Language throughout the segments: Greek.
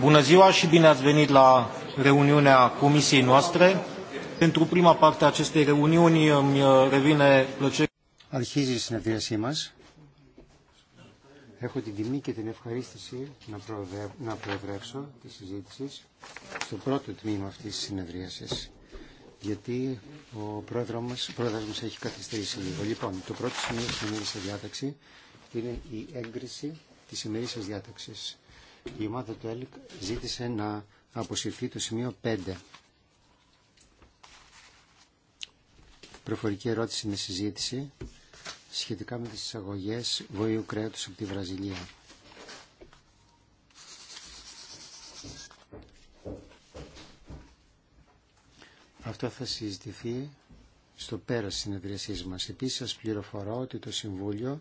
Bună ziua și bine ați venit la reuniunea comisiei noastre. Pentru prima parte a acestei reuniuni îmi uh, revine plăcerea. Αρχίζει η συνεδρίασή μας. Έχω την τιμή και την ευχαρίστηση να, προεδρε... να προεδρεύσω τη συζήτηση στο πρώτο τμήμα αυτή τη συνεδρίαση. γιατί ο πρόεδρο μα πρόεδρος μας έχει καθυστερήσει λίγο. Λοιπόν, το πρώτο σημείο τη ημερήσιας διάταξη είναι η έγκριση τη ημερήσιας διάταξη. Η ομάδα του ΕΛΚ ζήτησε να αποσυρθεί το σημείο 5. Προφορική ερώτηση με συζήτηση σχετικά με τις εισαγωγές βοήου κρέατος από τη Βραζιλία. Αυτό θα συζητηθεί στο πέρας της συνεδριασής μας. Επίσης σας πληροφορώ ότι το Συμβούλιο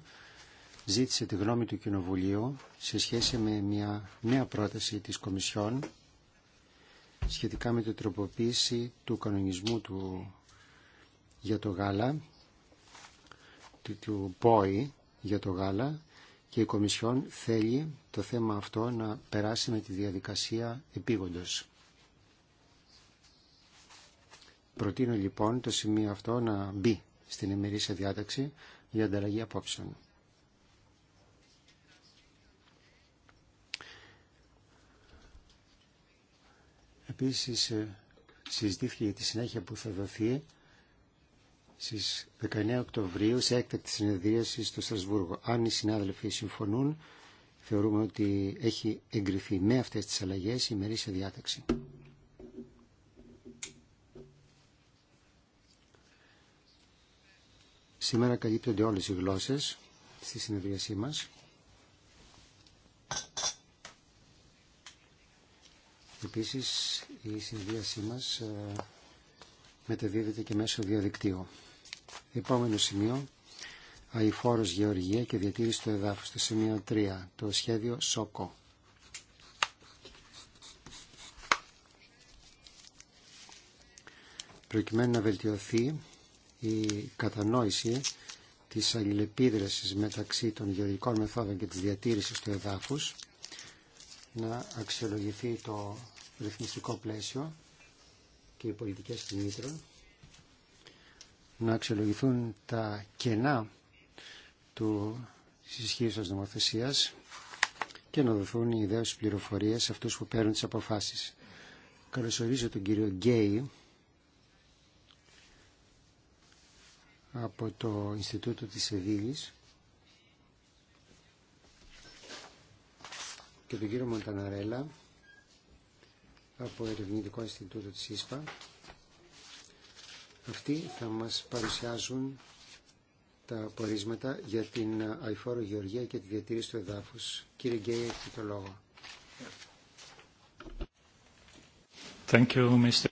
ζήτησε τη γνώμη του Κοινοβουλίου σε σχέση με μια νέα πρόταση της Κομισιόν σχετικά με την τροποποίηση του κανονισμού του για το γάλα, του, του ΠΟΗ για το γάλα και η Κομισιόν θέλει το θέμα αυτό να περάσει με τη διαδικασία επίγοντος. Προτείνω λοιπόν το σημείο αυτό να μπει στην ημερήσια διάταξη για ανταλλαγή απόψεων. Επίσης ε, συζητήθηκε για τη συνέχεια που θα δοθεί στις 19 Οκτωβρίου σε έκτακτη συνεδρίαση στο Στρασβούργο. Αν οι συνάδελφοι συμφωνούν, θεωρούμε ότι έχει εγκριθεί με αυτές τις αλλαγές η σε διάταξη. Σήμερα καλύπτονται όλες οι γλώσσες στη συνεδρίασή μας. Επίσης η συνδύασή μας ε, μεταδίδεται και μέσω διαδικτύου. Επόμενο σημείο, αηφόρος γεωργία και διατήρηση του εδάφους, το σημείο 3, το σχέδιο ΣΟΚΟ. Προκειμένου να βελτιωθεί η κατανόηση της αλληλεπίδρασης μεταξύ των γεωργικών μεθόδων και της διατήρησης του εδάφους, να αξιολογηθεί το ρυθμιστικό πλαίσιο και οι πολιτικέ κινήτρων να αξιολογηθούν τα κενά του ισχύουσας Νομοθεσία και να δοθούν οι ιδέες πληροφορίες σε αυτούς που παίρνουν τις αποφάσεις. Καλωσορίζω τον κύριο Γκέι από το Ινστιτούτο της Σεβίλης και τον κύριο Μονταναρέλα από Ερευνητικό Ινστιτούτο της ΙΣΠΑ. Αυτοί θα μας παρουσιάζουν τα πορίσματα για την αηφόρο γεωργία και τη διατήρηση του εδάφους. Κύριε Γκέι, έχετε το λόγο. Thank you, Mr.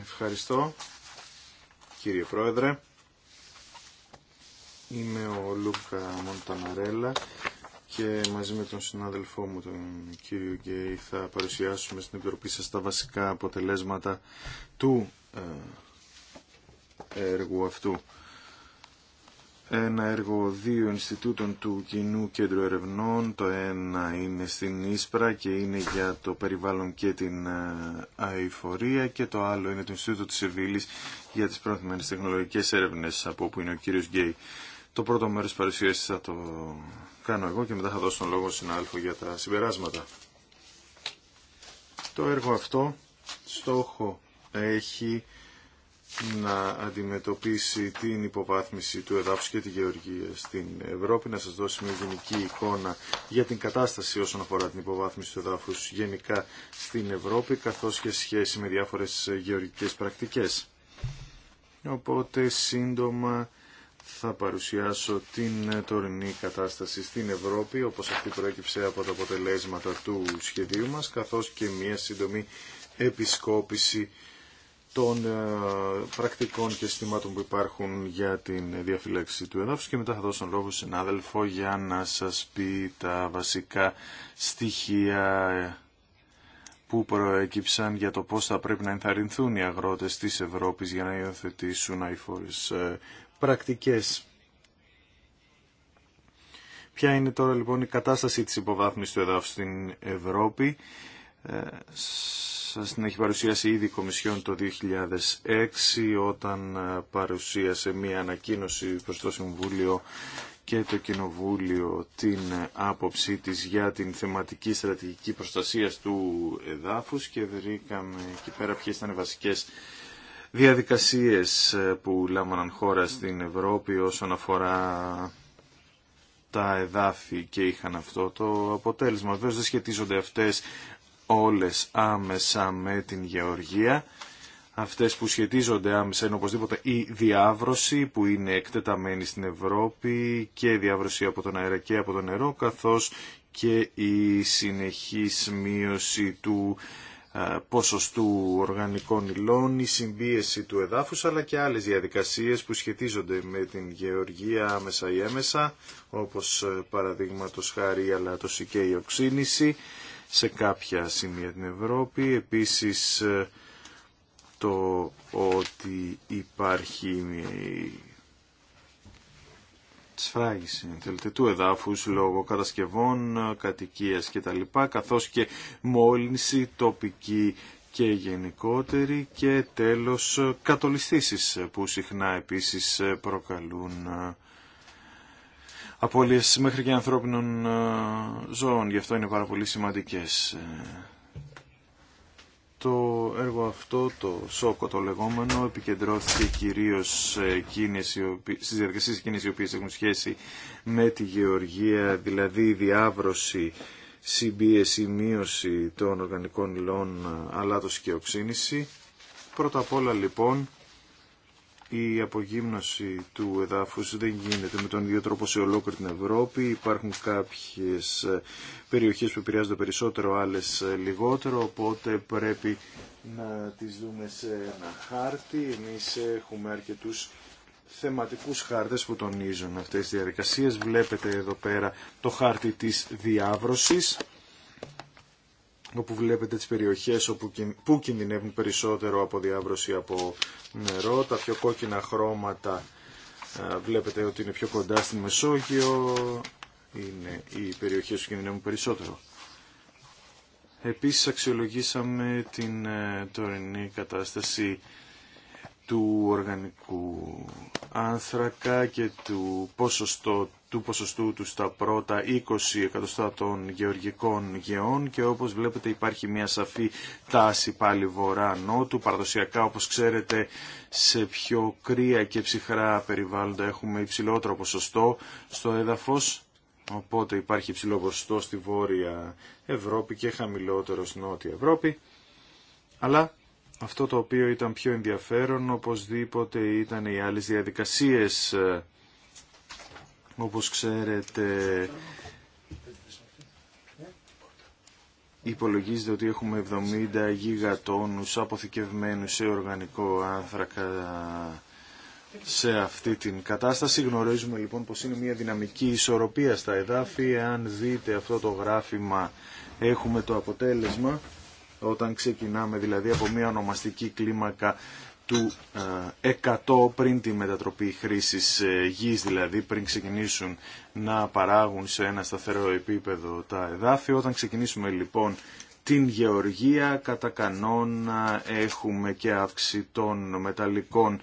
Ευχαριστώ, κύριε Πρόεδρε. Είμαι ο Λούκα Μονταναρέλα και μαζί με τον συνάδελφό μου τον κύριο Γκέι θα παρουσιάσουμε στην Επιτροπή σας τα βασικά αποτελέσματα του ε, έργου αυτού. Ένα έργο δύο Ινστιτούτων του Κοινού Κέντρου Ερευνών. Το ένα είναι στην Ίσπρα και είναι για το περιβάλλον και την ε, αηφορία και το άλλο είναι το Ινστιτούτο της Σεβίλης για τις προωθημένες τεχνολογικές έρευνες από όπου είναι ο κύριος Γκέι. Το πρώτο μέρος της παρουσίασης θα το κάνω εγώ και μετά θα δώσω τον λόγο στον Αλφο για τα συμπεράσματα. Το έργο αυτό στόχο έχει να αντιμετωπίσει την υποβάθμιση του εδάφους και τη γεωργία στην Ευρώπη, να σας δώσει μια γενική εικόνα για την κατάσταση όσον αφορά την υποβάθμιση του εδάφους γενικά στην Ευρώπη, καθώς και σχέση με διάφορες γεωργικές πρακτικές. Οπότε σύντομα θα παρουσιάσω την τωρινή κατάσταση στην Ευρώπη, όπως αυτή προέκυψε από τα αποτελέσματα του σχεδίου μας, καθώς και μια σύντομη επισκόπηση των ε, πρακτικών και στήματων που υπάρχουν για την διαφυλάξη του εδάφους. και μετά θα δώσω λόγο συνάδελφο για να σας πει τα βασικά στοιχεία ε, που προέκυψαν για το πώς θα πρέπει να ενθαρρυνθούν οι αγρότες της Ευρώπης για να υιοθετήσουν αηφόρες ε, πρακτικές. Ποια είναι τώρα λοιπόν η κατάσταση της υποβάθμισης του εδάφους στην Ευρώπη. Ε, σας την έχει παρουσιάσει ήδη η Κομισιόν το 2006 όταν ε, παρουσίασε μία ανακοίνωση προς το Συμβούλιο και το Κοινοβούλιο την ε, άποψή της για την θεματική στρατηγική προστασίας του εδάφους και βρήκαμε εκεί πέρα ποιες ήταν οι βασικές διαδικασίες ε, που λάμβαναν χώρα στην Ευρώπη όσον αφορά τα εδάφη και είχαν αυτό το αποτέλεσμα. Βέβαια δεν σχετίζονται αυτές όλες άμεσα με την γεωργία. Αυτές που σχετίζονται άμεσα είναι οπωσδήποτε η διάβρωση που είναι εκτεταμένη στην Ευρώπη και η διάβρωση από τον αέρα και από το νερό καθώς και η συνεχής μείωση του ε, του οργανικών υλών, η συμπίεση του εδάφους, αλλά και άλλες διαδικασίες που σχετίζονται με την γεωργία άμεσα ή έμεσα, όπως ε, παραδείγματο χάρη η αλάτωση και η οξύνηση σε κάποια σημεία την Ευρώπη. Επίσης ε, το ότι υπάρχει σφράγιση θέλετε, του εδάφους λόγω κατασκευών, κατοικίας κτλ. καθώς και μόλυνση τοπική και γενικότερη και τέλος κατολιστήσεις που συχνά επίσης προκαλούν ε, απώλειες μέχρι και ανθρώπινων ε, ζώων. Γι' αυτό είναι πάρα πολύ σημαντικές. Ε, το έργο αυτό, το σόκο το λεγόμενο, επικεντρώθηκε κυρίως στι στις διαδικασίες οι οποίες έχουν σχέση με τη γεωργία, δηλαδή η διάβρωση, συμπίεση, μείωση των οργανικών υλών, αλάτωση και οξύνηση. Πρώτα απ' όλα λοιπόν η απογύμνωση του εδάφους δεν γίνεται με τον ίδιο τρόπο σε ολόκληρη την Ευρώπη. Υπάρχουν κάποιες ε, περιοχές που επηρεάζονται περισσότερο, άλλες ε, λιγότερο, οπότε πρέπει να τις δούμε σε ένα χάρτη. Εμείς έχουμε αρκετούς θεματικούς χάρτες που τονίζουν αυτές τις διαδικασίες. Βλέπετε εδώ πέρα το χάρτη της διάβρωσης όπου βλέπετε τις περιοχές όπου, που κινδυνεύουν περισσότερο από διάβρωση από νερό. Τα πιο κόκκινα χρώματα βλέπετε ότι είναι πιο κοντά στην Μεσόγειο, είναι οι περιοχές που κινδυνεύουν περισσότερο. Επίσης αξιολογήσαμε την ε, τωρινή κατάσταση του οργανικού άνθρακα και του ποσοστό του ποσοστού του στα πρώτα 20 εκατοστά των γεωργικών γεών και όπως βλέπετε υπάρχει μια σαφή τάση πάλι βορρά-νότου. Παραδοσιακά όπως ξέρετε σε πιο κρύα και ψυχρά περιβάλλοντα έχουμε υψηλότερο ποσοστό στο έδαφος. Οπότε υπάρχει υψηλό ποσοστό στη Βόρεια Ευρώπη και χαμηλότερο στη Νότια Ευρώπη. Αλλά αυτό το οποίο ήταν πιο ενδιαφέρον οπωσδήποτε ήταν οι άλλες διαδικασίες ε, όπως ξέρετε, υπολογίζεται ότι έχουμε 70 γιγατόνους αποθηκευμένους σε οργανικό άνθρακα σε αυτή την κατάσταση. Γνωρίζουμε λοιπόν πως είναι μια δυναμική ισορροπία στα εδάφη. Αν δείτε αυτό το γράφημα έχουμε το αποτέλεσμα όταν ξεκινάμε δηλαδή από μια ονομαστική κλίμακα του 100 ε, πριν τη μετατροπή χρήσης ε, γης, δηλαδή πριν ξεκινήσουν να παράγουν σε ένα σταθερό επίπεδο τα εδάφη. Όταν ξεκινήσουμε λοιπόν την γεωργία, κατά κανόνα έχουμε και αύξηση των μεταλλικών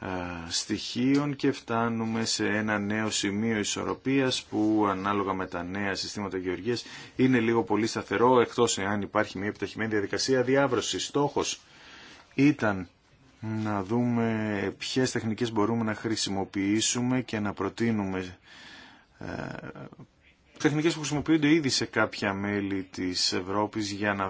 ε, στοιχείων και φτάνουμε σε ένα νέο σημείο ισορροπίας που ανάλογα με τα νέα συστήματα γεωργίας είναι λίγο πολύ σταθερό εκτός εάν υπάρχει μια επιταχυμένη διαδικασία Διάβρωση Στόχος ήταν να δούμε ποιες τεχνικές μπορούμε να χρησιμοποιήσουμε και να προτείνουμε ε, τεχνικές που χρησιμοποιούνται ήδη σε κάποια μέλη της Ευρώπης για να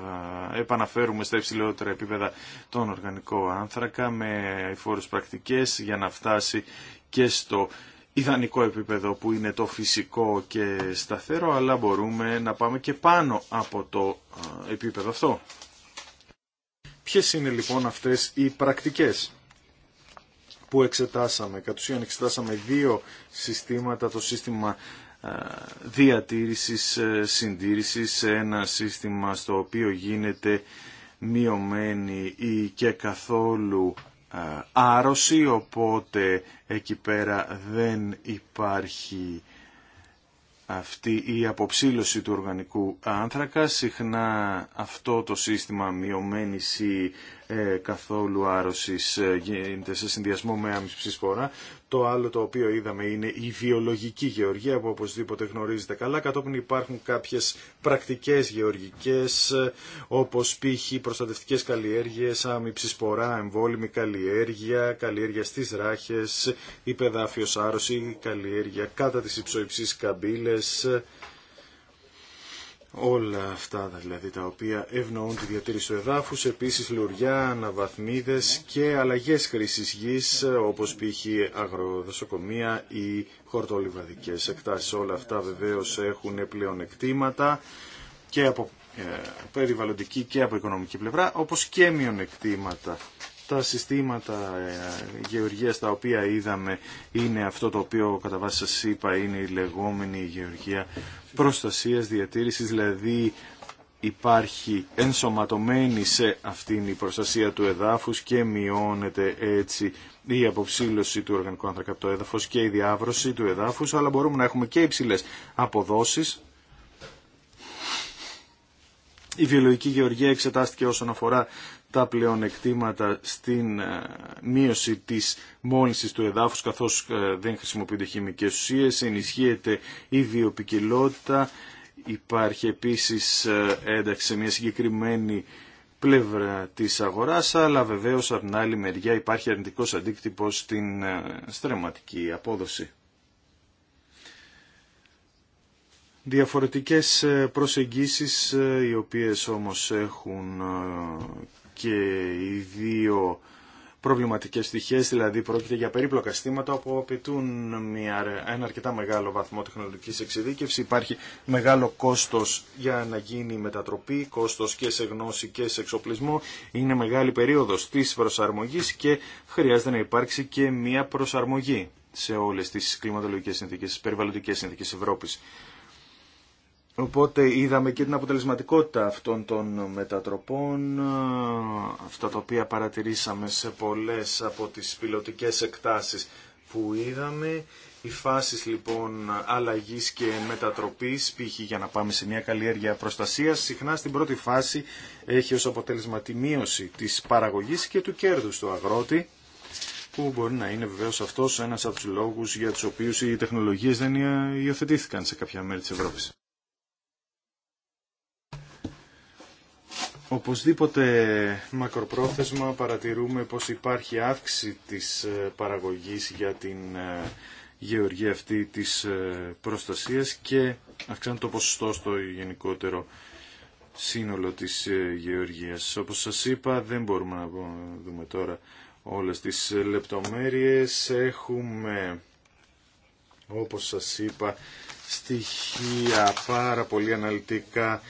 επαναφέρουμε στα υψηλότερα επίπεδα τον οργανικό άνθρακα με φόρους πρακτικές για να φτάσει και στο ιδανικό επίπεδο που είναι το φυσικό και σταθερό αλλά μπορούμε να πάμε και πάνω από το ε, επίπεδο αυτό. Ποιες είναι λοιπόν αυτές οι πρακτικές που εξετάσαμε. Κατ' ουσίαν εξετάσαμε δύο συστήματα, το σύστημα ε, διατήρησης, ε, συντήρησης, ένα σύστημα στο οποίο γίνεται μειωμένη ή και καθόλου ε, άρρωση, οπότε εκεί πέρα δεν υπάρχει αυτή η αποψήλωση του οργανικού άνθρακα. Συχνά αυτό το σύστημα μειωμένης ε, καθόλου άρρωσης ε, γίνεται σε συνδυασμό με άμυψη σπορά. Το άλλο το οποίο είδαμε είναι η βιολογική γεωργία που οπωσδήποτε γνωρίζετε καλά. Κατόπιν υπάρχουν κάποιες πρακτικές γεωργικές ε, όπως π.χ. προστατευτικές καλλιέργειες, άμυψη σπορά, εμβόλυμη καλλιέργεια, καλλιέργεια στις ράχες, υπεδάφιος άρρωση, καλλιέργεια κατά τις υψοϊψής καμπύλες, όλα αυτά δηλαδή τα οποία ευνοούν τη διατήρηση του εδάφους, επίσης λουριά, αναβαθμίδες και αλλαγές χρήσης γης όπως π.χ. αγροδοσοκομεία ή χορτολιβαδικές εκτάσεις. Όλα αυτά βεβαίως έχουν πλεονεκτήματα και από ε, περιβαλλοντική και από οικονομική πλευρά, όπως και μειονεκτήματα. Τα συστήματα ε, γεωργίας τα οποία είδαμε είναι αυτό το οποίο κατά βάση σας είπα είναι η λεγόμενη γεωργία προστασίας διατήρησης, δηλαδή υπάρχει ενσωματωμένη σε αυτήν η προστασία του εδάφους και μειώνεται έτσι η αποψήλωση του οργανικού άνθρακα από το και η διάβρωση του εδάφους, αλλά μπορούμε να έχουμε και υψηλέ αποδόσεις. Η βιολογική γεωργία εξετάστηκε όσον αφορά τα πλεονεκτήματα στην ε, μείωση της μόλυνσης του εδάφους καθώς ε, δεν χρησιμοποιούνται χημικές ουσίες, ενισχύεται η βιοπικιλότητα, υπάρχει επίσης ε, ένταξη σε μια συγκεκριμένη πλευρά της αγοράς, αλλά βεβαίως από την άλλη μεριά υπάρχει αρνητικός αντίκτυπος στην στρεματική απόδοση. διαφορετικές προσεγγίσεις οι οποίες όμως έχουν και οι δύο προβληματικές στοιχείες, δηλαδή πρόκειται για περίπλοκα στήματα που απαιτούν μια, ένα αρκετά μεγάλο βαθμό τεχνολογικής εξειδίκευσης. Υπάρχει μεγάλο κόστος για να γίνει μετατροπή, κόστος και σε γνώση και σε εξοπλισμό. Είναι μεγάλη περίοδος της προσαρμογής και χρειάζεται να υπάρξει και μια προσαρμογή σε όλες τις κλιματολογικές συνθήκες, περιβαλλοντικές συνθήκες Ευρώπης. Οπότε είδαμε και την αποτελεσματικότητα αυτών των μετατροπών, αυτά τα οποία παρατηρήσαμε σε πολλές από τις πιλωτικές εκτάσεις που είδαμε. Οι φάσεις λοιπόν αλλαγής και μετατροπής, π.χ. για να πάμε σε μια καλλιέργεια προστασίας, συχνά στην πρώτη φάση έχει ως αποτέλεσμα τη μείωση της παραγωγής και του κέρδους του αγρότη, που μπορεί να είναι βεβαίω αυτός ένας από τους λόγους για τους οποίους οι τεχνολογίες δεν υιοθετήθηκαν σε κάποια μέρη της Ευρώπης. Οπωσδήποτε μακροπρόθεσμα παρατηρούμε πως υπάρχει αύξηση της ε, παραγωγής για την ε, γεωργία αυτή της ε, προστασίας και αυξάνεται το ποσοστό στο γενικότερο σύνολο της γεωργίας. Όπως σας είπα δεν μπορούμε να δούμε τώρα όλες τις λεπτομέρειες. Έχουμε όπως σας είπα στοιχεία πάρα πολύ αναλυτικά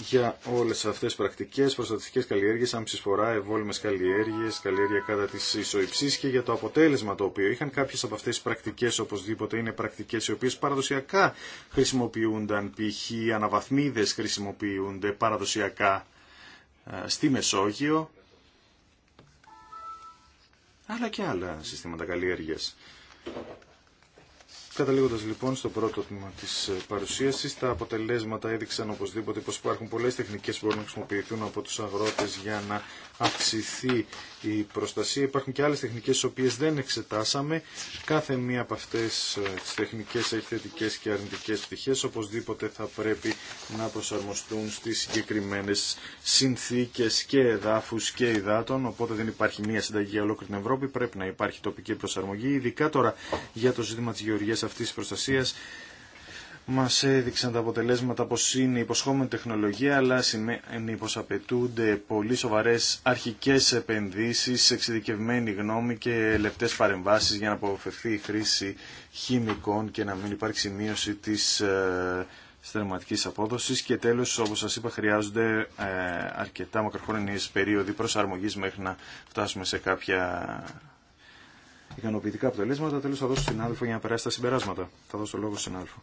για όλες αυτές τις πρακτικές, προστατευτικές καλλιέργειες, άμψης φορά, ευόλυμες καλλιέργειες, καλλιέργεια κατά τη ισοϊψής και για το αποτέλεσμα το οποίο είχαν κάποιες από αυτές τις πρακτικές οπωσδήποτε είναι πρακτικές οι οποίες παραδοσιακά χρησιμοποιούνταν, π.χ. αναβαθμίδες χρησιμοποιούνται παραδοσιακά ε, στη Μεσόγειο, αλλά και άλλα συστήματα καλλιέργειας. Καταλήγοντας λοιπόν στο πρώτο τμήμα της ε, παρουσίασης, τα αποτελέσματα έδειξαν οπωσδήποτε πως υπάρχουν πολλές τεχνικές που μπορούν να χρησιμοποιηθούν από τους αγρότες για να αυξηθεί η προστασία. Υπάρχουν και άλλες τεχνικές τις οποίες δεν εξετάσαμε. Κάθε μία από αυτές ε, τις τεχνικές έχει θετικές και αρνητικές πτυχές. Οπωσδήποτε θα πρέπει να προσαρμοστούν στις συγκεκριμένες συνθήκες και εδάφους και υδάτων. Οπότε δεν υπάρχει μία συνταγή για ολόκληρη την Ευρώπη. Πρέπει να υπάρχει τοπική προσαρμογή. Ειδικά τώρα για το ζήτημα της γεωργίας αυτής της προστασίας Μα έδειξαν τα αποτελέσματα πως είναι υποσχόμενη τεχνολογία, αλλά σημαίνει πω απαιτούνται πολύ σοβαρέ αρχικέ επενδύσει, εξειδικευμένη γνώμη και λεπτέ παρεμβάσει για να αποφευθεί η χρήση χημικών και να μην υπάρξει μείωση της θερματική απόδοση. και τέλο, όπω σα είπα χρειάζονται ε, αρκετά μακροχρόνιε περίοδοι προσαρμογή μέχρι να φτάσουμε σε κάποια ικανοποιητικά αποτελέσματα. Τέλο, θα δώσω στην συνάδελφο για να περάσει τα συμπεράσματα. Θα δώσω λόγο στην άλφα.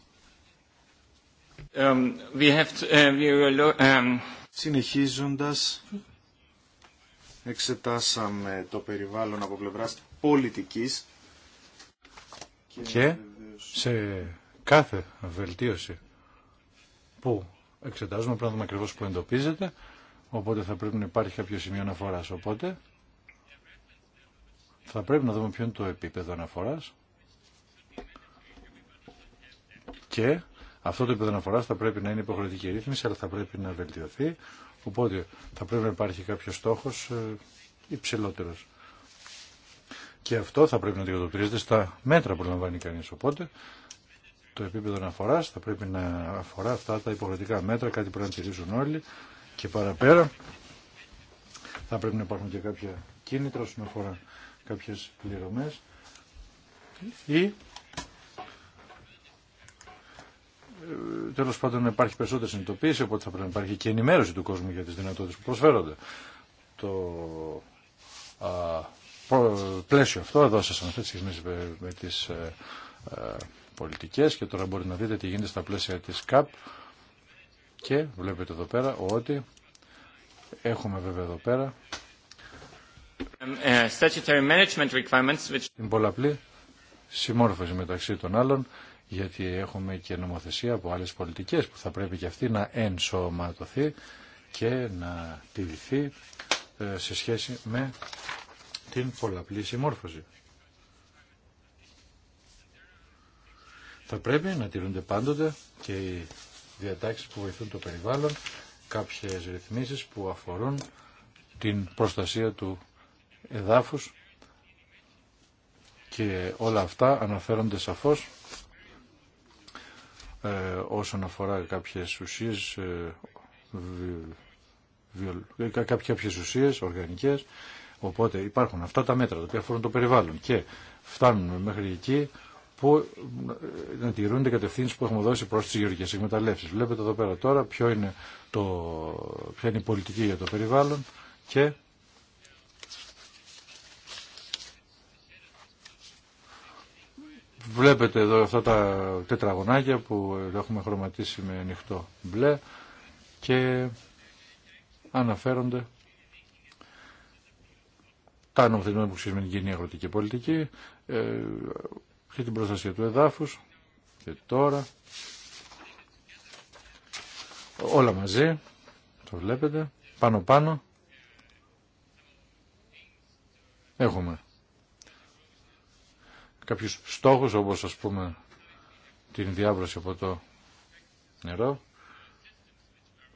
Um, uh, um, Συνεχίζοντας, εξετάσαμε το περιβάλλον από πλευράς πολιτικής και, σε κάθε βελτίωση που εξετάζουμε πρέπει να δούμε ακριβώς που εντοπίζεται, οπότε θα πρέπει να υπάρχει κάποιο σημείο αναφοράς. Οπότε θα πρέπει να δούμε ποιο είναι το επίπεδο αναφοράς και αυτό το επίπεδο αναφορά θα πρέπει να είναι υποχρεωτική ρύθμιση, αλλά θα πρέπει να βελτιωθεί. Οπότε θα πρέπει να υπάρχει κάποιο στόχο ε, υψηλότερο. Και αυτό θα πρέπει να αντικατοπτρίζεται στα μέτρα που λαμβάνει κανεί. Οπότε το επίπεδο αναφορά θα πρέπει να αφορά αυτά τα υποχρεωτικά μέτρα, κάτι που να τηρίζουν όλοι και παραπέρα. Θα πρέπει να υπάρχουν και κάποια κίνητρα όσον αφορά κάποιε πληρωμέ. ή τέλο πάντων να υπάρχει περισσότερη συνειδητοποίηση, οπότε θα πρέπει να υπάρχει και ενημέρωση του κόσμου για τι δυνατότητε που προσφέρονται. Το α, πλαίσιο αυτό, εδώ σα αναφέρω τι με, με τι ε, ε, πολιτικέ και τώρα μπορείτε να δείτε τι γίνεται στα πλαίσια τη ΚΑΠ και βλέπετε εδώ πέρα ότι έχουμε βέβαια εδώ πέρα ε, την πολλαπλή συμμόρφωση μεταξύ των άλλων γιατί έχουμε και νομοθεσία από άλλες πολιτικές που θα πρέπει και αυτή να ενσωματωθεί και να τηρηθεί ε, σε σχέση με την πολλαπλή συμμόρφωση. Θα πρέπει να τηρούνται πάντοτε και οι διατάξεις που βοηθούν το περιβάλλον, κάποιες ρυθμίσεις που αφορούν την προστασία του εδάφους και όλα αυτά αναφέρονται σαφώς ε, όσον αφορά κάποιες ουσίες ε, ε, κάποιες ουσίες οργανικές οπότε υπάρχουν αυτά τα μέτρα τα οποία αφορούν το περιβάλλον και φτάνουν μέχρι εκεί που να τηρούνται κατευθύνσεις που έχουμε δώσει προς τις γεωργικές εκμεταλλεύσεις. Βλέπετε εδώ πέρα τώρα ποιο είναι το, ποια είναι η πολιτική για το περιβάλλον και Βλέπετε εδώ αυτά τα τετραγωνάκια που έχουμε χρωματίσει με ανοιχτό μπλε και αναφέρονται τα νομοθετήματα που σχετίζουν με την κοινή αγροτική πολιτική ε, και την προστασία του εδάφους και τώρα όλα μαζί το βλέπετε πάνω πάνω έχουμε κάποιους στόχους όπως ας πούμε την διάβρωση από το νερό.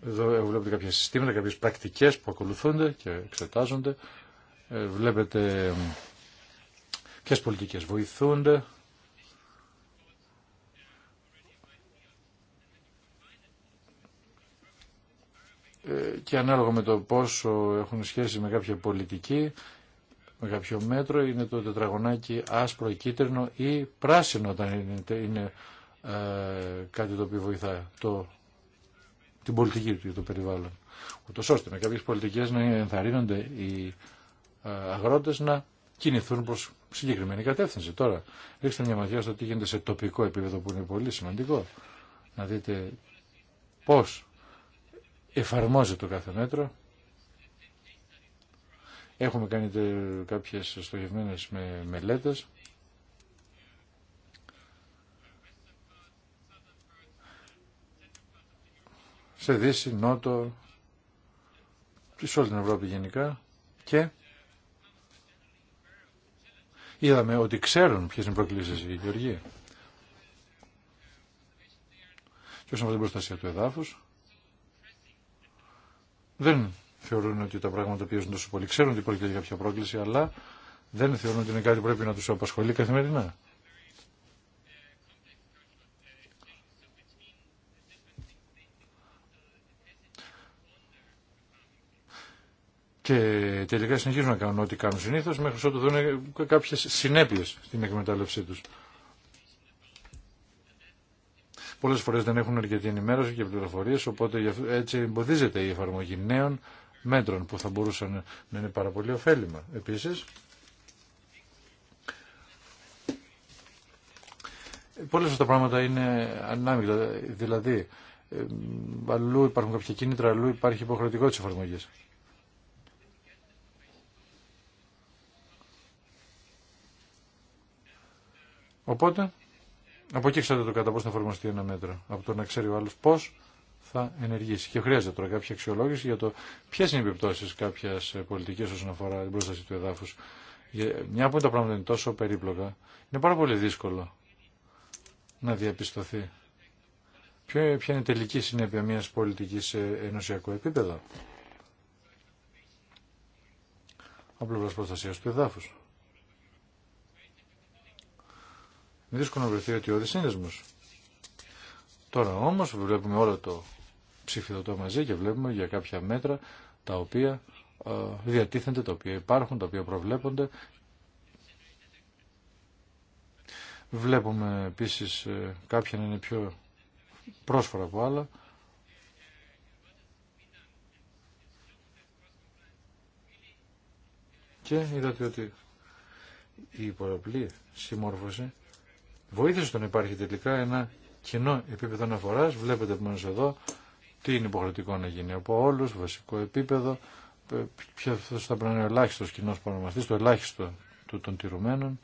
Εδώ βλέπετε κάποια συστήματα, κάποιες πρακτικές που ακολουθούνται και εξετάζονται. Ε, βλέπετε ποιες πολιτικές βοηθούνται. Ε, και ανάλογα με το πόσο έχουν σχέση με κάποια πολιτική, με κάποιο μέτρο είναι το τετραγωνάκι άσπρο, ή κίτρινο ή πράσινο όταν είναι, ε, κάτι το οποίο βοηθά το, την πολιτική του το περιβάλλον. Ούτως ώστε με κάποιες πολιτικές να ενθαρρύνονται οι ε, αγρότες να κινηθούν προς συγκεκριμένη κατεύθυνση. Τώρα, ρίξτε μια ματιά στο τι γίνεται σε τοπικό επίπεδο που είναι πολύ σημαντικό. Να δείτε πώς εφαρμόζεται το κάθε μέτρο Έχουμε κάνει κάποιες στοχευμένες με μελέτες. Σε Δύση, Νότο, σε όλη την Ευρώπη γενικά και είδαμε ότι ξέρουν ποιες είναι οι προκλήσεις οι Γεωργοί. Και όσον αφορά την προστασία του εδάφους, δεν θεωρούν ότι τα πράγματα πιέζουν τόσο πολύ. Ξέρουν ότι πρόκειται για κάποια πρόκληση, αλλά δεν θεωρούν ότι είναι κάτι που πρέπει να του απασχολεί καθημερινά. Και τελικά συνεχίζουν να κάνουν ό,τι κάνουν συνήθω μέχρι ότου δουν κάποιε συνέπειε στην εκμετάλλευσή του. Πολλέ φορέ δεν έχουν αρκετή ενημέρωση και πληροφορίε, οπότε έτσι εμποδίζεται η εφαρμογή νέων μέτρων που θα μπορούσαν να είναι πάρα πολύ ωφέλιμα. Επίσης, πολλές από τα πράγματα είναι ανάμεικτα, δηλαδή αλλού υπάρχουν κάποια κίνητρα, αλλού υπάρχει υποχρεωτικό της εφαρμογής. Οπότε, από εκεί ξέρετε το κατά πώς να εφαρμοστεί ένα μέτρο. Από το να ξέρει ο άλλος πώς θα ενεργήσει. Και χρειάζεται τώρα κάποια αξιολόγηση για το ποιε είναι οι επιπτώσει κάποια πολιτική όσον αφορά την πρόσταση του εδάφου. Μια που τα πράγματα είναι τόσο περίπλοκα, είναι πάρα πολύ δύσκολο να διαπιστωθεί ποια είναι η τελική συνέπεια μια πολιτική σε ενωσιακό επίπεδο. Απλό προστασία του εδάφου. Είναι δύσκολο να βρεθεί ότι ο Τώρα όμως βλέπουμε όλο το ψηφιδωτό μαζί και βλέπουμε για κάποια μέτρα τα οποία ε, διατίθενται, τα οποία υπάρχουν, τα οποία προβλέπονται. Βλέπουμε επίσης ε, κάποια να είναι πιο πρόσφορα από άλλα. Και είδατε ότι η υπολοπλή συμμόρφωση βοήθησε να υπάρχει τελικά ένα κοινό επίπεδο αναφοράς. Βλέπετε επομένως εδώ τι είναι υποχρεωτικό να γίνει από όλους, βασικό επίπεδο, ε, ποιο θα πρέπει να είναι ο ελάχιστος κοινός παρονομαστή, το ελάχιστο του των τηρουμένων.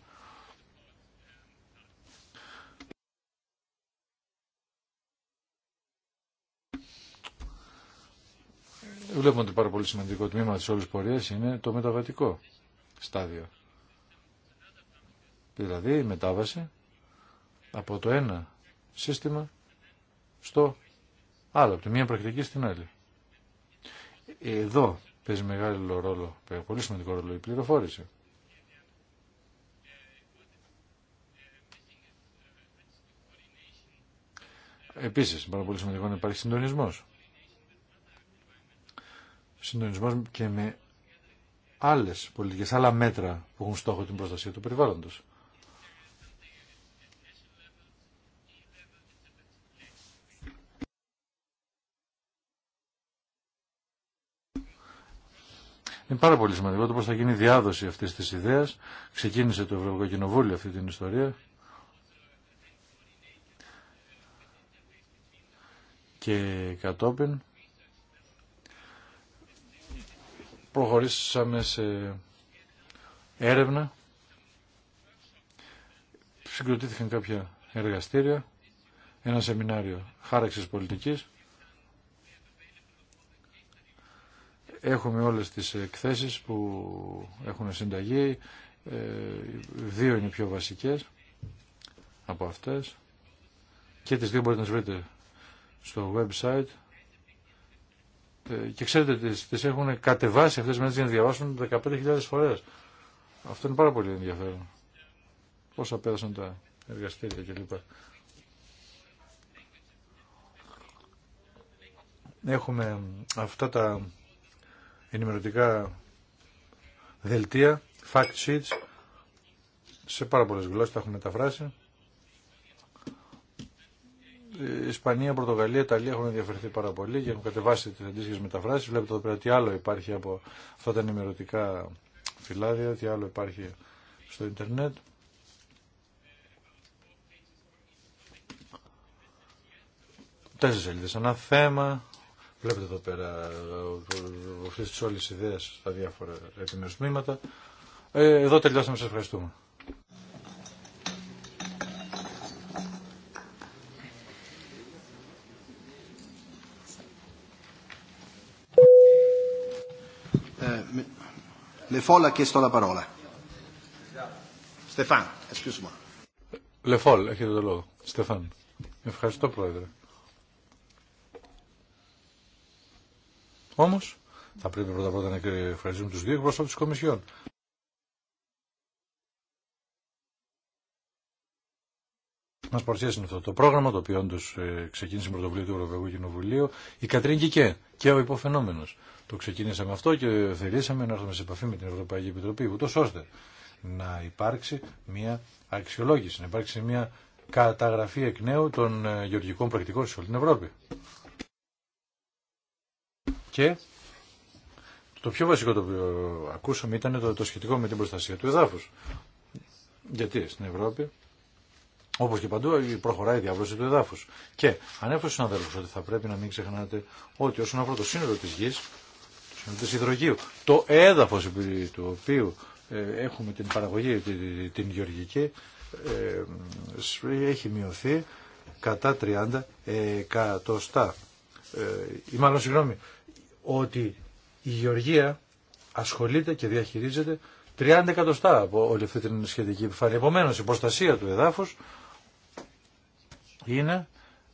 Βλέπουμε ότι πάρα πολύ σημαντικό τμήμα της όλης πορείας είναι το μεταβατικό στάδιο. Δηλαδή η μετάβαση από το ένα σύστημα στο Άλλο από τη μία πρακτική στην άλλη. Εδώ παίζει μεγάλο ρόλο, πολύ σημαντικό ρόλο η πληροφόρηση. Επίσης, πάρα πολύ σημαντικό να υπάρχει συντονισμός. Συντονισμός και με άλλες πολιτικές, άλλα μέτρα που έχουν στόχο την προστασία του περιβάλλοντος. Είναι πάρα πολύ σημαντικό το πώς θα γίνει η διάδοση αυτής της ιδέας. Ξεκίνησε το Ευρωπαϊκό Κοινοβούλιο αυτή την ιστορία. Και κατόπιν προχωρήσαμε σε έρευνα. Συγκροτήθηκαν κάποια εργαστήρια, ένα σεμινάριο χάραξης πολιτικής Έχουμε όλες τις εκθέσεις που έχουν συνταγή, ε, δύο είναι οι πιο βασικές από αυτές και τις δύο μπορείτε να τις βρείτε στο website ε, και ξέρετε τις, τις έχουν κατεβάσει αυτές μέσα για να διαβάσουν 15.000 φορές. Αυτό είναι πάρα πολύ ενδιαφέρον. Πόσα πέρασαν τα εργαστήρια κλπ. Έχουμε αυτά τα ενημερωτικά δελτία, fact sheets, σε πάρα πολλές γλώσσες τα έχουν μεταφράσει. Η ε, Ισπανία, Πορτογαλία, Ιταλία έχουν ενδιαφερθεί πάρα πολύ και έχουν κατεβάσει τι αντίστοιχε μεταφράσει. Βλέπετε εδώ πέρα τι άλλο υπάρχει από αυτά τα ενημερωτικά φυλάδια, τι άλλο υπάρχει στο Ιντερνετ. Τέσσερι σελίδε. Ένα θέμα, Βλέπετε εδώ πέρα αυτές τις όλες ιδέες στα διάφορα επιμερισμήματα. Ε, εδώ τελειώσαμε. Σας ευχαριστούμε. Λεφόλ, ha chiesto Στεφάν, excuse me. έχετε το λόγο. Στεφάν. Ευχαριστώ, Πρόεδρε. Όμω, θα πρέπει πρώτα πρώτα να ευχαριστούμε του δύο εκπροσώπου τη Κομισιόν. Μα παρουσίασε αυτό το πρόγραμμα, το οποίο όντω ε, ξεκίνησε με πρωτοβουλία του Ευρωπαϊκού Κοινοβουλίου, η Κατρίν Κικέ και ο υποφαινόμενο. Το ξεκίνησαμε αυτό και θελήσαμε να έρθουμε σε επαφή με την Ευρωπαϊκή Επιτροπή, ούτω ώστε να υπάρξει μια αξιολόγηση, να υπάρξει μια καταγραφή εκ νέου των ε, γεωργικών πρακτικών σε όλη την Ευρώπη. Και το πιο βασικό το οποίο ακούσαμε ήταν το, το σχετικό με την προστασία του εδάφου. Γιατί στην Ευρώπη, όπω και παντού, προχωράει η διάβρωση του εδάφου. Και ανέφερε στου αδέλφου ότι θα πρέπει να μην ξεχνάτε ότι όσον αφορά το σύνολο τη γη, το σύνολο υδρογείου, το έδαφο του οποίου ε, έχουμε την παραγωγή, την, την γεωργική, ε, έχει μειωθεί κατά 30 εκατοστά. Ε, ή μάλλον συγγνώμη, ότι η Γεωργία ασχολείται και διαχειρίζεται 30 εκατοστά από όλη αυτή την σχετική επιφάνεια. Επομένω, η προστασία του εδάφου είναι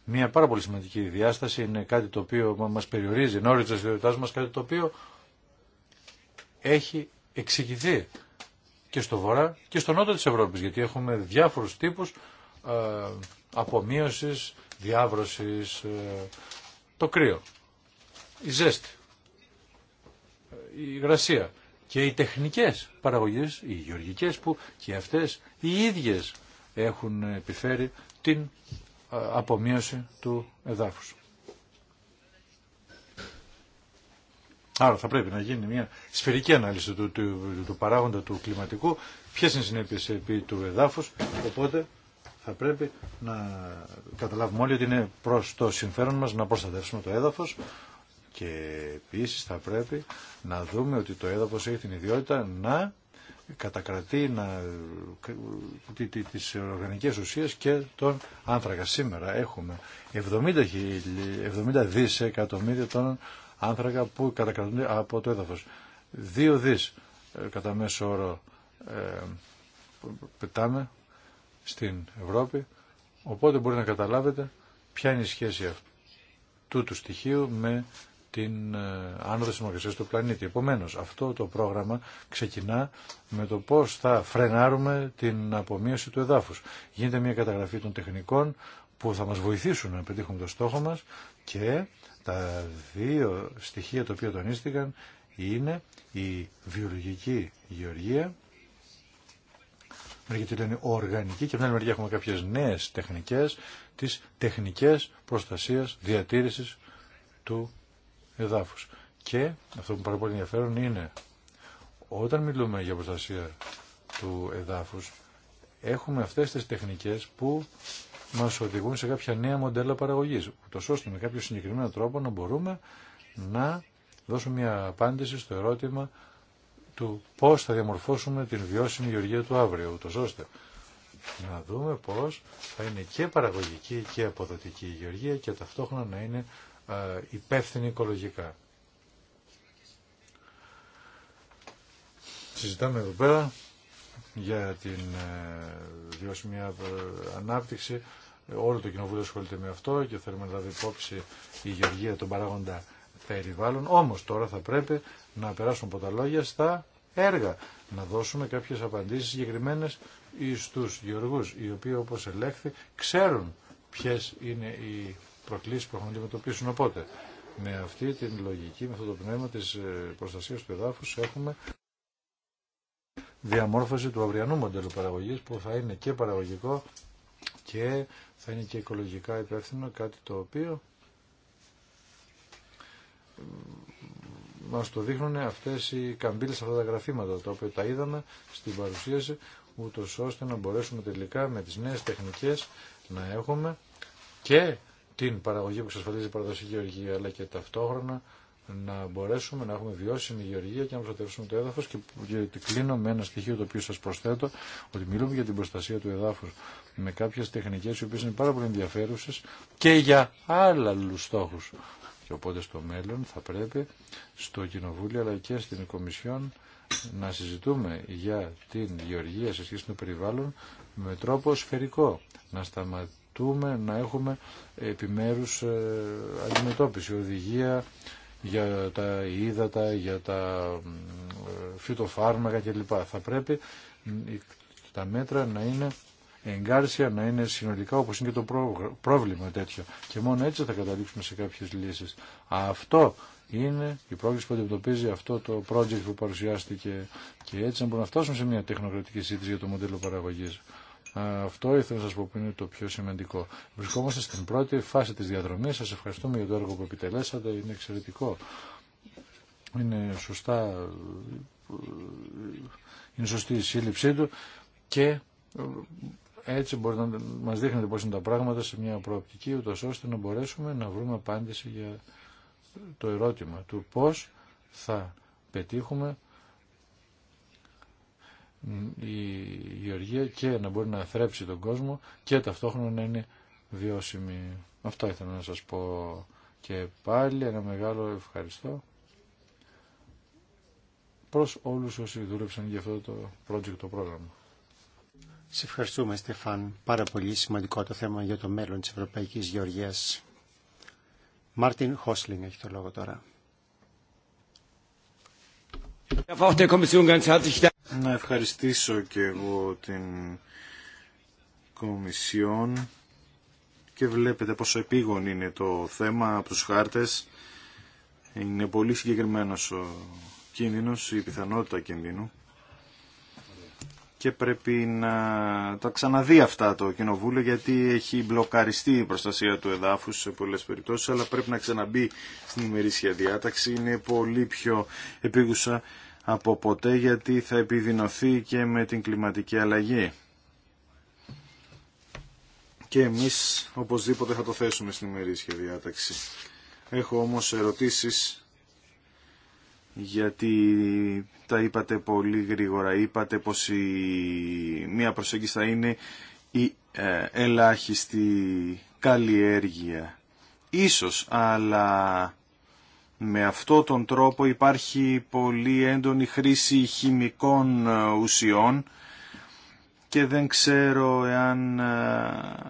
μια πάρα πολύ σημαντική διάσταση, είναι κάτι το οποίο μας περιορίζει, είναι τη της μας, κάτι το οποίο έχει εξηγηθεί και στο βορρά και στο νότο της Ευρώπης, γιατί έχουμε διάφορου τύπου ε, απομείωσης, ε, το κρύο, η ζέστη υγρασία και οι τεχνικές παραγωγές, οι γεωργικές που και αυτές οι ίδιες έχουν επιφέρει την ε, απομείωση του εδάφους. Άρα θα πρέπει να γίνει μια σφαιρική ανάλυση του, του, του παράγοντα του κλιματικού, ποιες είναι οι συνέπειες επί του εδάφους, οπότε θα πρέπει να καταλάβουμε όλοι ότι είναι προς το συμφέρον μας να προστατεύσουμε το έδαφος, και επίση θα πρέπει να δούμε ότι το έδαφος έχει την ιδιότητα να κατακρατεί να, τις οργανικές ουσίες και τον άνθρακα. Σήμερα έχουμε 70, δισεκατομμύρια δις εκατομμύρια τόνων άνθρακα που κατακρατούνται από το έδαφος. Δύο δις ε, κατά μέσο όρο ε, πετάμε στην Ευρώπη. Οπότε μπορεί να καταλάβετε ποια είναι η σχέση αυτού του στοιχείου με την ε, άνοδο της του πλανήτη. Επομένως, αυτό το πρόγραμμα ξεκινά με το πώς θα φρενάρουμε την απομείωση του εδάφους. Γίνεται μια καταγραφή των τεχνικών που θα μας βοηθήσουν να πετύχουμε το στόχο μας και τα δύο στοιχεία τα οποία τονίστηκαν είναι η βιολογική γεωργία γιατί λένε οργανική και από την άλλη έχουμε κάποιες νέες τεχνικές, τις τεχνικές προστασίας, διατήρησης του εδάφους. Και αυτό που πάρα πολύ ενδιαφέρον είναι όταν μιλούμε για προστασία του εδάφους έχουμε αυτές τις τεχνικές που μας οδηγούν σε κάποια νέα μοντέλα παραγωγής Ούτω ώστε με κάποιο συγκεκριμένο τρόπο να μπορούμε να δώσουμε μια απάντηση στο ερώτημα του πώς θα διαμορφώσουμε την βιώσιμη γεωργία του αύριο Ούτω ώστε να δούμε πώς θα είναι και παραγωγική και αποδοτική η γεωργία και ταυτόχρονα να είναι ε, υπεύθυνοι οικολογικά. Συζητάμε εδώ πέρα για την ε, βιώσιμη ανάπτυξη. Όλο το κοινοβούλιο ασχολείται με αυτό και θέλουμε να λάβει υπόψη η γεωργία των παράγοντα περιβάλλον. Όμως τώρα θα πρέπει να περάσουμε από τα λόγια στα έργα. Να δώσουμε κάποιες απαντήσεις συγκεκριμένε στους γεωργούς, οι οποίοι όπως ελέγχθη ξέρουν ποιες είναι οι προκλήσει που έχουν αντιμετωπίσουν. Οπότε, με αυτή την λογική, με αυτό το πνεύμα τη ε, προστασία του εδάφου έχουμε διαμόρφωση του αυριανού μοντέλου παραγωγή που θα είναι και παραγωγικό και θα είναι και οικολογικά υπεύθυνο, κάτι το οποίο μας το δείχνουν αυτές οι καμπύλες, αυτά τα γραφήματα τα οποία τα είδαμε στην παρουσίαση ούτω ώστε να μπορέσουμε τελικά με τις νέες τεχνικές να έχουμε και την παραγωγή που εξασφαλίζει η παραδοσιακή γεωργία, αλλά και ταυτόχρονα να μπορέσουμε να έχουμε βιώσιμη γεωργία και να προστατεύσουμε το έδαφο και κλείνω με ένα στοιχείο το οποίο σα προσθέτω ότι μιλούμε για την προστασία του εδάφου με κάποιε τεχνικέ οι οποίες είναι πάρα πολύ ενδιαφέρουσε και για άλλους στόχου. και οπότε στο μέλλον θα πρέπει στο Κοινοβούλιο αλλά και στην Κομισιόν να συζητούμε για την γεωργία σε σχέση με το περιβάλλον με τρόπο σφαιρικό. Να σταματήσουμε ζητούμε να έχουμε επιμέρους ε, αντιμετώπιση, οδηγία για τα ύδατα, για τα ε, φυτοφάρμακα κλπ. Θα πρέπει τα μέτρα να είναι εγκάρσια, να είναι συνολικά όπως είναι και το πρόβλημα τέτοιο. Και μόνο έτσι θα καταλήξουμε σε κάποιες λύσεις. Αυτό είναι η πρόκληση που αντιμετωπίζει αυτό το project που παρουσιάστηκε και έτσι να μπορούμε να φτάσουμε σε μια τεχνοκρατική σύντηση για το μοντέλο παραγωγής. Αυτό ήθελα να σας πω που είναι το πιο σημαντικό. Βρισκόμαστε στην πρώτη φάση της διαδρομής. Σας ευχαριστούμε για το έργο που επιτελέσατε. Είναι εξαιρετικό. Είναι σωστά είναι σωστή η σύλληψή του και ε, έτσι μπορεί να μας δείχνετε πώς είναι τα πράγματα σε μια προοπτική ούτως ώστε να μπορέσουμε να βρούμε απάντηση για το ερώτημα του πώς θα πετύχουμε η γεωργία και να μπορεί να θρέψει τον κόσμο και ταυτόχρονα να είναι βιώσιμη. Αυτό ήθελα να σας πω και πάλι ένα μεγάλο ευχαριστώ προς όλους όσοι δούλεψαν για αυτό το project, το πρόγραμμα. Σε ευχαριστούμε Στεφάν. Πάρα πολύ σημαντικό το θέμα για το μέλλον της Ευρωπαϊκής Γεωργίας. Μάρτιν Χόσλινγκ έχει το λόγο τώρα. Να ευχαριστήσω και εγώ την Κομισιόν και βλέπετε πόσο επίγον είναι το θέμα από τους χάρτες. Είναι πολύ συγκεκριμένος ο κίνδυνος, η πιθανότητα κινδύνου και πρέπει να τα ξαναδεί αυτά το κοινοβούλιο γιατί έχει μπλοκαριστεί η προστασία του εδάφους σε πολλές περιπτώσεις αλλά πρέπει να ξαναμπεί στην ημερήσια διάταξη είναι πολύ πιο επίγουσα από ποτέ γιατί θα επιδεινωθεί και με την κλιματική αλλαγή. Και εμείς οπωσδήποτε θα το θέσουμε στην ημερήσια διάταξη. Έχω όμως ερωτήσεις γιατί τα είπατε πολύ γρήγορα. Είπατε πως η... μία προσέγγιση θα είναι η ε, ελάχιστη καλλιέργεια. Ίσως, αλλά με αυτό τον τρόπο υπάρχει πολύ έντονη χρήση χημικών ε, ουσιών και δεν ξέρω εάν ε,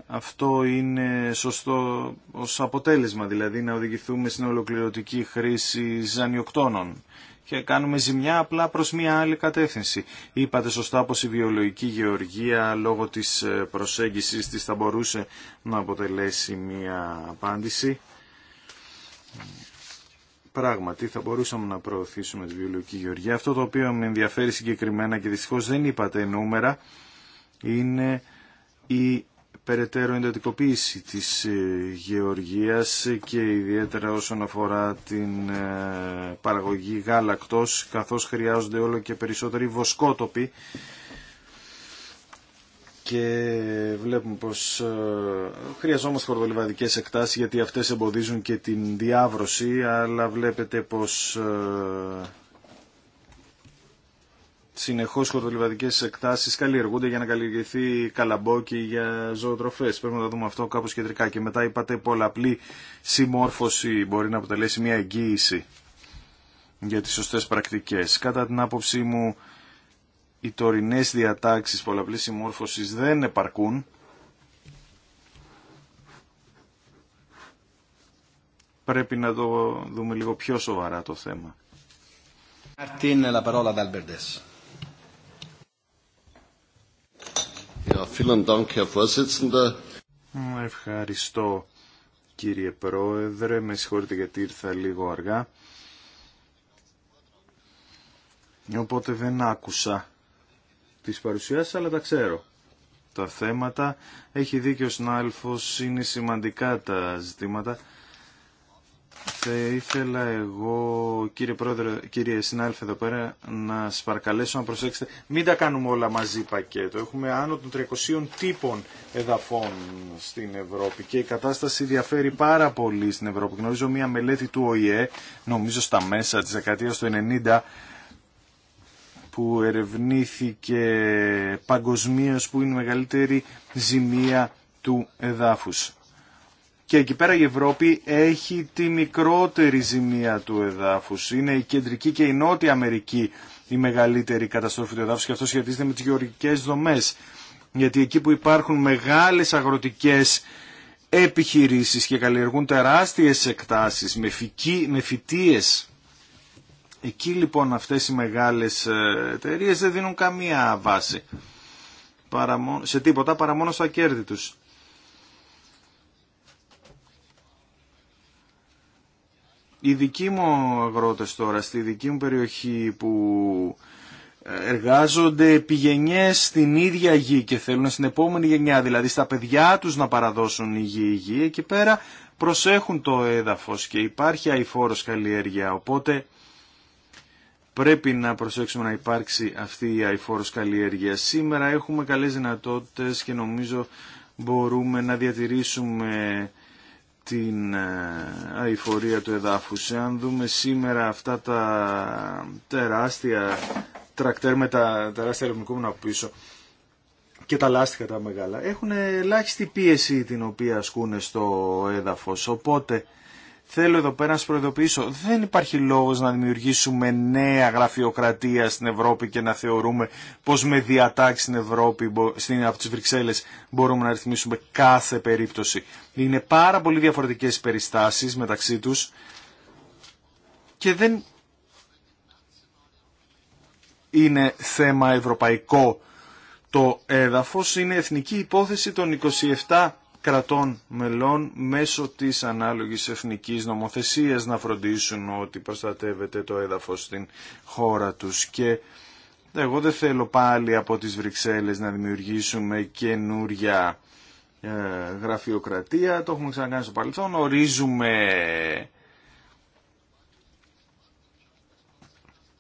αυτό είναι σωστό ως αποτέλεσμα, δηλαδή να οδηγηθούμε στην ολοκληρωτική χρήση ζανιοκτώνων και κάνουμε ζημιά απλά προς μία άλλη κατεύθυνση. Είπατε σωστά πως η βιολογική γεωργία λόγω της ε, προσέγγισης της θα μπορούσε να αποτελέσει μία απάντηση πράγματι θα μπορούσαμε να προωθήσουμε τη βιολογική γεωργία. Αυτό το οποίο με ενδιαφέρει συγκεκριμένα και δυστυχώ δεν είπατε νούμερα είναι η περαιτέρω εντατικοποίηση της ε, γεωργίας και ιδιαίτερα όσον αφορά την ε, παραγωγή γάλακτος καθώς χρειάζονται όλο και περισσότεροι βοσκότοποι και βλέπουμε πως ε, χρειαζόμαστε χορδολιβαδικές εκτάσεις γιατί αυτές εμποδίζουν και την διάβρωση αλλά βλέπετε πως ε, συνεχώς χορδολιβαδικές εκτάσεις καλλιεργούνται για να καλλιεργηθεί καλαμπόκι για ζωοτροφές. Πρέπει να το δούμε αυτό κάπως κεντρικά και μετά είπατε πολλαπλή συμμόρφωση μπορεί να αποτελέσει μια εγγύηση για τις σωστές πρακτικές. Κατά την άποψή μου οι τωρινές διατάξεις πολλαπλής συμμόρφωσης δεν επαρκούν, πρέπει να το δούμε λίγο πιο σοβαρά το θέμα. Ευχαριστώ κύριε Πρόεδρε, με συγχωρείτε γιατί ήρθα λίγο αργά. Οπότε δεν άκουσα τις παρουσιάσεις, αλλά τα ξέρω. Τα θέματα, έχει δίκιο συνάλφος, είναι σημαντικά τα ζητήματα. Θα ήθελα εγώ, κύριε, πρόεδρε, κύριε συνάλφε εδώ πέρα, να σας παρακαλέσω να προσέξετε. Μην τα κάνουμε όλα μαζί πακέτο. Έχουμε άνω των 300 τύπων εδαφών στην Ευρώπη και η κατάσταση διαφέρει πάρα πολύ στην Ευρώπη. Γνωρίζω μια μελέτη του ΟΗΕ, νομίζω στα μέσα της δεκαετίας του 90, που ερευνήθηκε παγκοσμίω που είναι η μεγαλύτερη ζημία του εδάφους. Και εκεί πέρα η Ευρώπη έχει τη μικρότερη ζημία του εδάφους. Είναι η Κεντρική και η Νότια Αμερική η μεγαλύτερη καταστροφή του εδάφους και αυτό σχετίζεται με τις γεωργικές δομές. Γιατί εκεί που υπάρχουν μεγάλες αγροτικές επιχειρήσεις και καλλιεργούν τεράστιες εκτάσεις με, φυτίε με φυτίες Εκεί λοιπόν αυτές οι μεγάλες ε, εταιρείε δεν δίνουν καμία βάση σε τίποτα παρά μόνο στα κέρδη τους. Οι δικοί μου αγρότες τώρα στη δική μου περιοχή που εργάζονται πηγενιές στην ίδια γη και θέλουν στην επόμενη γενιά, δηλαδή στα παιδιά τους να παραδώσουν η γη, γη εκεί πέρα προσέχουν το έδαφος και υπάρχει αηφόρος καλλιέργεια, οπότε πρέπει να προσέξουμε να υπάρξει αυτή η αηφόρος καλλιέργεια. Σήμερα έχουμε καλές δυνατότητες και νομίζω μπορούμε να διατηρήσουμε την ε, αηφορία του εδάφους. Αν δούμε σήμερα αυτά τα τεράστια τρακτέρ με τα τεράστια ελευνικούμενα πίσω και τα λάστιχα τα μεγάλα έχουν ελάχιστη πίεση την οποία ασκούν στο έδαφος. Οπότε Θέλω εδώ πέρα να σας προειδοποιήσω, δεν υπάρχει λόγος να δημιουργήσουμε νέα γραφειοκρατία στην Ευρώπη και να θεωρούμε πως με διατάξει στην Ευρώπη, στην, από τις Βρυξέλλες, μπορούμε να ρυθμίσουμε κάθε περίπτωση. Είναι πάρα πολύ διαφορετικές περιστάσεις μεταξύ τους και δεν είναι θέμα ευρωπαϊκό το έδαφος, είναι εθνική υπόθεση των 27 κρατών μελών μέσω της ανάλογης εθνικής νομοθεσίας να φροντίσουν ότι προστατεύεται το έδαφος στην χώρα τους και εγώ δεν θέλω πάλι από τις Βρυξέλλες να δημιουργήσουμε καινούρια ε, γραφειοκρατία, το έχουμε ξανακάνει στο παρελθόν, ορίζουμε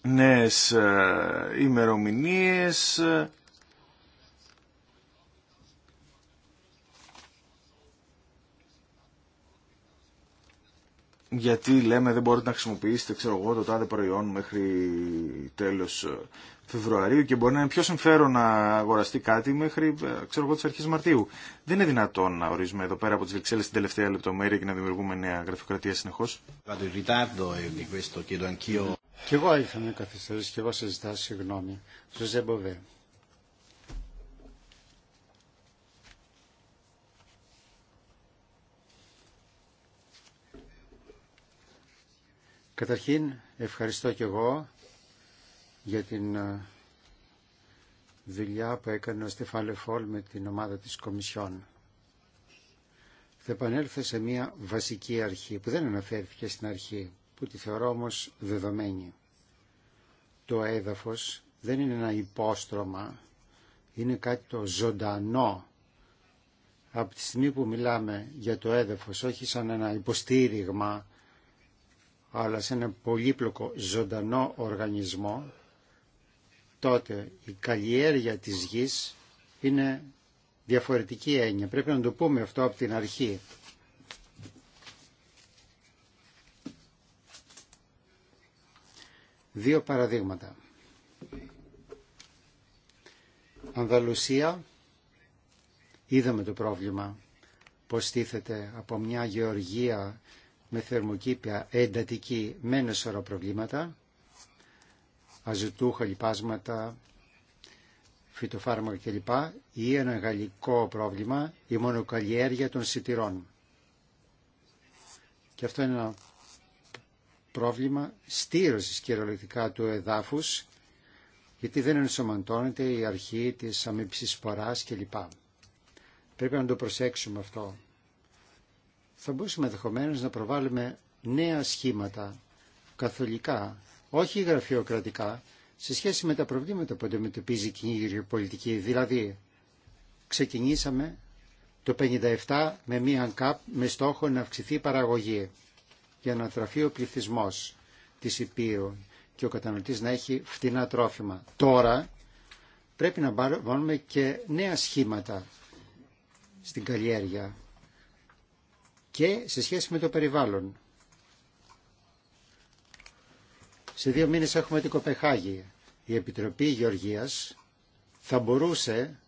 νέες ε, ημερομηνίες ε, γιατί λέμε δεν μπορείτε να χρησιμοποιήσετε ξέρω εγώ, το τάδε προϊόν μέχρι τέλος ε, Φεβρουαρίου και μπορεί να είναι πιο συμφέρον να αγοραστεί κάτι μέχρι ε, ξέρω εγώ, αρχές Μαρτίου. Δεν είναι δυνατόν να ορίζουμε εδώ πέρα από τις Βρυξέλλες την τελευταία λεπτομέρεια και να δημιουργούμε νέα γραφειοκρατία συνεχώς. E Κι εγώ είχα μια και εγώ ζητάω συγγνώμη. Ζωζέ Καταρχήν ευχαριστώ και εγώ για την ε, δουλειά που έκανε ο Στεφάλε Φόλ με την ομάδα της Κομισιόν. Θα επανέλθω σε μια βασική αρχή που δεν αναφέρθηκε στην αρχή, που τη θεωρώ όμω δεδομένη. Το έδαφος δεν είναι ένα υπόστρωμα, είναι κάτι το ζωντανό. Από τη στιγμή που μιλάμε για το έδαφος, όχι σαν ένα υποστήριγμα αλλά σε ένα πολύπλοκο ζωντανό οργανισμό, τότε η καλλιέργεια της γης είναι διαφορετική έννοια. Πρέπει να το πούμε αυτό από την αρχή. Δύο παραδείγματα. Ανδαλουσία, είδαμε το πρόβλημα πως τίθεται από μια γεωργία με θερμοκήπια εντατική με ένα σωρό προβλήματα, αζωτούχα, λιπάσματα, φυτοφάρμακα κλπ. ή ένα γαλλικό πρόβλημα, η μονοκαλλιέργεια των σιτηρών. Και αυτό είναι ένα πρόβλημα στήρωσης κυριολεκτικά του εδάφους, γιατί δεν ενσωματώνεται η μονοκαλλιεργεια των σιτηρων και αυτο ειναι ενα προβλημα στήρωση κυριολεκτικα του εδαφους γιατι δεν ενσωματωνεται η αρχη της αμυψης σποράς κλπ. Πρέπει να το προσέξουμε αυτό θα μπορούσαμε ενδεχομένω να προβάλλουμε νέα σχήματα καθολικά, όχι γραφειοκρατικά, σε σχέση με τα προβλήματα που αντιμετωπίζει η κοινή πολιτική. Δηλαδή, ξεκινήσαμε το 57 με μία κάπ με στόχο να αυξηθεί η παραγωγή για να τραφεί ο πληθυσμό της Υπήρου και ο καταναλωτή να έχει φτηνά τρόφιμα. Τώρα πρέπει να βάλουμε και νέα σχήματα στην καλλιέργεια και σε σχέση με το περιβάλλον. Σε δύο μήνες έχουμε την Κοπεχάγη. Η Επιτροπή Γεωργίας θα μπορούσε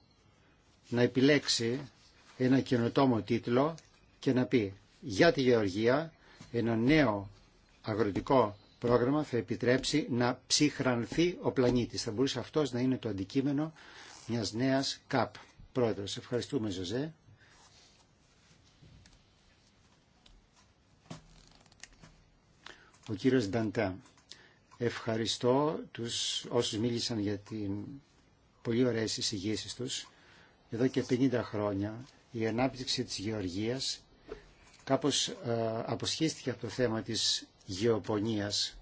να επιλέξει ένα καινοτόμο τίτλο και να πει για τη Γεωργία ένα νέο αγροτικό πρόγραμμα θα επιτρέψει να ψυχρανθεί ο πλανήτης. Θα μπορούσε αυτός να είναι το αντικείμενο μιας νέας ΚΑΠ. Πρόεδρος, ευχαριστούμε Ζωζέ. Ο κύριος Νταντά. Ευχαριστώ τους όσους μίλησαν για την πολύ ωραίες εισηγήσεις τους. Εδώ και 50 χρόνια η ανάπτυξη της γεωργίας κάπως ε, αποσχίστηκε από το θέμα της γεωπονίας.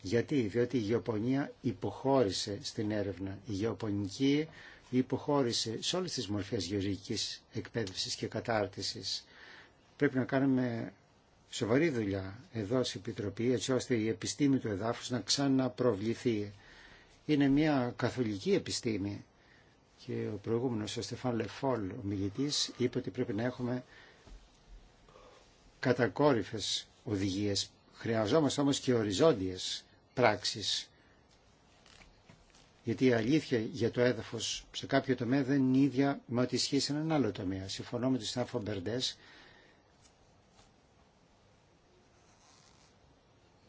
Γιατί, διότι η γεωπονία υποχώρησε στην έρευνα. Η γεωπονική υποχώρησε σε όλες τις μορφές γεωργικής εκπαίδευσης και κατάρτισης. Πρέπει να κάνουμε σοβαρή δουλειά εδώ στην Επιτροπή έτσι ώστε η επιστήμη του εδάφους να ξαναπροβληθεί. Είναι μια καθολική επιστήμη και ο προηγούμενος ο Στεφάν Λεφόλ ο μιλητής είπε ότι πρέπει να έχουμε κατακόρυφες οδηγίες. Χρειαζόμαστε όμως και οριζόντιες πράξεις. Γιατί η αλήθεια για το έδαφος σε κάποιο τομέα δεν είναι ίδια με ό,τι ισχύει σε έναν άλλο τομέα. Συμφωνώ με τον Στάφο Μπερντές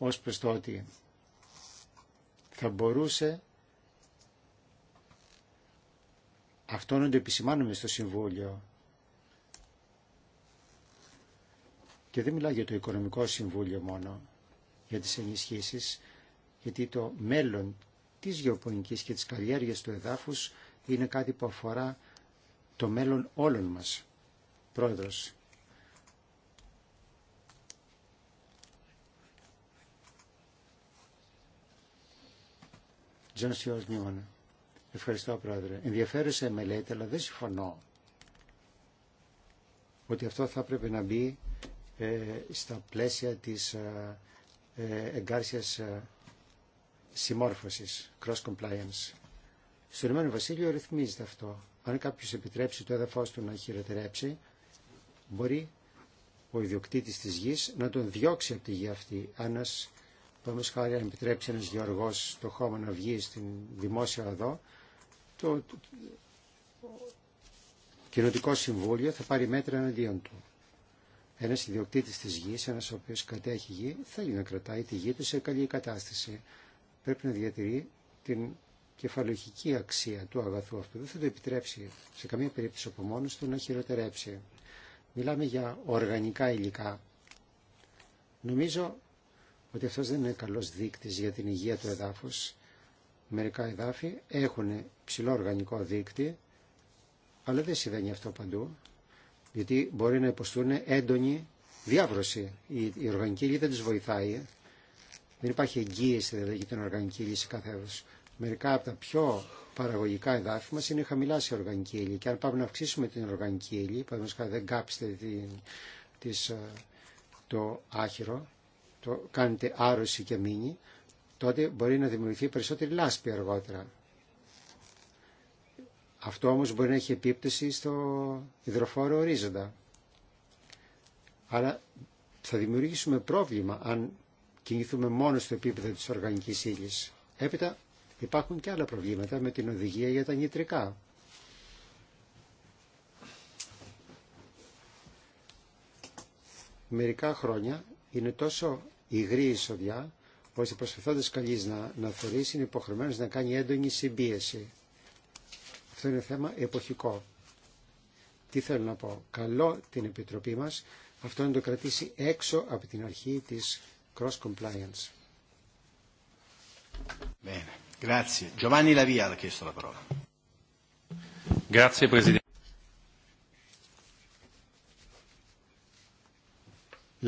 ως προς το ότι θα μπορούσε αυτό να το επισημάνουμε στο Συμβούλιο και δεν μιλάω για το Οικονομικό Συμβούλιο μόνο για τις ενισχύσεις γιατί το μέλλον της γεωπονικής και της καλλιέργειας του εδάφους είναι κάτι που αφορά το μέλλον όλων μας. Πρόεδρος, Τζον Ευχαριστώ, Πρόεδρε. Ενδιαφέρουσα μελέτη, αλλά δεν συμφωνώ ότι αυτό θα έπρεπε να μπει ε, στα πλαίσια της ε, ε εγκάρσιας ε, συμμόρφωσης, cross compliance. Στο Ηνωμένο Βασίλειο ρυθμίζεται αυτό. Αν κάποιος επιτρέψει το έδαφος του να χειροτερέψει, μπορεί ο ιδιοκτήτης της γης να τον διώξει από τη γη αυτή, ένας το χάρη αν επιτρέψει ένας γεωργός το χώμα να βγει στην δημόσια εδώ, το, το, κοινοτικό συμβούλιο θα πάρει μέτρα εναντίον του. Ένας ιδιοκτήτης της γης, ένας ο οποίος κατέχει γη, θέλει να κρατάει τη γη του σε καλή κατάσταση. Πρέπει να διατηρεί την κεφαλογική αξία του αγαθού αυτού. Δεν θα το επιτρέψει σε καμία περίπτωση από μόνο του να χειροτερέψει. Μιλάμε για οργανικά υλικά. Νομίζω ότι αυτός δεν είναι καλός δείκτης για την υγεία του εδάφους. Μερικά εδάφη έχουν ψηλό οργανικό δείκτη, αλλά δεν συμβαίνει αυτό παντού, γιατί μπορεί να υποστούν έντονη διάβρωση. Η, οργανική ύλη δεν τους βοηθάει. Δεν υπάρχει εγγύηση δηλαδή για την οργανική ύλη σε κάθε Μερικά από τα πιο παραγωγικά εδάφη μα είναι χαμηλά σε οργανική ύλη. Και αν πάμε να αυξήσουμε την οργανική ύλη, παραδείγματος, χάρη δεν κάψετε την, της, ε, το άχυρο, το κάνετε άρρωση και μείνει, τότε μπορεί να δημιουργηθεί περισσότερη λάσπη αργότερα. Αυτό όμως μπορεί να έχει επίπτωση στο υδροφόρο ορίζοντα. Άρα θα δημιουργήσουμε πρόβλημα αν κινηθούμε μόνο στο επίπεδο της οργανικής ύλη. Έπειτα υπάρχουν και άλλα προβλήματα με την οδηγία για τα νητρικά. Μερικά χρόνια είναι τόσο υγρή εισοδιά, ώστε προσπαθώντας καλής να, να θεωρήσει είναι υποχρεωμένος να κάνει έντονη συμπίεση. Αυτό είναι θέμα εποχικό. Τι θέλω να πω. Καλό την Επιτροπή μας αυτό να το κρατήσει έξω από την αρχή της cross compliance. Bene, grazie. Giovanni Lavia ha chiesto la parola. Grazie Presidente.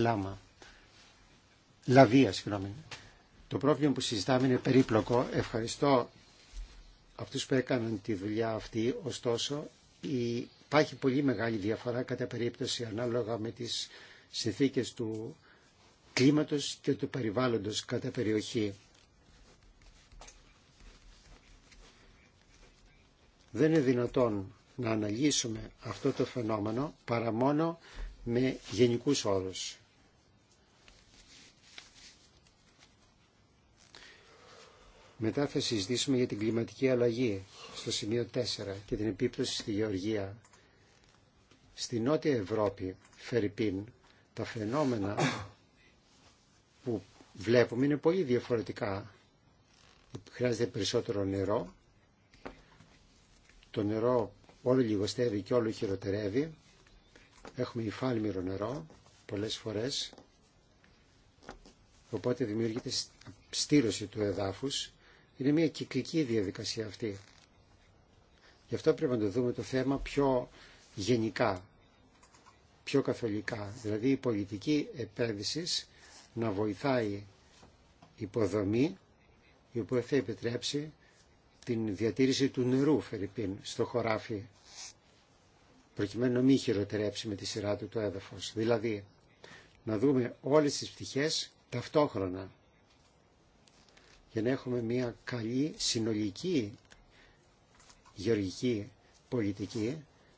Lama. Λαβία, συγγνώμη. Το πρόβλημα που συζητάμε είναι περίπλοκο. Ευχαριστώ αυτούς που έκαναν τη δουλειά αυτή, ωστόσο υπάρχει πολύ μεγάλη διαφορά κατά περίπτωση ανάλογα με τις συνθήκες του κλίματος και του περιβάλλοντος κατά περιοχή. Δεν είναι δυνατόν να αναλύσουμε αυτό το φαινόμενο παρά μόνο με γενικούς όρους. Μετά θα συζητήσουμε για την κλιματική αλλαγή στο σημείο 4 και την επίπτωση στη γεωργία. Στη Νότια Ευρώπη, Φερρυπίν, τα φαινόμενα που βλέπουμε είναι πολύ διαφορετικά. Χρειάζεται περισσότερο νερό. Το νερό όλο λιγοστεύει και όλο χειροτερεύει. Έχουμε υφάλμηρο νερό πολλές φορές. Οπότε δημιουργείται στήρωση του εδάφους είναι μια κυκλική διαδικασία αυτή. Γι' αυτό πρέπει να το δούμε το θέμα πιο γενικά, πιο καθολικά. Δηλαδή η πολιτική επένδυση να βοηθάει υποδομή η οποία θα επιτρέψει την διατήρηση του νερού, στο χωράφι, προκειμένου να μην χειροτερέψει με τη σειρά του το έδαφος. Δηλαδή, να δούμε όλες τις πτυχές ταυτόχρονα για να έχουμε μια καλή συνολική γεωργική πολιτική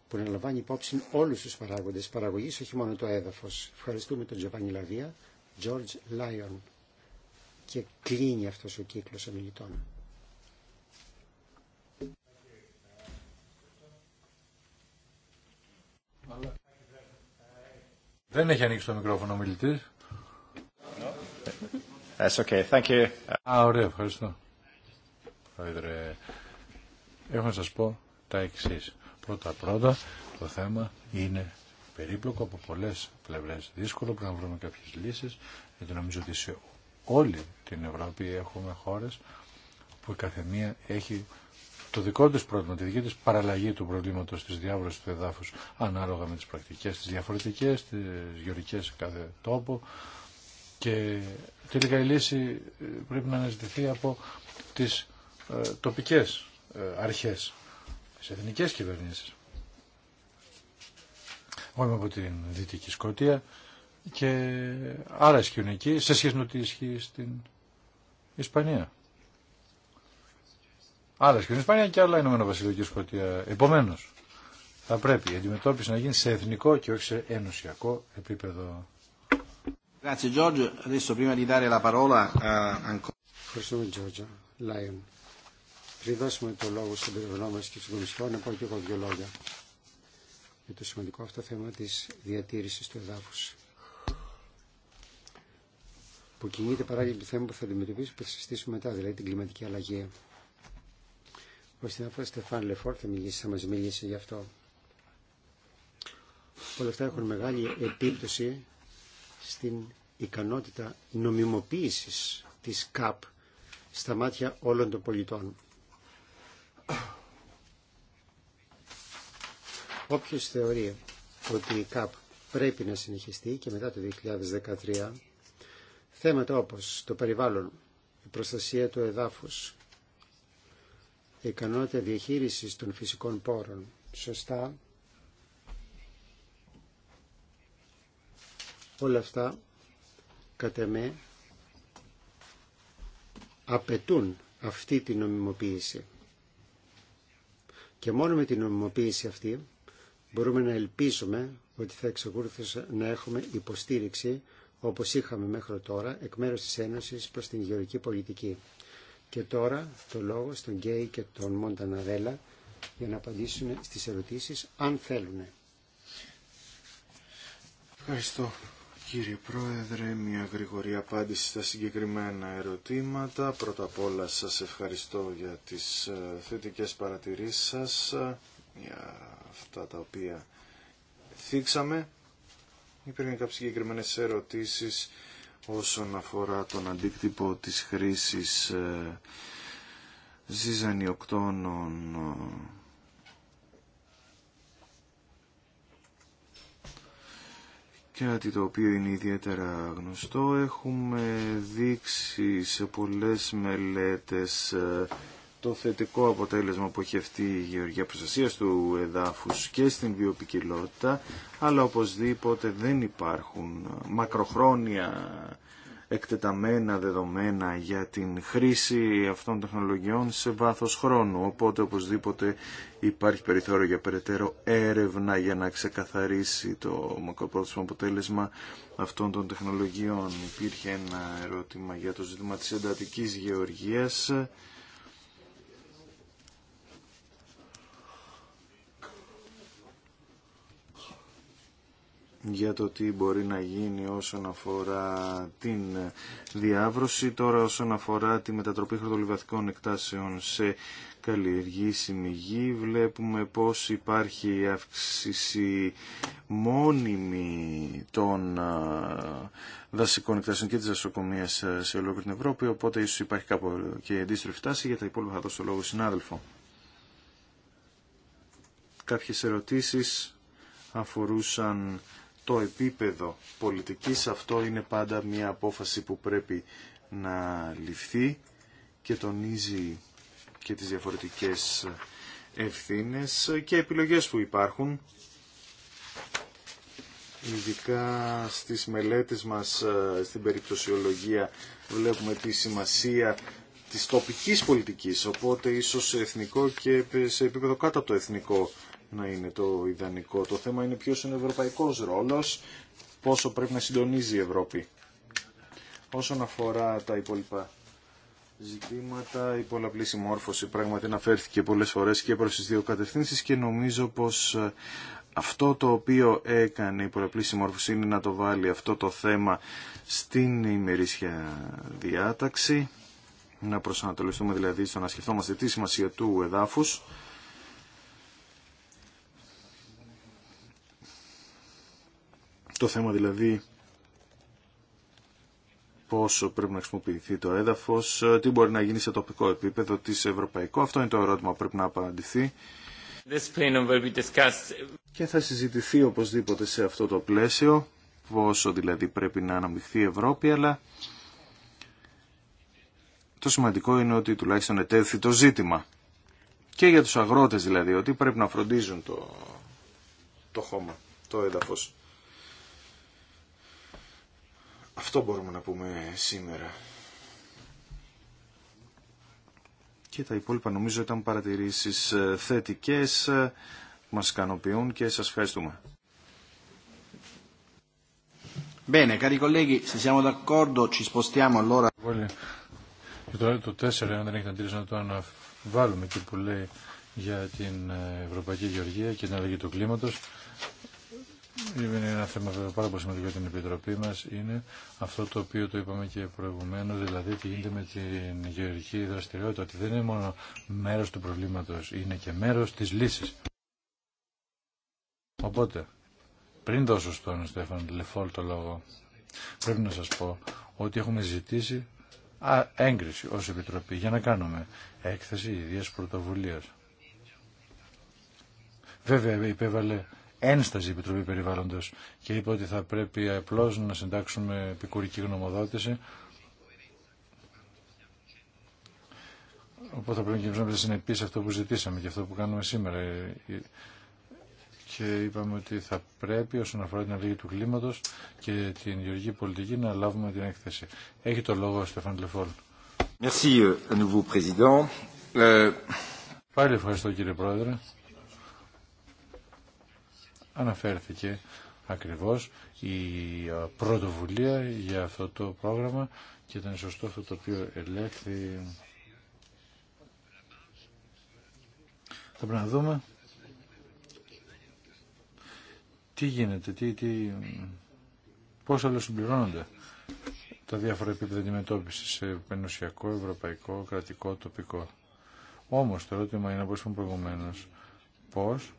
που να λαμβάνει υπόψη όλους τους παράγοντες παραγωγής, όχι μόνο το έδαφος. Ευχαριστούμε τον Τζοβάνι Λαβία, George Lyon και κλείνει αυτός ο κύκλος ομιλητών. Δεν έχει ανοίξει το μικρόφωνο ο That's okay. Thank you. Α, ωραία, ευχαριστώ. Πρόεδρε, έχω να σας πω τα εξή. πρωτα Πρώτα-πρώτα, το θέμα είναι περίπλοκο από πολλές πλευρές. Δύσκολο πρέπει να βρούμε κάποιες λύσεις, γιατί νομίζω ότι σε όλη την Ευρώπη έχουμε χώρες που η καθεμία έχει το δικό της πρόβλημα, τη δική της παραλλαγή του προβλήματος της διάβρωσης του εδάφους ανάλογα με τις πρακτικές, τις διαφορετικές, τις γεωρικές σε κάθε τόπο, και τελικά η λύση ε, πρέπει να αναζητηθεί από τις ε, τοπικές ε, αρχές, τις εθνικές κυβερνήσεις. Εγώ είμαι από την Δυτική Σκότια και άλλα ισχύουν εκεί σε σχέση με ό,τι ισχύει στην Ισπανία. Άλλα ισχύουν Ισπανία και άλλα είναι ο και Σκότια. Επομένω, θα πρέπει η αντιμετώπιση να γίνει σε εθνικό και όχι σε ενωσιακό επίπεδο. Grazie Giorgio. Adesso prima di dare la parola a eh, ancora. Ευχαριστούμε Γιώργο. Λάιον. Πριν δώσουμε το λόγο στον μα και στον Κομισιό, να πω και εγώ δύο λόγια για το σημαντικό αυτό θέμα τη διατήρηση του εδάφου. που κινείται παράλληλα με το θέμα που θα αντιμετωπίσουμε και θα συστήσουμε μετά, δηλαδή την κλιματική αλλαγή. Ο συνάδελφος Στεφάν Λεφόρ θα, μιλήσει, θα μας μιλήσει γι' αυτό. Όλα αυτά έχουν μεγάλη επίπτωση στην ικανότητα νομιμοποίησης της ΚΑΠ στα μάτια όλων των πολιτών. Όποιος θεωρεί ότι η ΚΑΠ πρέπει να συνεχιστεί και μετά το 2013, θέματα όπως το περιβάλλον, η προστασία του εδάφους, η ικανότητα διαχείρισης των φυσικών πόρων, σωστά Όλα αυτά κατά με απαιτούν αυτή την νομιμοποίηση. Και μόνο με την νομιμοποίηση αυτή μπορούμε να ελπίσουμε ότι θα εξακολουθήσουμε να έχουμε υποστήριξη όπως είχαμε μέχρι τώρα εκ μέρους της Ένωσης προς την γεωρική πολιτική. Και τώρα το λόγο στον Γκέι και τον Μονταναρέλα για να απαντήσουν στις ερωτήσεις αν θέλουν. Ευχαριστώ Κύριε Πρόεδρε, μια γρήγορη απάντηση στα συγκεκριμένα ερωτήματα. Πρώτα απ' όλα σας ευχαριστώ για τις ε, θετικές παρατηρήσεις σας, ε, για αυτά τα οποία θίξαμε. Υπήρχαν κάποιες συγκεκριμένες ερωτήσεις όσον αφορά τον αντίκτυπο της χρήσης ε, ζυζανιοκτώνων κάτι το οποίο είναι ιδιαίτερα γνωστό. Έχουμε δείξει σε πολλές μελέτες ε, το θετικό αποτέλεσμα που έχει αυτή η γεωργία Προστασία του εδάφους και στην βιοπικιλότητα, αλλά οπωσδήποτε δεν υπάρχουν μακροχρόνια εκτεταμένα δεδομένα για την χρήση αυτών των τεχνολογιών σε βάθος χρόνου. Οπότε οπωσδήποτε υπάρχει περιθώριο για περαιτέρω έρευνα για να ξεκαθαρίσει το μακροπρόθεσμο αποτέλεσμα αυτών των τεχνολογιών. Υπήρχε ένα ερώτημα για το ζήτημα της εντατικής γεωργίας. για το τι μπορεί να γίνει όσον αφορά την διάβρωση. Τώρα όσον αφορά τη μετατροπή χρωτολιβαθικών εκτάσεων σε καλλιεργήσιμη γη βλέπουμε πως υπάρχει αύξηση μόνιμη των δασικών εκτάσεων και της δασοκομείας σε ολόκληρη την Ευρώπη οπότε ίσως υπάρχει κάπου και αντίστροφη τάση για τα υπόλοιπα θα δώσω λόγο συνάδελφο. Κάποιες ερωτήσεις αφορούσαν το επίπεδο πολιτικής αυτό είναι πάντα μια απόφαση που πρέπει να ληφθεί και τονίζει και τις διαφορετικές ευθύνες και επιλογές που υπάρχουν ειδικά στις μελέτες μας ε, στην περιπτωσιολογία βλέπουμε τη σημασία της τοπικής πολιτικής οπότε ίσως σε εθνικό και σε επίπεδο κάτω από το εθνικό να είναι το ιδανικό. Το θέμα είναι ποιος είναι ο ευρωπαϊκός ρόλος, πόσο πρέπει να συντονίζει η Ευρώπη. Όσον αφορά τα υπόλοιπα ζητήματα, η πολλαπλή συμμόρφωση πράγματι αναφέρθηκε πολλές φορές και προς τις δύο κατευθύνσεις και νομίζω πως ε, αυτό το οποίο έκανε η πολλαπλή συμμόρφωση είναι να το βάλει αυτό το θέμα στην ημερήσια διάταξη, να προσανατολιστούμε δηλαδή στο να σκεφτόμαστε τη σημασία του εδάφους Το θέμα δηλαδή πόσο πρέπει να χρησιμοποιηθεί το έδαφος, τι μπορεί να γίνει σε τοπικό επίπεδο, τι σε ευρωπαϊκό. Αυτό είναι το ερώτημα που πρέπει να απαντηθεί. Και θα συζητηθεί οπωσδήποτε σε αυτό το πλαίσιο, πόσο δηλαδή πρέπει να αναμειχθεί η Ευρώπη, αλλά το σημαντικό είναι ότι τουλάχιστον ετέθη το ζήτημα. Και για τους αγρότες δηλαδή, ότι πρέπει να φροντίζουν το, το χώμα, το έδαφος. Αυτό μπορούμε να πούμε σήμερα. Και τα υπόλοιπα νομίζω ήταν παρατηρήσεις ε, θετικές, ε, μας ικανοποιούν και σας ευχαριστούμε. Bene, cari colleghi, το 4, αν δεν έχετε αντίληψη να το αναβάλουμε και που λέει για την Ευρωπαϊκή και την αλλαγή του είναι ένα θέμα βέβαια πάρα πολύ σημαντικό για την Επιτροπή μα Είναι αυτό το οποίο το είπαμε και προηγουμένω, δηλαδή τι γίνεται με την γεωργική δραστηριότητα, ότι δεν είναι μόνο μέρο του προβλήματο, είναι και μέρο τη λύση. Οπότε, πριν δώσω στον Στέφαν Λεφόλ το λόγο, πρέπει να σα πω ότι έχουμε ζητήσει έγκριση ω Επιτροπή για να κάνουμε έκθεση ιδίας πρωτοβουλία. Βέβαια υπέβαλε ένσταση η Επιτροπή Περιβάλλοντος και είπε ότι θα πρέπει απλώς να συντάξουμε επικουρική γνωμοδότηση Οπότε θα πρέπει να γυρίσουμε συνεπεί σε αυτό που ζητήσαμε και αυτό που κάνουμε σήμερα. Και είπαμε ότι θα πρέπει όσον αφορά την αλλαγή του κλίματο και την γεωργική πολιτική να λάβουμε την έκθεση. Έχει το λόγο ο Στεφάν Λεφόλ. Euh, euh, Πάλι ευχαριστώ κύριε Πρόεδρε αναφέρθηκε ακριβώς η ε, πρωτοβουλία για αυτό το πρόγραμμα και ήταν σωστό αυτό το οποίο ελέγχθη. Θα πρέπει να δούμε τι γίνεται, τι, τι, πώς όλα συμπληρώνονται τα διάφορα επίπεδα αντιμετώπιση σε ενωσιακό, ευρωπαϊκό, κρατικό, τοπικό. Όμως το ερώτημα είναι, όπως είπαμε προηγουμένως, πώς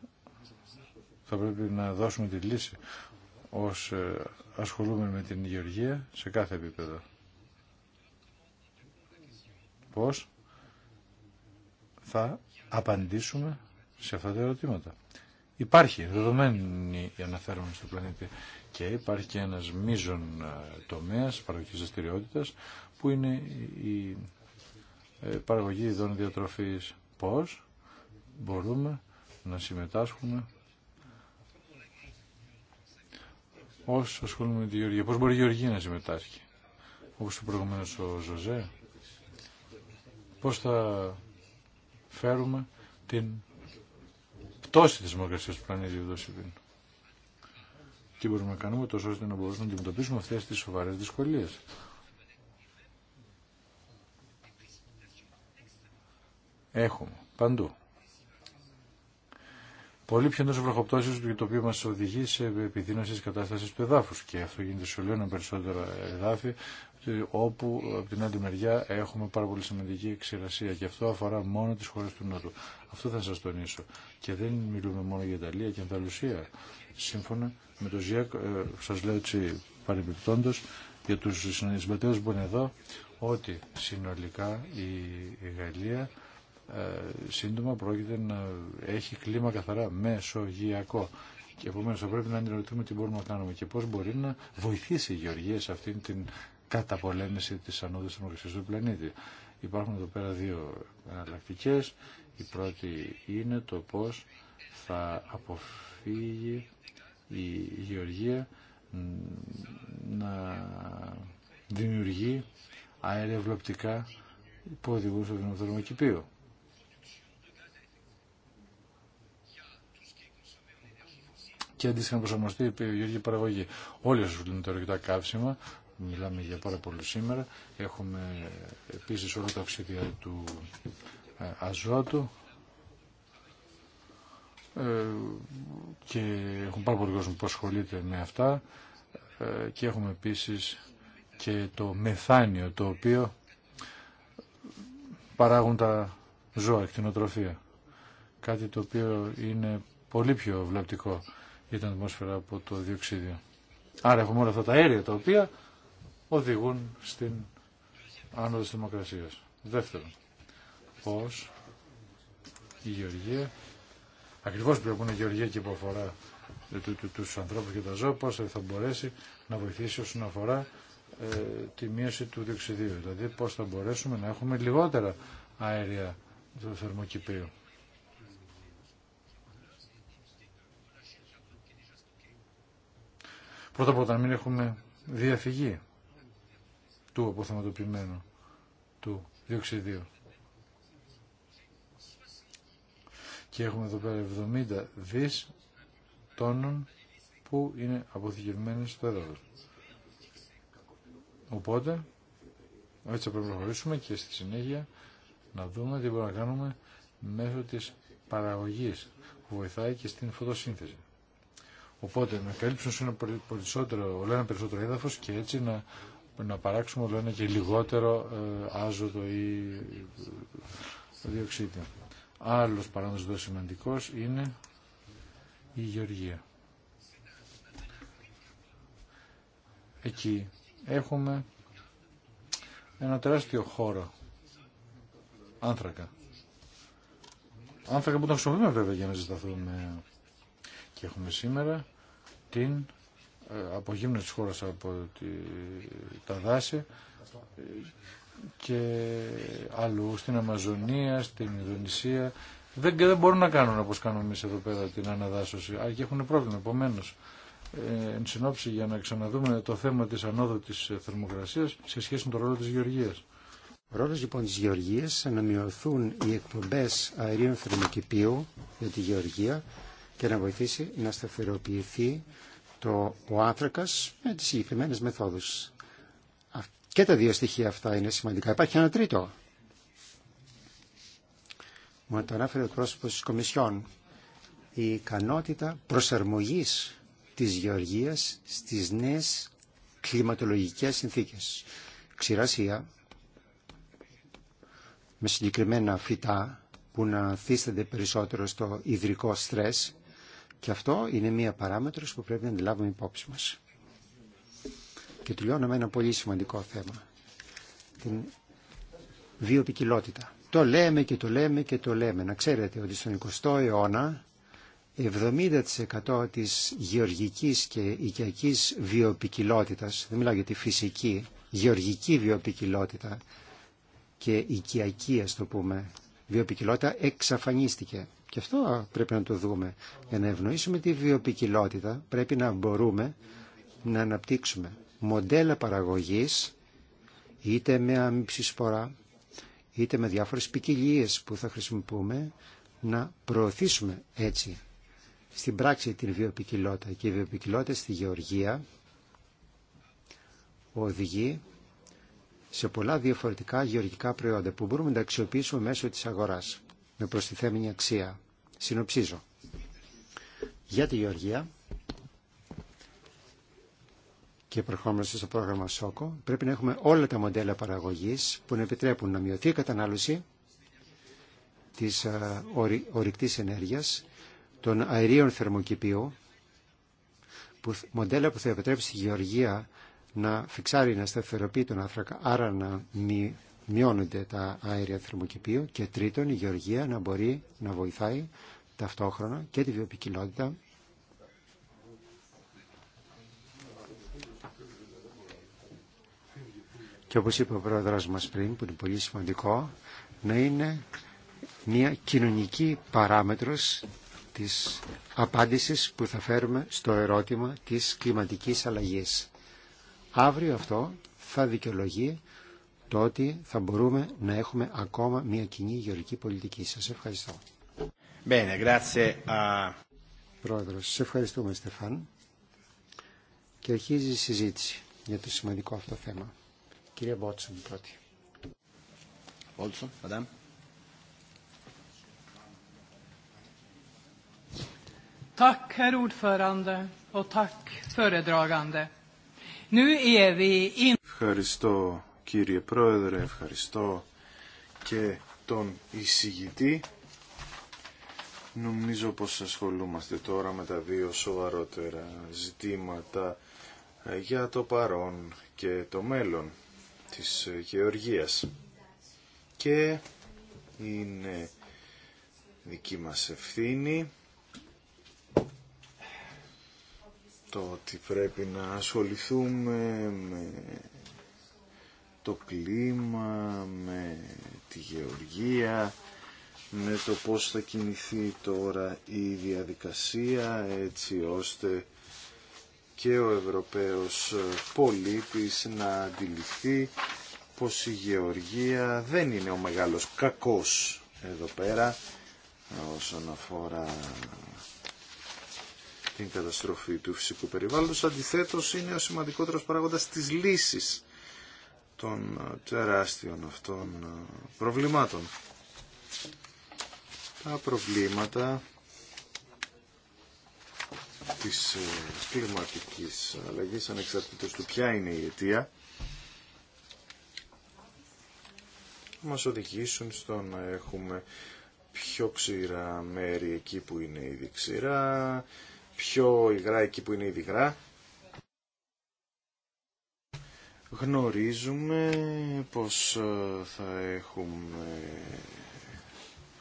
θα πρέπει να δώσουμε τη λύση ως ε, ασχολούμε με την υγειοργία σε κάθε επίπεδο. Πώς θα απαντήσουμε σε αυτά τα ερωτήματα. Υπάρχει δεδομένη η αναφέρομαι στο πλανήτη και υπάρχει και ένας μείζον ε, τομέας παραγωγής δραστηριότητα που είναι η ε, παραγωγή ειδών διατροφής. Πώς μπορούμε να συμμετάσχουμε όσο ασχολούμαι με τη Γεωργία. Πώς μπορεί η Γεωργία να συμμετάσχει, όπως το προηγούμενο ο Ζωζέ. Πώς θα φέρουμε την πτώση της δημοκρασίας του πλανήτη εδώ Τι μπορούμε να κάνουμε τόσο ώστε να μπορούμε να αντιμετωπίσουμε αυτές τις σοβαρές δυσκολίες. Έχουμε παντού πολύ πιο εντό βροχοπτώσει του το οποίο μα οδηγεί σε επιδείνωση τη κατάσταση του εδάφου. Και αυτό γίνεται σε όλο περισσότερα εδάφη, ε, όπου από την άλλη μεριά έχουμε πάρα πολύ σημαντική ξηρασία. Και αυτό αφορά μόνο τι χώρε του Νότου. Αυτό θα σα τονίσω. Και δεν μιλούμε μόνο για Ιταλία και Ανταλουσία. Σύμφωνα με το ΖΙΑΚ, ε, σα λέω έτσι παρεμπιπτόντω, για του συμπατέρε που είναι εδώ, ότι συνολικά η Γαλλία ε, σύντομα πρόκειται να έχει κλίμα καθαρά μεσογειακό. Και επομένω θα πρέπει να αντιληφθούμε τι μπορούμε να κάνουμε και πώ μπορεί να βοηθήσει η Γεωργία σε αυτήν την καταπολέμηση τη ανώδου θερμοκρασία του πλανήτη. Υπάρχουν εδώ πέρα δύο εναλλακτικέ. Η πρώτη είναι το πώ θα αποφύγει η Γεωργία να δημιουργεί αερευλοπτικά που οδηγούν στο δυνατό και αντίστοιχα να προσαρμοστεί η γεωργική παραγωγή. Όλοι σου λένε τα ορυκτά καύσιμα, μιλάμε για πάρα πολύ σήμερα, έχουμε επίσης όλα τα οξύδια του ε, αζότου ε, και έχουμε πάρα πολύ κόσμο που ασχολείται με αυτά ε, και έχουμε επίσης και το μεθάνιο το οποίο παράγουν τα ζώα, εκτινοτροφία. Κάτι το οποίο είναι πολύ πιο βλαπτικό για την ατμόσφαιρα από το διοξίδιο. Άρα έχουμε όλα αυτά τα αέρια τα οποία οδηγούν στην άνοδο της δημοκρασίας. Δεύτερον, πώς η γεωργία, ακριβώς που είναι η γεωργία και που αφορά τους ανθρώπους και τα ζώα, πώς θα μπορέσει να βοηθήσει όσον αφορά ε, τη μείωση του διοξιδίου. Δηλαδή πώς θα μπορέσουμε να έχουμε λιγότερα αέρια του θερμοκηπίου. Πρώτα απ' όλα μην έχουμε διαφυγή του αποθεματοποιημένου του διοξιδίου. Και έχουμε εδώ πέρα 70 δις τόνων που είναι αποθηκευμένες στο έδαφο. Οπότε, έτσι θα πρέπει να προχωρήσουμε και στη συνέχεια να δούμε τι μπορούμε να κάνουμε μέσω της παραγωγής που βοηθάει και στην φωτοσύνθεση. Οπότε να καλύψουν ένα περισσότερο, όλο ένα περισσότερο έδαφος και έτσι να, να παράξουμε όλο ένα και λιγότερο ε, άζωτο ή ε, διοξίδιο. Άλλος παράγοντας εδώ σημαντικός είναι η γεωργία. Εκεί έχουμε ένα τεράστιο χώρο άνθρακα. Άνθρακα που τον χρησιμοποιούμε βέβαια για να ζηταθούμε και έχουμε σήμερα την ε, απογύμνωση της χώρας από τη, τα δάση ε, και αλλού στην Αμαζονία, στην Ιδονησία. Δεν, δεν μπορούν να κάνουν όπως κάνουμε εμείς εδώ πέρα την αναδάσωση. Άρα και έχουν πρόβλημα. επομένω. Ε, εν συνόψη για να ξαναδούμε το θέμα της ανόδου της θερμοκρασίας σε σχέση με το ρόλο της γεωργίας. Ο ρόλος λοιπόν της γεωργίας να μειωθούν οι εκπομπές αερίων θερμοκηπίου για τη γεωργία και να βοηθήσει να σταθεροποιηθεί το, ο άνθρακα με τις συγκεκριμένε μεθόδους. Και τα δύο στοιχεία αυτά είναι σημαντικά. Υπάρχει ένα τρίτο. Μου το ανάφερε ο πρόσωπο τη Κομισιόν. Η ικανότητα προσαρμογή της γεωργίας στις νέες κλιματολογικές συνθήκες. Ξηρασία, με συγκεκριμένα φυτά που να θίστανται περισσότερο στο υδρικό στρες και αυτό είναι μία παράμετρος που πρέπει να αντιλάβουμε υπόψη μας. Και τελειώνω με ένα πολύ σημαντικό θέμα. Την βιοπικιλότητα. Το λέμε και το λέμε και το λέμε. Να ξέρετε ότι στον 20ο αιώνα 70% της γεωργικής και οικιακής βιοπικιλότητας, δεν μιλάω για τη φυσική, γεωργική βιοπικιλότητα και οικιακή ας το πούμε, βιοπικιλότητα εξαφανίστηκε. Και αυτό πρέπει να το δούμε. Για να ευνοήσουμε τη βιοπικιλότητα πρέπει να μπορούμε να αναπτύξουμε μοντέλα παραγωγής είτε με σπορά είτε με διάφορες ποικιλίε που θα χρησιμοποιούμε να προωθήσουμε έτσι στην πράξη την βιοπικιλότητα και η βιοπικιλότητα στη γεωργία οδηγεί σε πολλά διαφορετικά γεωργικά προϊόντα που μπορούμε να τα αξιοποιήσουμε μέσω της αγοράς με προστιθέμενη αξία. Συνοψίζω. Για τη γεωργία και προχώρησε στο πρόγραμμα ΣΟΚΟ πρέπει να έχουμε όλα τα μοντέλα παραγωγής που να επιτρέπουν να μειωθεί η κατανάλωση της ε, ορυκτής ενέργειας, των αερίων θερμοκηπίου, που, μοντέλα που θα επιτρέψει τη γεωργία να φυξάρει να σταθεροποιεί τον άνθρακα, άρα να μειώνονται τα αέρια θερμοκηπίου και τρίτον η γεωργία να μπορεί να βοηθάει ταυτόχρονα και τη βιοπικιλότητα και όπως είπε ο πρόεδρος μας πριν που είναι πολύ σημαντικό να είναι μια κοινωνική παράμετρος της απάντησης που θα φέρουμε στο ερώτημα της κλιματικής αλλαγής. Αύριο αυτό θα δικαιολογεί το ότι θα μπορούμε να έχουμε ακόμα μια κοινή γεωργική πολιτική. Σας ευχαριστώ. Bene, grazie Uh... Πρόεδρος, σε ευχαριστούμε Στεφάν. Και αρχίζει η συζήτηση για το σημαντικό αυτό θέμα. Κύριε Μπότσον πρώτη. Μπότσον, madame. Tack, herr ordförande, och tack, föredragande. Er ευχαριστώ κύριε Πρόεδρε, ευχαριστώ και τον εισηγητή. Νομίζω πως ασχολούμαστε τώρα με τα δύο σοβαρότερα ζητήματα ε, για το παρόν και το μέλλον της ε, Γεωργίας. Και είναι δική μας ευθύνη το ότι πρέπει να ασχοληθούμε με το κλίμα, με τη γεωργία, με το πώς θα κινηθεί τώρα η διαδικασία έτσι ώστε και ο Ευρωπαίος πολίτης να αντιληφθεί πως η γεωργία δεν είναι ο μεγάλος κακός εδώ πέρα όσον αφορά την καταστροφή του φυσικού περιβάλλοντος. Αντιθέτως είναι ο σημαντικότερος παράγοντας της λύσης των τεράστιων αυτών ε, προβλημάτων. Τα προβλήματα της ε, κλιματικής αλλαγής ανεξαρτήτως του ποια είναι η αιτία θα μας οδηγήσουν στο να έχουμε πιο ξηρά μέρη εκεί που είναι ήδη ξηρά, πιο υγρά εκεί που είναι ήδη υγρά. Γνωρίζουμε πως ε, θα έχουμε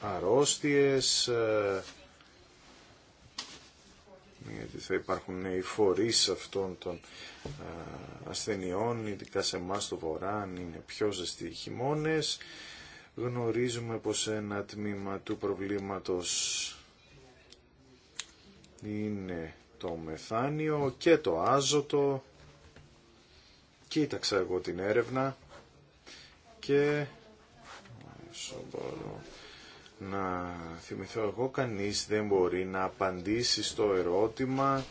αρρώστιες, ε, γιατί θα υπάρχουν οι φορείς αυτών των ε, ασθενειών, ειδικά σε εμά το βορρά, είναι πιο ζεστοί οι χειμώνες. Γνωρίζουμε πως ένα τμήμα του προβλήματος είναι το μεθάνιο και το άζωτο. Κοίταξα εγώ την έρευνα και μπορώ να θυμηθώ εγώ κανείς δεν μπορεί να απαντήσει στο ερώτημα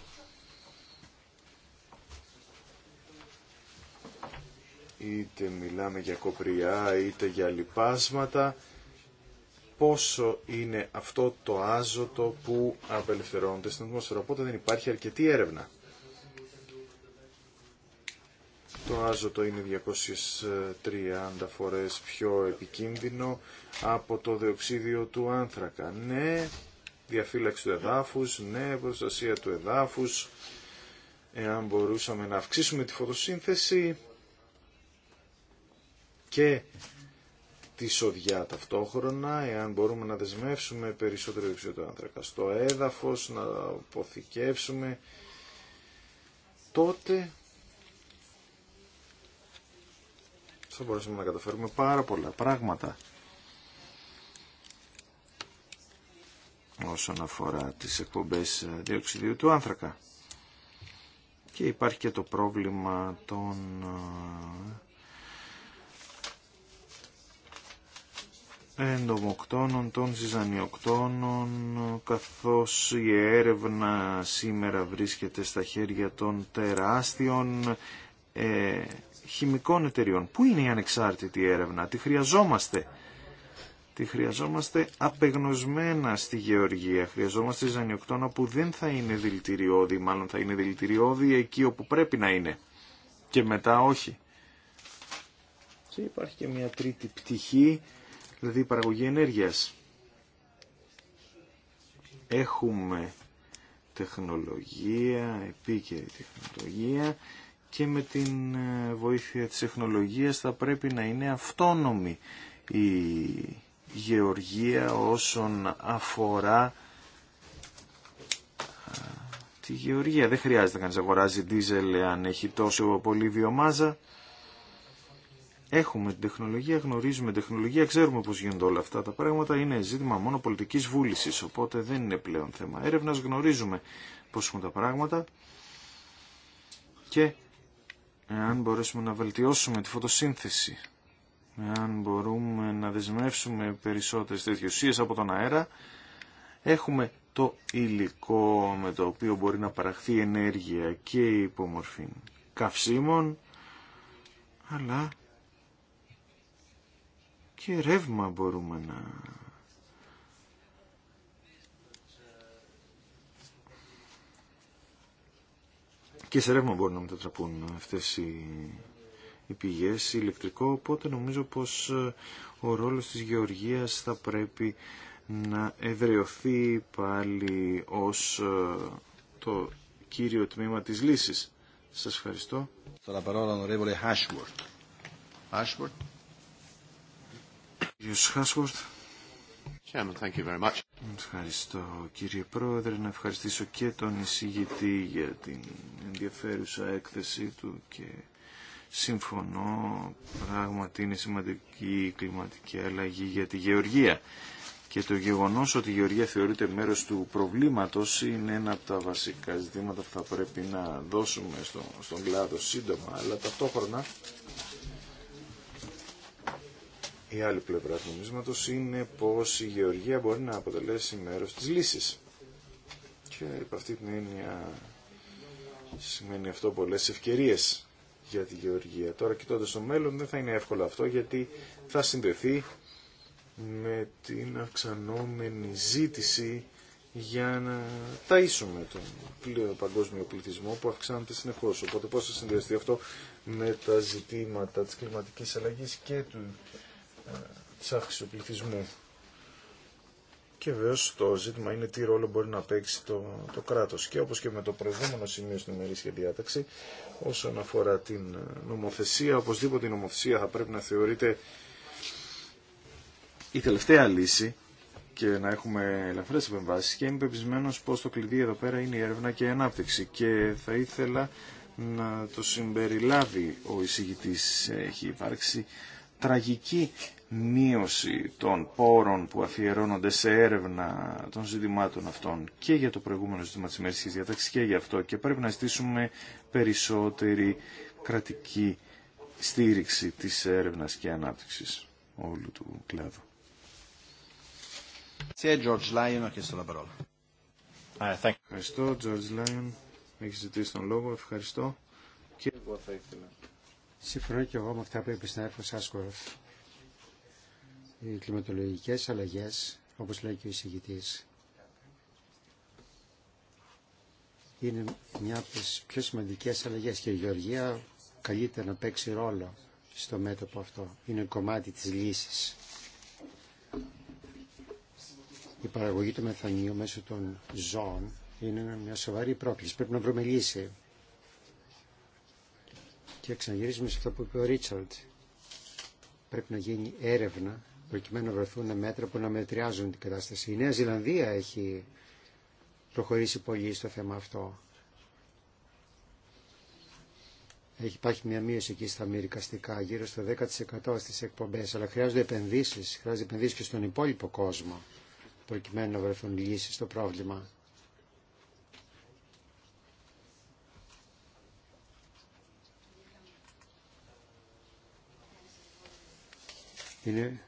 είτε μιλάμε για κοπριά είτε για λιπάσματα πόσο είναι αυτό το άζωτο που απελευθερώνεται στην ατμόσφαιρα. Οπότε δεν υπάρχει αρκετή έρευνα. Το άζωτο είναι 230 φορές πιο επικίνδυνο από το διοξίδιο του άνθρακα. Ναι, διαφύλαξη του εδάφους, ναι, προστασία του εδάφους. Εάν μπορούσαμε να αυξήσουμε τη φωτοσύνθεση και τη σοδιά ταυτόχρονα, εάν μπορούμε να δεσμεύσουμε περισσότερο του άνθρακα στο έδαφος, να αποθηκεύσουμε, τότε θα μπορέσουμε να καταφέρουμε πάρα πολλά πράγματα όσον αφορά τις εκπομπές διοξιδίου του άνθρακα. Και υπάρχει και το πρόβλημα των εντομοκτώνων, των ζυζανιοκτώνων, καθώς η έρευνα σήμερα βρίσκεται στα χέρια των τεράστιων ε, χημικών εταιριών. Πού είναι η ανεξάρτητη έρευνα, τη χρειαζόμαστε. Τη χρειαζόμαστε απεγνωσμένα στη γεωργία. Χρειαζόμαστε ζανιοκτώνα που δεν θα είναι δηλητηριώδη, μάλλον θα είναι δηλητηριώδη εκεί όπου πρέπει να είναι. Και μετά όχι. Και υπάρχει και μια τρίτη πτυχή δηλαδή η παραγωγή ενέργειας. Έχουμε τεχνολογία, επίκαιρη τεχνολογία και με την ε, βοήθεια της τεχνολογίας θα πρέπει να είναι αυτόνομη η γεωργία όσον αφορά ε, τη γεωργία. Δεν χρειάζεται κανείς να αγοράζει δίζελ αν έχει τόσο πολύ βιομάζα. Έχουμε την τεχνολογία, γνωρίζουμε την τεχνολογία, ξέρουμε πώς γίνονται όλα αυτά τα πράγματα. Είναι ζήτημα μόνο πολιτικής βούλησης, οπότε δεν είναι πλέον θέμα Έρευνα Γνωρίζουμε πώς έχουν τα πράγματα και εάν μπορέσουμε να βελτιώσουμε τη φωτοσύνθεση, εάν μπορούμε να δεσμεύσουμε περισσότερες τέτοιες ουσίε από τον αέρα, έχουμε το υλικό με το οποίο μπορεί να παραχθεί ενέργεια και υπομορφή καυσίμων, αλλά και ρεύμα μπορούμε να και σε ρεύμα μπορούν να μετατραπούν αυτές οι, οι πηγές ηλεκτρικό οπότε νομίζω πως ε, ο ρόλος της γεωργίας θα πρέπει να εδραιωθεί πάλι ως ε, το κύριο τμήμα της λύσης. Σας ευχαριστώ. Ευχαριστώ κύριε Πρόεδρε, να ευχαριστήσω και τον εισηγητή για την ενδιαφέρουσα έκθεσή του και συμφωνώ πράγματι είναι σημαντική η κλιματική αλλαγή για τη γεωργία και το γεγονός ότι η γεωργία θεωρείται μέρος του προβλήματος είναι ένα από τα βασικά ζητήματα που θα πρέπει να δώσουμε στον κλάδο σύντομα αλλά ταυτόχρονα η άλλη πλευρά του νομίσματος είναι πως η γεωργία μπορεί να αποτελέσει μέρο τη λύση. Και από αυτή την έννοια σημαίνει αυτό πολλές ευκαιρίες για τη γεωργία. Τώρα κοιτώντα το μέλλον δεν θα είναι εύκολο αυτό γιατί θα συνδεθεί με την αυξανόμενη ζήτηση για να ταΐσουμε τον παγκόσμιο πληθυσμό που αυξάνεται συνεχώς. Οπότε πώς θα συνδυαστεί αυτό με τα ζητήματα της κλιματικής αλλαγής και του της αύξησης του πληθυσμού. Και βέβαια το ζήτημα είναι τι ρόλο μπορεί να παίξει το, το κράτος. Και όπως και με το προηγούμενο σημείο στην ημερήσια διάταξη, όσον αφορά την νομοθεσία, οπωσδήποτε η νομοθεσία θα πρέπει να θεωρείται η τελευταία λύση και να έχουμε ελαφρές επεμβάσεις και είμαι πεπισμένος πως το κλειδί εδώ πέρα είναι η έρευνα και η ανάπτυξη και θα ήθελα να το συμπεριλάβει ο εισηγητής. Έχει υπάρξει τραγική μείωση των πόρων που αφιερώνονται σε έρευνα των ζητημάτων αυτών και για το προηγούμενο ζήτημα της ημερήσιας διατάξης και για αυτό και πρέπει να ζητήσουμε περισσότερη κρατική στήριξη της έρευνας και ανάπτυξης όλου του κλάδου. Ευχαριστώ, George Lyon. Έχει ε, ζητήσει τον λόγο. Ευχαριστώ. Και εγώ θα ήθελα. Συμφωνώ και εγώ με αυτά που είπε στην Άρφο Σάσκοροφ. Οι κλιματολογικέ αλλαγέ, όπως λέει και ο εισηγητή, είναι μια από τι πιο σημαντικέ αλλαγέ και η Γεωργία καλείται να παίξει ρόλο στο μέτωπο αυτό. Είναι κομμάτι της λύση. Η παραγωγή του μεθανίου μέσω των ζώων είναι μια σοβαρή πρόκληση. Πρέπει να βρούμε λύση. Και ξαναγυρίζουμε σε αυτό που είπε ο Ρίτσαρντ. Πρέπει να γίνει έρευνα προκειμένου να βρεθούν μέτρα που να μετριάζουν την κατάσταση. Η Νέα Ζηλανδία έχει προχωρήσει πολύ στο θέμα αυτό. Έχει υπάρχει μια μείωση εκεί στα μυρικαστικά, γύρω στο 10% στις εκπομπές, αλλά χρειάζονται επενδύσεις, χρειάζονται επενδύσεις και στον υπόλοιπο κόσμο, προκειμένου να βρεθούν λύσεις στο πρόβλημα. Είναι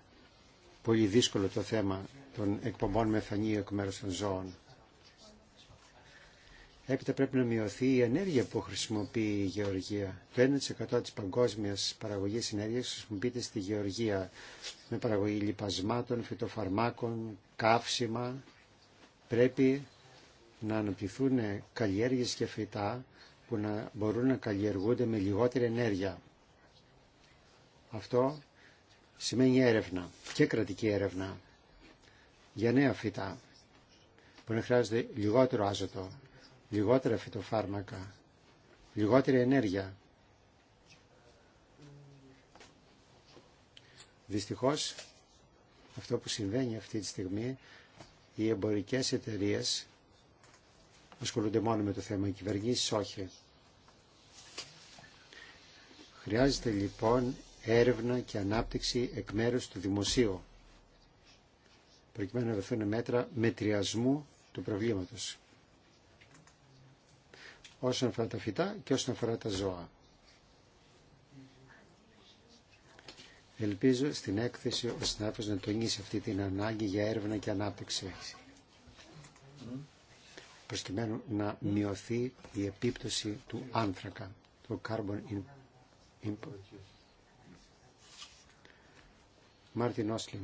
πολύ δύσκολο το θέμα των εκπομπών μεθανίου εκ μέρους των ζώων. Έπειτα πρέπει να μειωθεί η ενέργεια που χρησιμοποιεί η γεωργία. Το 1% της παγκόσμιας παραγωγής ενέργειας χρησιμοποιείται στη γεωργία με παραγωγή λιπασμάτων, φυτοφαρμάκων, καύσιμα. Πρέπει να αναπτυχθούν καλλιέργειες και φυτά που να μπορούν να καλλιεργούνται με λιγότερη ενέργεια. Αυτό σημαίνει έρευνα και κρατική έρευνα για νέα φυτά που να χρειάζονται λιγότερο άζωτο, λιγότερα φυτοφάρμακα, λιγότερη ενέργεια. Δυστυχώς αυτό που συμβαίνει αυτή τη στιγμή οι εμπορικές εταιρείες ασχολούνται μόνο με το θέμα, οι κυβερνήσεις όχι. Χρειάζεται λοιπόν έρευνα και ανάπτυξη εκ μέρους του δημοσίου, προκειμένου να δοθούν μέτρα μετριασμού του προβλήματος, όσον αφορά τα φυτά και όσον αφορά τα ζώα. Ελπίζω στην έκθεση ο συνάδελφος να τονίσει αυτή την ανάγκη για έρευνα και ανάπτυξη προκειμένου να μειωθεί η επίπτωση του άνθρακα, του carbon input. Μάρτιν Όσλιμ.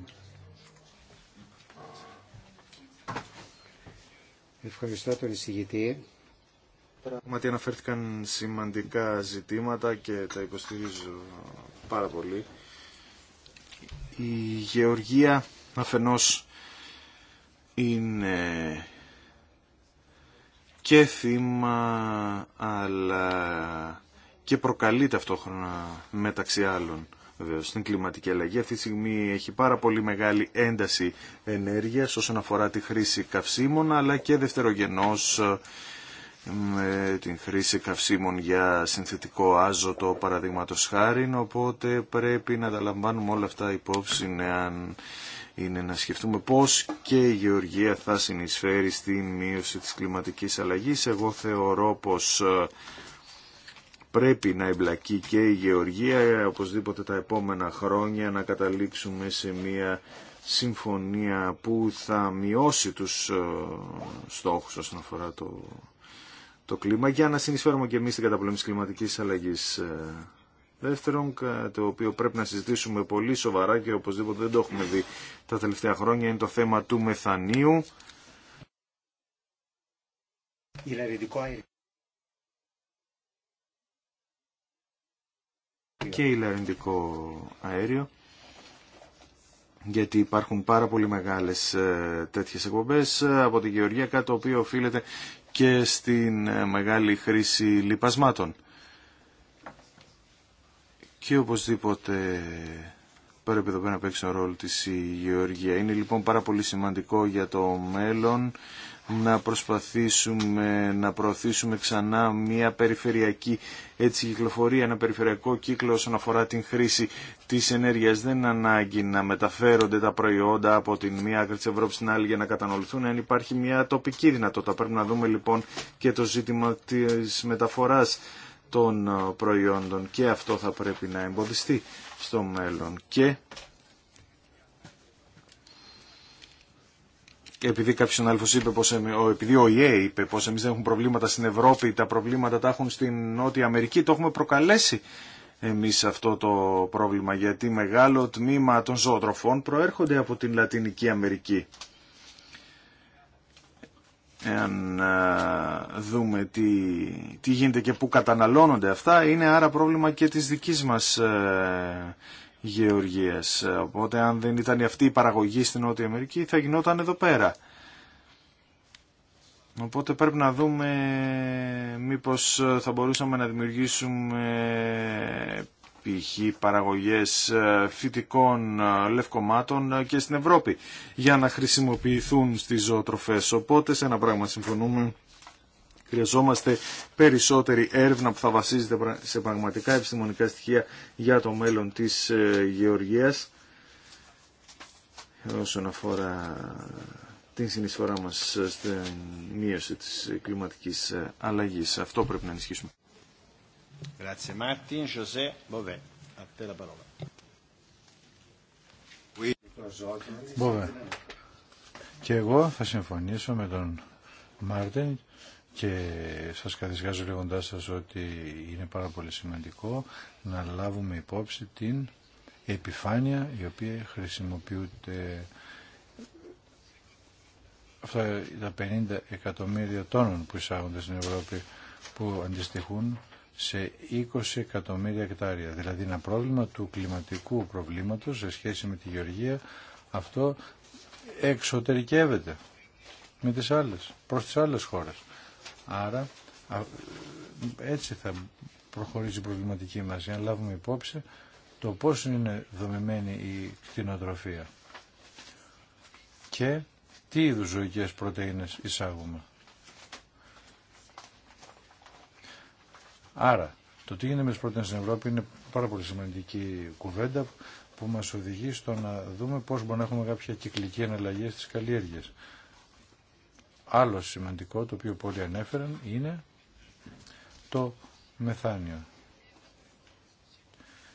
Ευχαριστώ τον εισηγητή. Πράγματι αναφέρθηκαν σημαντικά ζητήματα και τα υποστηρίζω πάρα πολύ. Η γεωργία αφενός είναι και θύμα αλλά και προκαλεί ταυτόχρονα μεταξύ άλλων βεβαίω στην κλιματική αλλαγή. Αυτή τη στιγμή έχει πάρα πολύ μεγάλη ένταση ενέργειας όσον αφορά τη χρήση καυσίμων αλλά και δευτερογενώ ε, με την χρήση καυσίμων για συνθετικό άζωτο παραδείγματο χάρη οπότε πρέπει να τα λαμβάνουμε όλα αυτά υπόψη αν είναι να σκεφτούμε πώς και η γεωργία θα συνεισφέρει στη μείωση της κλιματικής αλλαγής. Εγώ θεωρώ πως ε, πρέπει να εμπλακεί και η Γεωργία οπωσδήποτε τα επόμενα χρόνια να καταλήξουμε σε μια συμφωνία που θα μειώσει τους ε, στόχους όσον αφορά το, το κλίμα για να συνεισφέρουμε και εμείς στην καταπολέμηση κλιματικής αλλαγής. Ε, δεύτερον, το οποίο πρέπει να συζητήσουμε πολύ σοβαρά και οπωσδήποτε δεν το έχουμε δει τα τελευταία χρόνια, είναι το θέμα του μεθανίου. και ηλεκτρικό αέριο γιατί υπάρχουν πάρα πολύ μεγάλες ε, τέτοιες εκπομπές ε, από τη Γεωργία, κάτι το οποίο οφείλεται και στην ε, μεγάλη χρήση λιπασμάτων. Και οπωσδήποτε πρέπει εδώ πέρα να παίξει τον ρόλο της η Γεωργία. Είναι λοιπόν πάρα πολύ σημαντικό για το μέλλον να προσπαθήσουμε να προωθήσουμε ξανά μια περιφερειακή έτσι κυκλοφορία, ένα περιφερειακό κύκλο όσον αφορά την χρήση της ενέργειας. Δεν είναι ανάγκη να μεταφέρονται τα προϊόντα από την μία άκρη της Ευρώπης στην άλλη για να κατανοηθούν, αν υπάρχει μια τοπική δυνατότητα. Πρέπει να δούμε λοιπόν και το ζήτημα της μεταφοράς των προϊόντων και αυτό θα πρέπει να εμποδιστεί στο μέλλον. Και επειδή κάποιος είπε πως, επειδή ο ΙΕ είπε πως εμείς δεν έχουμε προβλήματα στην Ευρώπη, τα προβλήματα τα έχουν στην Νότια Αμερική, το έχουμε προκαλέσει εμείς αυτό το πρόβλημα, γιατί μεγάλο τμήμα των ζωοτροφών προέρχονται από την Λατινική Αμερική. Εάν δούμε τι, τι γίνεται και πού καταναλώνονται αυτά, είναι άρα πρόβλημα και της δικής μας ε, γεωργίας. Οπότε αν δεν ήταν αυτή η παραγωγή στην Νότια Αμερική θα γινόταν εδώ πέρα. Οπότε πρέπει να δούμε μήπως θα μπορούσαμε να δημιουργήσουμε π.χ. παραγωγές ε, φυτικών ε, λευκομάτων ε, και στην Ευρώπη για να χρησιμοποιηθούν στις ζωοτροφές. Οπότε σε ένα πράγμα συμφωνούμε Χρειαζόμαστε περισσότερη έρευνα που θα βασίζεται σε πραγματικά επιστημονικά στοιχεία για το μέλλον της ε, γεωργίας όσον αφορά την συνεισφορά μας στην μείωση της κλιματικής ε, αλλαγής. Αυτό πρέπει να ενισχύσουμε. Και εγώ θα συμφωνήσω με τον Μάρτιν και σας καθισγάζω λέγοντά σας ότι είναι πάρα πολύ σημαντικό να λάβουμε υπόψη την επιφάνεια η οποία χρησιμοποιούνται αυτά τα 50 εκατομμύρια τόνων που εισάγονται στην Ευρώπη που αντιστοιχούν σε 20 εκατομμύρια εκτάρια. Δηλαδή ένα πρόβλημα του κλιματικού προβλήματος σε σχέση με τη γεωργία αυτό εξωτερικεύεται με τις άλλες, προς τις άλλες χώρες. Άρα έτσι θα προχωρήσει η προβληματική μας για να λάβουμε υπόψη το πώς είναι δομημένη η κτηνοτροφία και τι είδους ζωικές πρωτεΐνες εισάγουμε. Άρα, το τι γίνεται με τις πρωτεΐνες στην Ευρώπη είναι πάρα πολύ σημαντική κουβέντα που μας οδηγεί στο να δούμε πώς μπορούμε να έχουμε κάποια κυκλική εναλλαγή στις καλλιέργειες άλλο σημαντικό το οποίο πολλοί ανέφεραν είναι το μεθάνιο.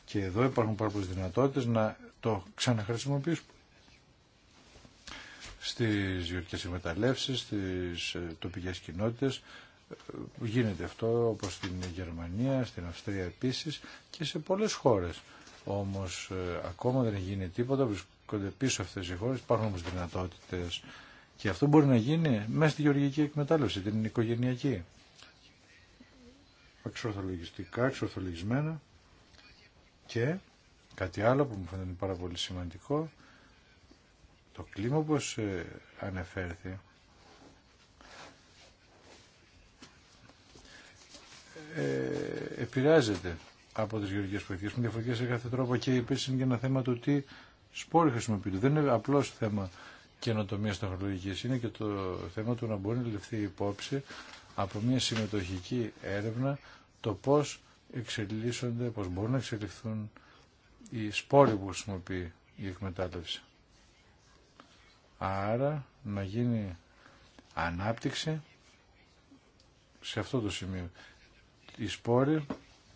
Και εδώ υπάρχουν πάρα πολλές δυνατότητες να το ξαναχρησιμοποιήσουμε στις γεωργικές εκμεταλλεύσεις, στις ε, τοπικές κοινότητες. Ε, γίνεται αυτό όπως στην Γερμανία, στην Αυστρία επίσης και σε πολλές χώρες. Όμως ε, ακόμα δεν γίνει τίποτα, βρίσκονται πίσω αυτές οι χώρες, υπάρχουν όμως δυνατότητες και αυτό μπορεί να γίνει μέσα στη γεωργική εκμετάλλευση, την οικογενειακή. Εξορθολογιστικά, εξορθολογισμένα και κάτι άλλο που μου φαίνεται πάρα πολύ σημαντικό, το κλίμα όπως ε, ανεφέρθη, ε, επηρεάζεται από τις γεωργικές πολιτικές με διαφορετικές σε κάθε τρόπο και επίσης είναι και ένα θέμα του τι σπόροι χρησιμοποιούνται. Δεν είναι απλώς θέμα στα τεχνολογική Είναι και το θέμα του να μπορεί να ληφθεί υπόψη από μια συμμετοχική έρευνα το πώς εξελίσσονται, πώς μπορούν να εξελιχθούν οι σπόροι που χρησιμοποιεί η εκμετάλλευση. Άρα να γίνει ανάπτυξη σε αυτό το σημείο. Οι σπόροι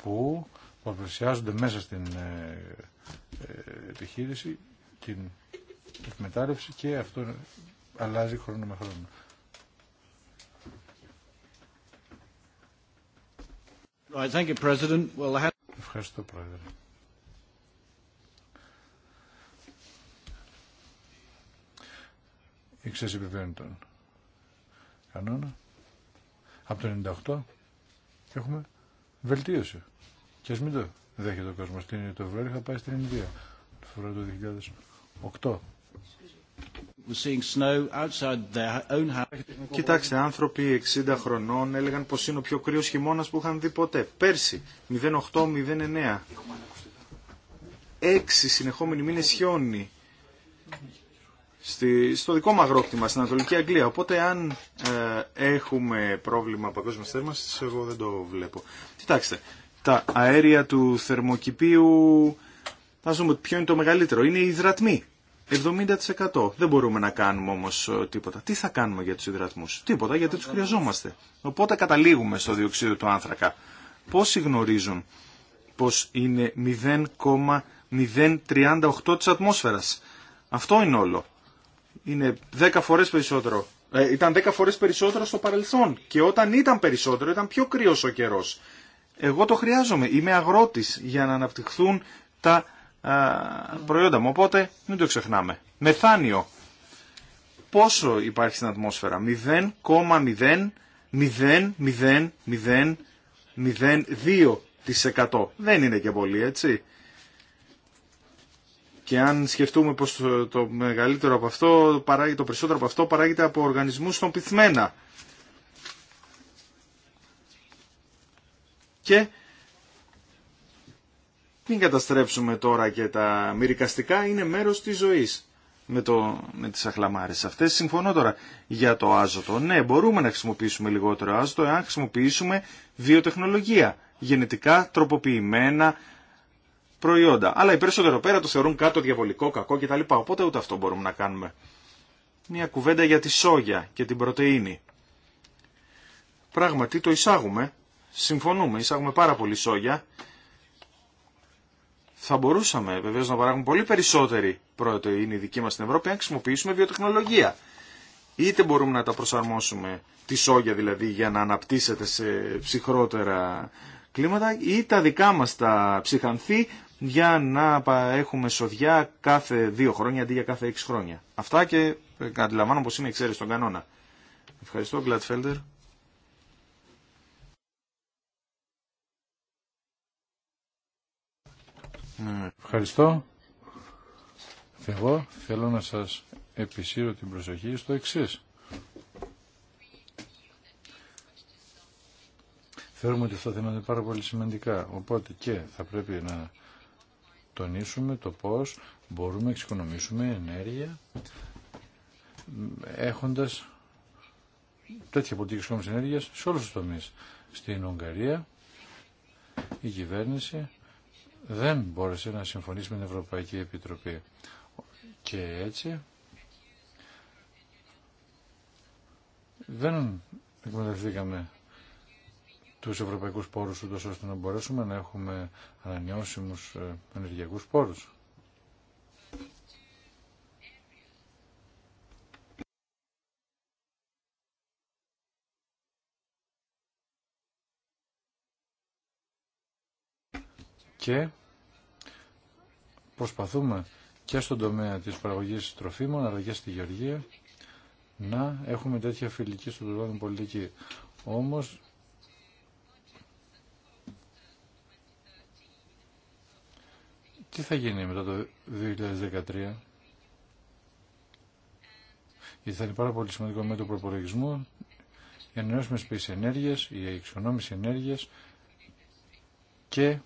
που παρουσιάζονται μέσα στην ε, ε, επιχείρηση, την εκμετάλλευση και αυτό αλλάζει χρόνο με χρόνο. Ευχαριστώ, Πρόεδρε. Ήξερες τον κανόνα. Από το 98 έχουμε βελτίωση. Και ας μην το δέχεται ο κόσμος. το Φεβρουάριο είχα πάει στην Ινδία. Το Φεβρουάριο του 2008. Κοιτάξτε, άνθρωποι 60 χρονών έλεγαν πως είναι ο πιο κρύος χειμώνας που είχαν δει ποτέ. Πέρσι, 08-09. Έξι συνεχόμενοι μήνες χιόνι. στο δικό μου αγρόκτημα, στην Ανατολική Αγγλία. Οπότε αν ε, έχουμε πρόβλημα παγκόσμια θέρμανσης, εγώ δεν το βλέπω. Κοιτάξτε, τα αέρια του θερμοκηπίου, θα δούμε ποιο είναι το μεγαλύτερο. Είναι οι υδρατμοί. 70%. Δεν μπορούμε να κάνουμε όμως ε, τίποτα. Τι θα κάνουμε για του υδρατμούς. Τίποτα γιατί του χρειαζόμαστε. Οπότε καταλήγουμε στο διοξείδιο του άνθρακα. Πόσοι γνωρίζουν πω είναι 0,038 τη ατμόσφαιρας. Αυτό είναι όλο. Είναι 10 φορέ περισσότερο. Ε, ήταν 10 φορέ περισσότερο στο παρελθόν και όταν ήταν περισσότερο ήταν πιο κρυο ο καιρό. Εγώ το χρειάζομαι. Είμαι αγρότη για να αναπτυχθούν τα προϊόντα μου. Οπότε μην το ξεχνάμε. Μεθάνιο. Πόσο υπάρχει στην ατμόσφαιρα. 0,0000002%. Δεν είναι και πολύ έτσι. Και αν σκεφτούμε πως το, μεγαλύτερο από αυτό, παράγει, το περισσότερο από αυτό παράγεται από οργανισμούς των πυθμένα. Και μην καταστρέψουμε τώρα και τα μυρικαστικά, είναι μέρος της ζωής με, το, με τις αχλαμάρες αυτές. Συμφωνώ τώρα για το άζωτο. Ναι, μπορούμε να χρησιμοποιήσουμε λιγότερο άζωτο εάν χρησιμοποιήσουμε βιοτεχνολογία, γενετικά τροποποιημένα προϊόντα. Αλλά οι περισσότερο πέρα το θεωρούν κάτω διαβολικό, κακό κτλ. Οπότε ούτε αυτό μπορούμε να κάνουμε. Μια κουβέντα για τη σόγια και την πρωτεΐνη. Πράγματι το εισάγουμε, συμφωνούμε, εισάγουμε πάρα πολύ σόγια θα μπορούσαμε βεβαίω να παράγουμε πολύ περισσότερη πρωτεΐνη δική μα στην Ευρώπη αν χρησιμοποιήσουμε βιοτεχνολογία. Είτε μπορούμε να τα προσαρμόσουμε τη σόγια δηλαδή για να αναπτύσσεται σε ψυχρότερα κλίματα ή τα δικά μας τα ψυχανθεί για να έχουμε σοδιά κάθε δύο χρόνια αντί για κάθε έξι χρόνια. Αυτά και ε, αντιλαμβάνω πως είναι εξαίρεση στον κανόνα. Ευχαριστώ, Γκλατφέλτερ. Ναι, ευχαριστώ. Εγώ θέλω να σας επισύρω την προσοχή στο εξής. Θεωρούμε ότι αυτά τα θέματα είναι πάρα πολύ σημαντικά, οπότε και θα πρέπει να τονίσουμε το πώς μπορούμε να εξοικονομήσουμε ενέργεια έχοντας τέτοια πολιτική εξοικονομής ενέργειας σε όλους τους τομείς. Στην Ουγγαρία η κυβέρνηση δεν μπόρεσε να συμφωνήσει με την Ευρωπαϊκή Επιτροπή. Και έτσι δεν εκμεταλλευτήκαμε τους ευρωπαϊκούς πόρους ούτως ώστε να μπορέσουμε να έχουμε ανανεώσιμους ε, ενεργειακούς πόρους. και προσπαθούμε και στον τομέα της παραγωγής τροφίμων αλλά και στη γεωργία να έχουμε τέτοια φιλική στον περιβάλλον πολιτική. Όμως τι θα γίνει μετά το 2013 γιατί θα είναι πάρα πολύ σημαντικό με το προπολογισμό οι ανανεώσιμες σπίσεις ενέργειας, η εξονόμηση ενέργειας και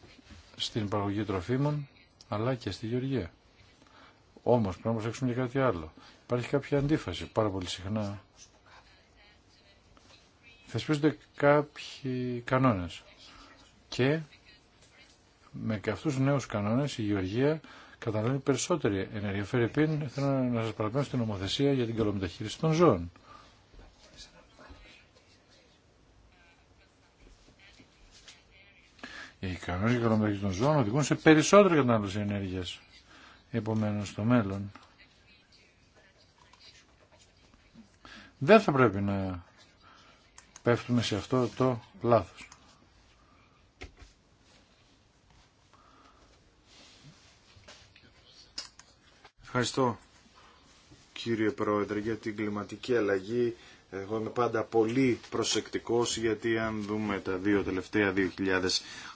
στην παραγωγή τροφίμων αλλά και στη γεωργία. Όμως πρέπει να προσέξουμε και κάτι άλλο. Υπάρχει κάποια αντίφαση πάρα πολύ συχνά. Θεσπίζονται κάποιοι κανόνες και με αυτούς τους νέους κανόνες η γεωργία καταναλώνει περισσότερη ενέργεια. Φερρυπίν, θέλω να σας παραπέμψω στην νομοθεσία για την καλομεταχείριση των ζώων. Οι και οι καλομεταχείριση των ζώων οδηγούν σε περισσότερη κατανάλωση ενέργεια. Επομένω, στο μέλλον δεν θα πρέπει να πέφτουμε σε αυτό το λάθο. Ευχαριστώ κύριε Πρόεδρε για την κλιματική αλλαγή εγώ είμαι πάντα πολύ προσεκτικός γιατί αν δούμε τα δύο τελευταία 2.000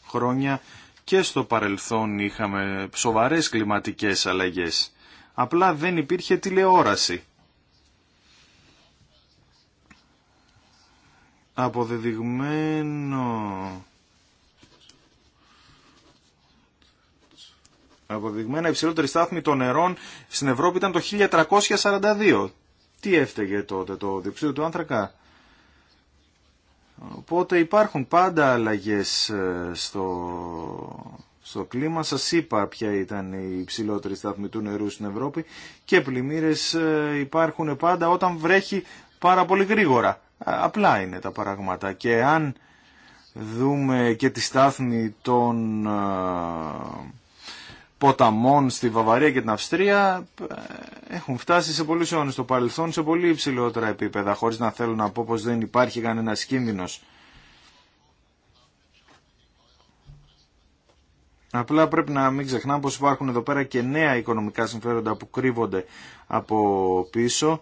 χρόνια και στο παρελθόν είχαμε σοβαρές κλιματικές αλλαγές. Απλά δεν υπήρχε τηλεόραση. Αποδεδειγμένο... Αποδεδειγμένα υψηλότερη στάθμη των νερών στην Ευρώπη ήταν το 1342 τι έφταιγε τότε το διοξείδιο του άνθρακα. Οπότε υπάρχουν πάντα αλλαγές ε, στο, στο κλίμα. Σας είπα ποια ήταν η υψηλότερη σταθμή του νερού στην Ευρώπη και πλημμύρες ε, υπάρχουν πάντα όταν βρέχει πάρα πολύ γρήγορα. Απλά είναι τα παραγμάτα και αν δούμε και τη στάθμη των ε, ποταμών στη Βαβαρία και την Αυστρία ε, έχουν φτάσει σε πολλού αιώνες στο παρελθόν σε πολύ υψηλότερα επίπεδα χωρίς να θέλω να πω πως δεν υπάρχει κανένα κίνδυνος. Απλά πρέπει να μην ξεχνάμε πως υπάρχουν εδώ πέρα και νέα οικονομικά συμφέροντα που κρύβονται από πίσω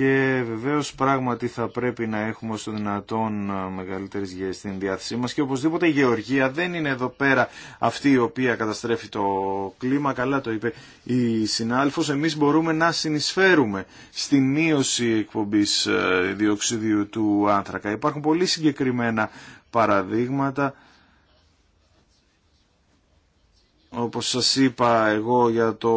και βεβαίως πράγματι θα πρέπει να έχουμε όσο δυνατόν μεγαλύτερες γεές στην διάθεσή μας και οπωσδήποτε η γεωργία δεν είναι εδώ πέρα αυτή η οποία καταστρέφει το κλίμα, καλά το είπε η συνάλφος, εμείς μπορούμε να συνεισφέρουμε στη μείωση εκπομπής διοξιδίου του άνθρακα. Υπάρχουν πολύ συγκεκριμένα παραδείγματα όπως σας είπα εγώ για το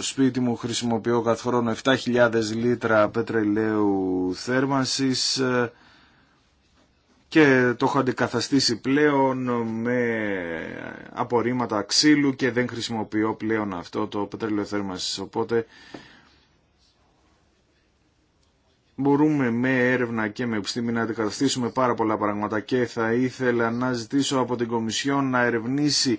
σπίτι μου χρησιμοποιώ κάθε χρόνο 7.000 λίτρα πετρελαίου θέρμανσης ε, και το έχω αντικαθαστήσει πλέον με απορρίμματα ξύλου και δεν χρησιμοποιώ πλέον αυτό το πετρέλαιο θέρμανσης. Οπότε μπορούμε με έρευνα και με επιστήμη να αντικαταστήσουμε πάρα πολλά πράγματα και θα ήθελα να ζητήσω από την Κομισιόν να ερευνήσει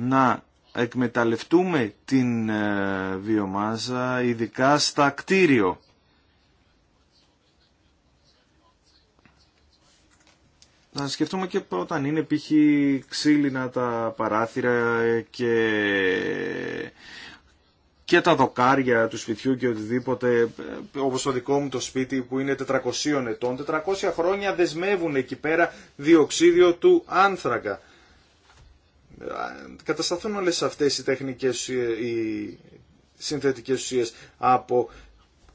να εκμεταλλευτούμε την ε, βιομάζα ειδικά στα κτίριο. Να σκεφτούμε και όταν είναι π.χ. ξύλινα τα παράθυρα και... και τα δοκάρια του σπιτιού και οτιδήποτε, ε, όπως το δικό μου το σπίτι που είναι 400 ετών, 400 χρόνια δεσμεύουν εκεί πέρα διοξίδιο του άνθρακα κατασταθούν όλες αυτές οι τεχνικές, οι συνθετικές ουσίες από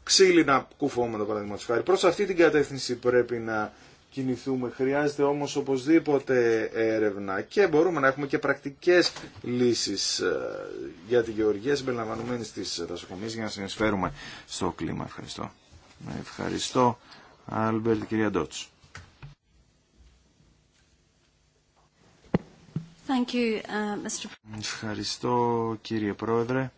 ξύλινα κουφώματα παραδείγματο χάρη. Προς αυτή την κατεύθυνση πρέπει να κινηθούμε. Χρειάζεται όμως οπωσδήποτε έρευνα και μπορούμε να έχουμε και πρακτικές λύσεις ε, για τη γεωργία συμπεριλαμβανωμένη στις δασοκομείς για να συνεισφέρουμε στο κλίμα. Ευχαριστώ. Ευχαριστώ. Άλμπερτ, κυρία Ντότσου. Uh, Ευχαριστώ κύριε Πρόεδρε.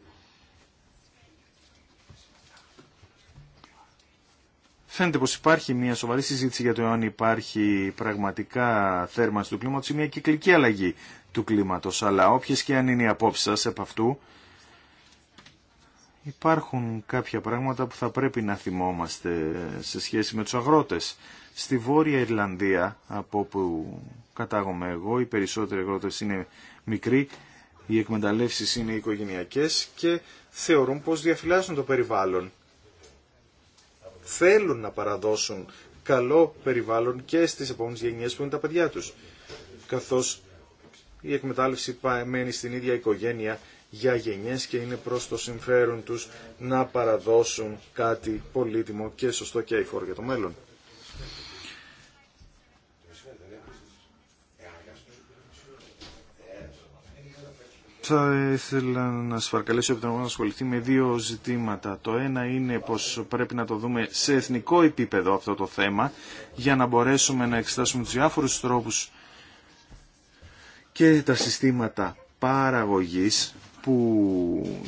Φαίνεται πως υπάρχει μια σοβαρή συζήτηση για το εάν υπάρχει πραγματικά θέρμανση του κλίματος ή μια κυκλική αλλαγή του κλίματος. Αλλά όποιες και αν είναι οι απόψεις σας επ' αυτού, Υπάρχουν κάποια πράγματα που θα πρέπει να θυμόμαστε ε, σε σχέση με τους αγρότες. Στη Βόρεια Ιρλανδία, από όπου κατάγομαι εγώ, οι περισσότεροι αγρότες είναι μικροί, οι εκμεταλλεύσεις είναι οικογενειακές και θεωρούν πως διαφυλάσσουν το περιβάλλον. Θέλουν να παραδώσουν καλό περιβάλλον και στις επόμενες γενιές που είναι τα παιδιά τους. Καθώς η εκμετάλλευση μένει στην ίδια οικογένεια για γενιές και είναι προς το συμφέρον τους να παραδώσουν κάτι πολύτιμο και σωστό και αηφόρο για το μέλλον. θα ήθελα να σας παρακαλέσω να ασχοληθεί με δύο ζητήματα. Το ένα είναι πως πρέπει να το δούμε σε εθνικό επίπεδο αυτό το θέμα για να μπορέσουμε να εξετάσουμε τους διάφορους τρόπους και τα συστήματα παραγωγής που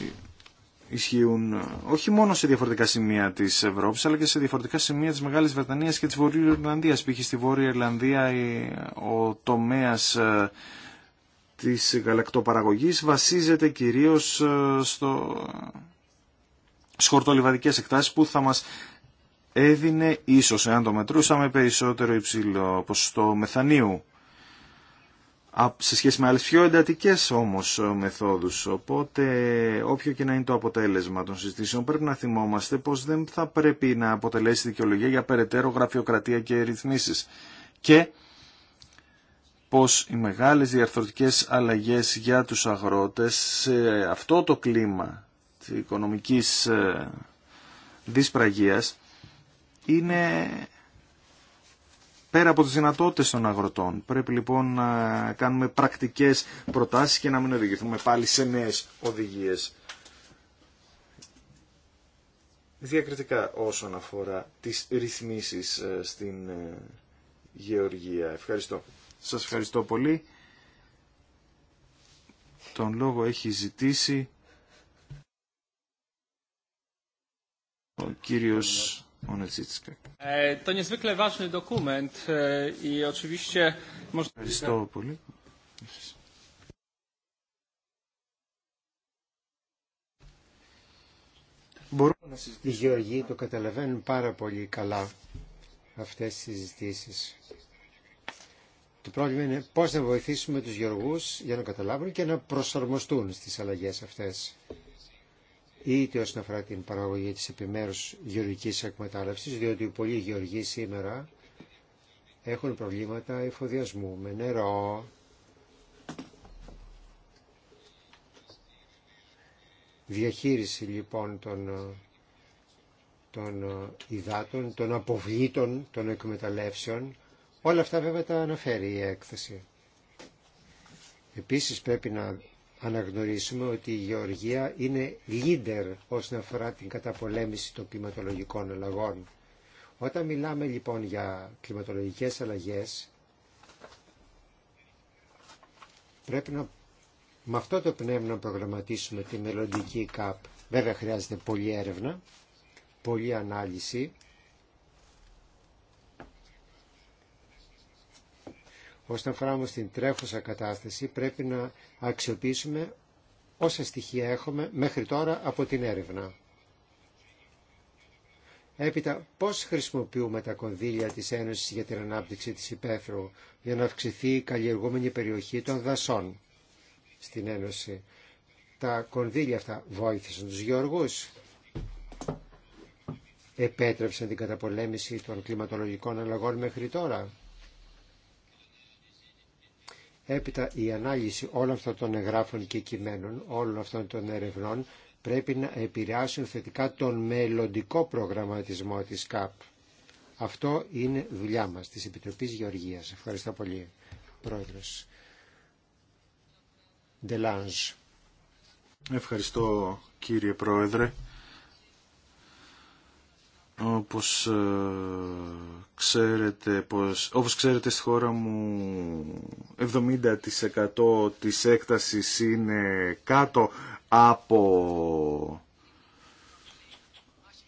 ισχύουν ε, όχι μόνο σε διαφορετικά σημεία της Ευρώπη, αλλά και σε διαφορετικά σημεία της Μεγάλης Βρετανίας και της Βορείου Ιρλανδία. Π.χ. στη Βόρεια Ιρλανδία ε, ο τομέας ε, της γαλακτοπαραγωγή βασίζεται κυρίως στο σχορτόλιβαδικές εκτάσεις που θα μας έδινε ίσως εάν το μετρούσαμε περισσότερο υψηλό ποσοστό μεθανίου σε σχέση με άλλες πιο εντατικές όμως ε, μεθόδους. Οπότε όποιο και να είναι το αποτέλεσμα των συζητήσεων πρέπει να θυμόμαστε πως δεν θα πρέπει να αποτελέσει δικαιολογία για περαιτέρω γραφειοκρατία και ρυθμίσεις. Και πως οι μεγάλες διαρθρωτικές αλλαγές για τους αγρότες σε αυτό το κλίμα της οικονομικής ε, δυσπραγίας είναι πέρα από τις δυνατότητες των αγροτών. Πρέπει λοιπόν να κάνουμε πρακτικές προτάσεις και να μην οδηγηθούμε πάλι σε νέες οδηγίες. Διακριτικά όσον αφορά τις ρυθμίσεις ε, στην ε, Γεωργία. Ευχαριστώ. Σας ευχαριστώ πολύ. Τον λόγο έχει ζητήσει ο κύριος E, to niezwykle ważny dokument e, i oczywiście można... Οι γεωργοί το καταλαβαίνουν πάρα πολύ καλά αυτές τις συζητήσεις. Το πρόβλημα είναι πώς να βοηθήσουμε τους γεωργούς για να καταλάβουν και να προσαρμοστούν στις αλλαγές αυτές είτε όσον αφορά την παραγωγή της επιμέρους γεωργικής εκμετάλλευσης, διότι πολλοί γεωργοί σήμερα έχουν προβλήματα εφοδιασμού με νερό, διαχείριση λοιπόν των, των υδάτων, των αποβλήτων, των εκμεταλλεύσεων. Όλα αυτά βέβαια τα αναφέρει η έκθεση. Επίσης πρέπει να αναγνωρίσουμε ότι η Γεωργία είναι leader όσον αφορά την καταπολέμηση των κλιματολογικών αλλαγών. Όταν μιλάμε λοιπόν για κλιματολογικές αλλαγές, πρέπει να με αυτό το πνεύμα να προγραμματίσουμε τη μελλοντική ΚΑΠ. Βέβαια χρειάζεται πολλή έρευνα, πολλή ανάλυση, Όσον αφορά όμως την τρέχουσα κατάσταση πρέπει να αξιοποιήσουμε όσα στοιχεία έχουμε μέχρι τώρα από την έρευνα. Έπειτα, πώς χρησιμοποιούμε τα κονδύλια της Ένωσης για την ανάπτυξη της υπαίθρου για να αυξηθεί η καλλιεργούμενη περιοχή των δασών στην Ένωση. Τα κονδύλια αυτά βοήθησαν τους γεωργούς, επέτρεψαν την καταπολέμηση των κλιματολογικών αλλαγών μέχρι τώρα Έπειτα η ανάλυση όλων αυτών των εγγράφων και κειμένων, όλων αυτών των ερευνών, πρέπει να επηρεάσουν θετικά τον μελλοντικό προγραμματισμό της ΚΑΠ. Αυτό είναι δουλειά μας, της Επιτροπής Γεωργίας. Ευχαριστώ πολύ, Πρόεδρος. Ευχαριστώ, κύριε Πρόεδρε. Όπως ε, ξέρετε, πως, όπως ξέρετε στη χώρα μου 70% της έκτασης είναι κάτω από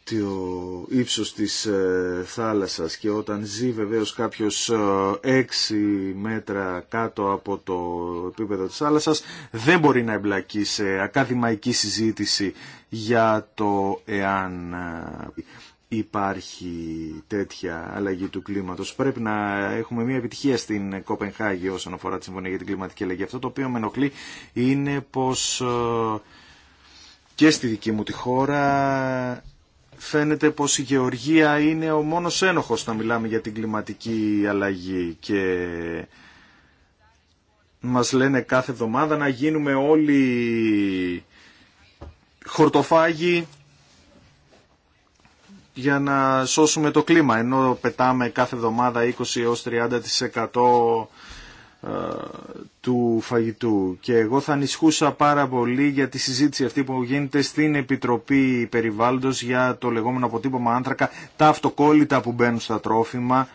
το ύψος της ε, θάλασσας και όταν ζει βεβαίως κάποιος 6 ε, μέτρα κάτω από το επίπεδο της θάλασσας δεν μπορεί να εμπλακεί σε ακαδημαϊκή συζήτηση για το εάν υπάρχει τέτοια αλλαγή του κλίματος. Πρέπει να έχουμε μια επιτυχία στην Κοπενχάγη όσον αφορά τη Συμφωνία για την Κλιματική Αλλαγή. Αυτό το οποίο με ενοχλεί είναι πως ε, και στη δική μου τη χώρα φαίνεται πως η γεωργία είναι ο μόνος ένοχος να μιλάμε για την κλιματική αλλαγή και μας λένε κάθε εβδομάδα να γίνουμε όλοι χορτοφάγοι για να σώσουμε το κλίμα, ενώ πετάμε κάθε εβδομάδα 20 έως 30% ε, του φαγητού και εγώ θα ανισχούσα πάρα πολύ για τη συζήτηση αυτή που γίνεται στην Επιτροπή Περιβάλλοντος για το λεγόμενο αποτύπωμα άνθρακα τα αυτοκόλλητα που μπαίνουν στα τρόφιμα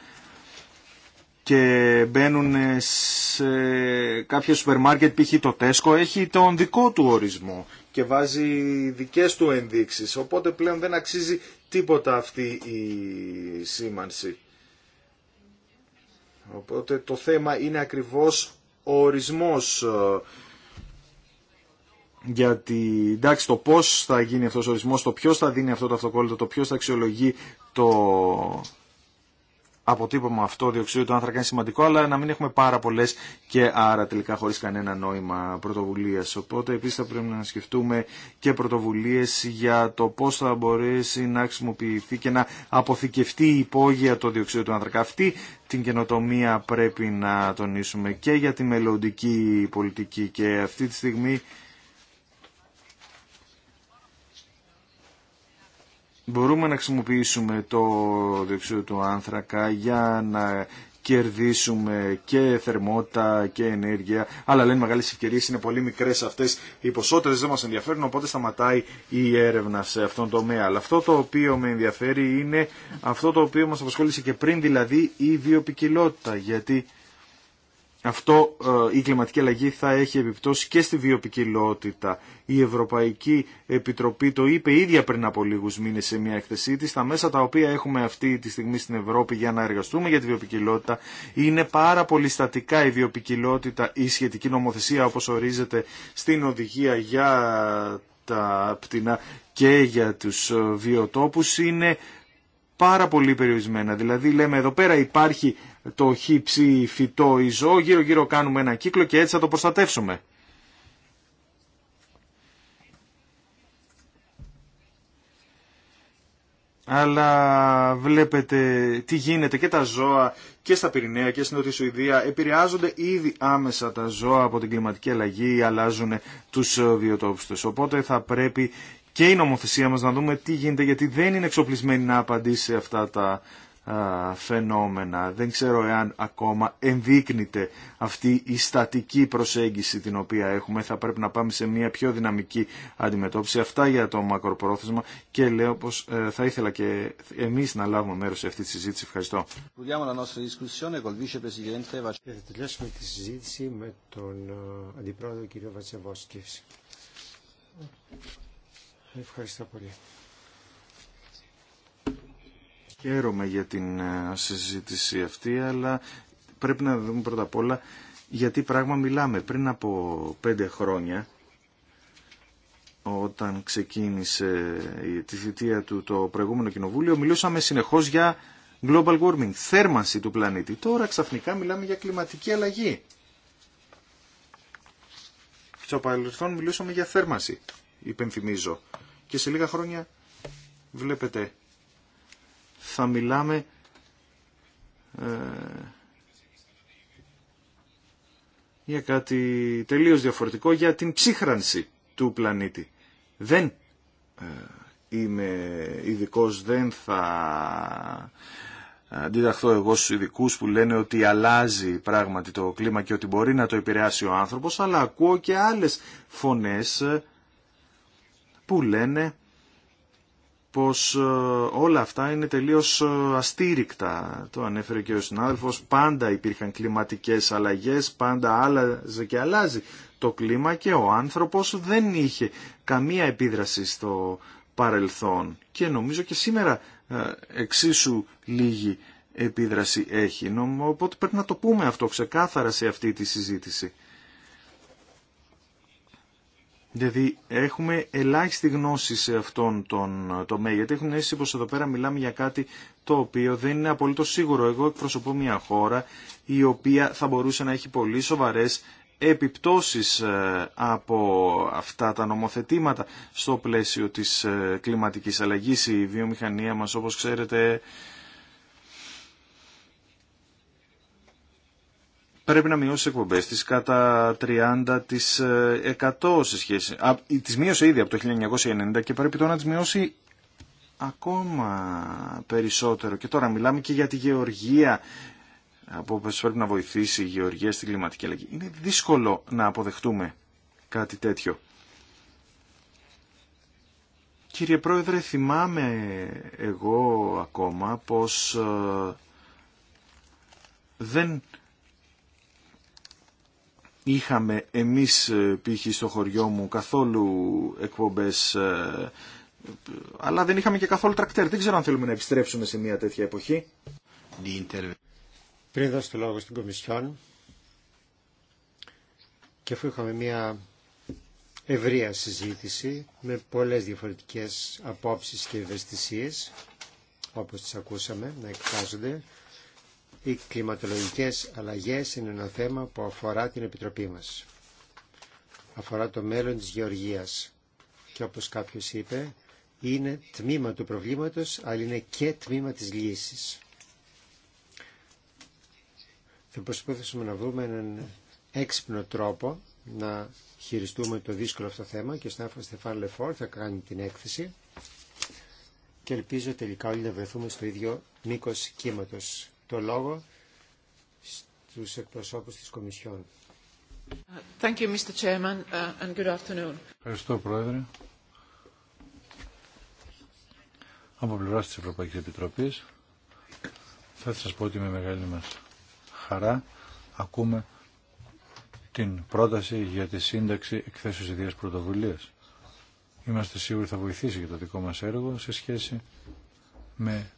και μπαίνουν σε κάποιο σούπερ μάρκετ π.χ. το Τέσκο έχει τον δικό του ορισμό και βάζει δικές του ενδείξεις οπότε πλέον δεν αξίζει τίποτα αυτή η σήμανση. Οπότε το θέμα είναι ακριβώς ο ορισμός ε, γιατί εντάξει το πώς θα γίνει αυτός ο ορισμός, το ποιος θα δίνει αυτό το αυτοκόλλητο, το ποιος θα αξιολογεί το αποτύπωμα αυτό διοξείδιο του άνθρακα είναι σημαντικό, αλλά να μην έχουμε πάρα πολλέ και άρα τελικά χωρί κανένα νόημα πρωτοβουλία. Οπότε επίση θα πρέπει να σκεφτούμε και πρωτοβουλίε για το πώ θα μπορέσει να χρησιμοποιηθεί και να αποθηκευτεί υπόγεια το διοξείδιο του άνθρακα. Αυτή την καινοτομία πρέπει να τονίσουμε και για τη μελλοντική πολιτική και αυτή τη στιγμή μπορούμε να χρησιμοποιήσουμε το διοξείδιο του άνθρακα για να κερδίσουμε και θερμότητα και ενέργεια, αλλά λένε μεγάλε ευκαιρίε, είναι πολύ μικρές αυτές οι ποσότητε, δεν μα ενδιαφέρουν, οπότε σταματάει η έρευνα σε αυτόν τον τομέα. Αλλά αυτό το οποίο με ενδιαφέρει είναι αυτό το οποίο μας απασχόλησε και πριν, δηλαδή η βιοπικιλότητα, γιατί αυτό ε, η κλιματική αλλαγή θα έχει επιπτώσει και στη βιοπικιλότητα. Η Ευρωπαϊκή Επιτροπή το είπε ίδια πριν από λίγου μήνε σε μια εκθεσή τη. Τα μέσα τα οποία έχουμε αυτή τη στιγμή στην Ευρώπη για να εργαστούμε για τη βιοπικιλότητα είναι πάρα πολύ στατικά. Η βιοπικιλότητα, η σχετική νομοθεσία όπω ορίζεται στην οδηγία για τα πτηνά και για τους ε, βιοτόπους είναι πάρα πολύ περιορισμένα. Δηλαδή λέμε εδώ πέρα υπάρχει το χύψη φυτό ή ζώο, γύρω γύρω κάνουμε ένα κύκλο και έτσι θα το προστατεύσουμε. αλλά βλέπετε τι γίνεται και τα ζώα και στα Πυρηναία και στην Νότια Σουηδία. Επηρεάζονται ήδη άμεσα τα ζώα από την κλιματική αλλαγή, αλλάζουν τους βιοτόπους τους. Οπότε θα πρέπει και η νομοθεσία μας να δούμε τι γίνεται, γιατί δεν είναι εξοπλισμένη να απαντήσει σε αυτά τα φαινόμενα. Δεν ξέρω εάν ακόμα ενδείκνυται αυτή η στατική προσέγγιση την οποία έχουμε. Θα πρέπει να πάμε σε μια πιο δυναμική αντιμετώπιση. Αυτά για το μακροπρόθεσμα και λέω πως ε, θα ήθελα και εμείς να λάβουμε μέρος σε αυτή τη συζήτηση. Ευχαριστώ. Θα τελειώσουμε τη συζήτηση με τον ε, Αντιπρόεδρο κ. Ευχαριστώ πολύ. Χαίρομαι για την ε, συζήτηση αυτή, αλλά πρέπει να δούμε πρώτα απ' όλα γιατί πράγμα μιλάμε. Πριν από πέντε χρόνια, όταν ξεκίνησε τη θητεία του το προηγούμενο κοινοβούλιο, μιλούσαμε συνεχώς για global warming, θέρμανση του πλανήτη. Τώρα ξαφνικά μιλάμε για κλιματική αλλαγή. Στο παρελθόν μιλούσαμε για θέρμανση, υπενθυμίζω. Και σε λίγα χρόνια βλέπετε θα μιλάμε ε, για κάτι τελείως διαφορετικό, για την ψύχρανση του πλανήτη. Δεν ε, είμαι ειδικό, δεν θα ε, αντιδαχθώ εγώ στους ειδικού που λένε ότι αλλάζει πράγματι το κλίμα και ότι μπορεί να το επηρεάσει ο άνθρωπος, αλλά ακούω και άλλες φωνές που λένε πως ε, όλα αυτά είναι τελείως ε, αστήρικτα. Το ανέφερε και ο συνάδελφος, πάντα υπήρχαν κλιματικές αλλαγές, πάντα άλλαζε και αλλάζει το κλίμα και ο άνθρωπος δεν είχε καμία επίδραση στο παρελθόν. Και νομίζω και σήμερα ε, εξίσου λίγη επίδραση έχει. Οπότε πρέπει να το πούμε αυτό ξεκάθαρα σε αυτή τη συζήτηση. Δηλαδή έχουμε ελάχιστη γνώση σε αυτόν τον τομέα, γιατί έχουν αίσθηση πως εδώ πέρα μιλάμε για κάτι το οποίο δεν είναι απολύτω σίγουρο. Εγώ εκπροσωπώ μια χώρα η οποία θα μπορούσε να έχει πολύ σοβαρές επιπτώσεις ε, από αυτά τα νομοθετήματα στο πλαίσιο της ε, κλιματικής αλλαγής. Η βιομηχανία μας όπως ξέρετε πρέπει να μειώσει τι εκπομπέ τη κατά 30% σε σχέση... Τι μείωσε ήδη από το 1990 και πρέπει τώρα να τι μειώσει ακόμα περισσότερο. Και τώρα μιλάμε και για τη γεωργία από που πρέπει να βοηθήσει η γεωργία στην κλιματική αλλαγή. Είναι δύσκολο να αποδεχτούμε κάτι τέτοιο. Κύριε Πρόεδρε, θυμάμαι εγώ ακόμα πως ε, δεν είχαμε εμείς ε, π.χ. στο χωριό μου καθόλου εκπομπές ε, αλλά δεν είχαμε και καθόλου τρακτέρ. Δεν ξέρω αν θέλουμε να επιστρέψουμε σε μια τέτοια εποχή. Πριν δώσω το λόγο στην Κομισιόν και αφού είχαμε μια ευρεία συζήτηση με πολλές διαφορετικές απόψεις και ευαισθησίες όπως τις ακούσαμε να εκφράζονται οι κλιματολογικές αλλαγές είναι ένα θέμα που αφορά την Επιτροπή μας. Αφορά το μέλλον της γεωργίας. Και όπως κάποιος είπε, είναι τμήμα του προβλήματος, αλλά είναι και τμήμα της λύσης. Θα προσπαθήσουμε να βρούμε έναν έξυπνο τρόπο να χειριστούμε το δύσκολο αυτό θέμα και ο Στάφος Στεφάν Λεφόρ θα κάνει την έκθεση και ελπίζω τελικά όλοι να βρεθούμε στο ίδιο μήκος κύματος το λόγο στους εκπροσώπους της Κομισιόν. Uh, Ευχαριστώ, Πρόεδρε. Από πλευρά τη Ευρωπαϊκή Επιτροπή, θα σα πω ότι με μεγάλη μα χαρά ακούμε την πρόταση για τη σύνταξη εκθέσεως ιδίας πρωτοβουλίας. Είμαστε σίγουροι θα βοηθήσει για το δικό μας έργο σε σχέση με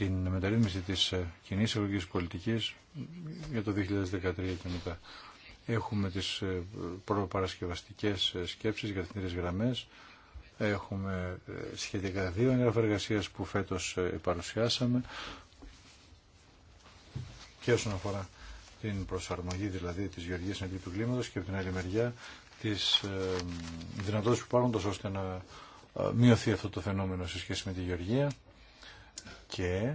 την μεταρρύθμιση της ε, κοινή ευρωπαϊκής πολιτικής για το 2013 και μετά. Έχουμε τις ε, προπαρασκευαστικές ε, σκέψεις, για τις γραμμές, έχουμε σχετικά δύο έγγραφα εργασία που φέτος παρουσιάσαμε και όσον αφορά την προσαρμογή δηλαδή της γεωργίας στην του κλίματος και από την άλλη μεριά τις δυνατότητες που υπάρχουν ώστε να μειωθεί αυτό το φαινόμενο σε σχέση με τη γεωργία και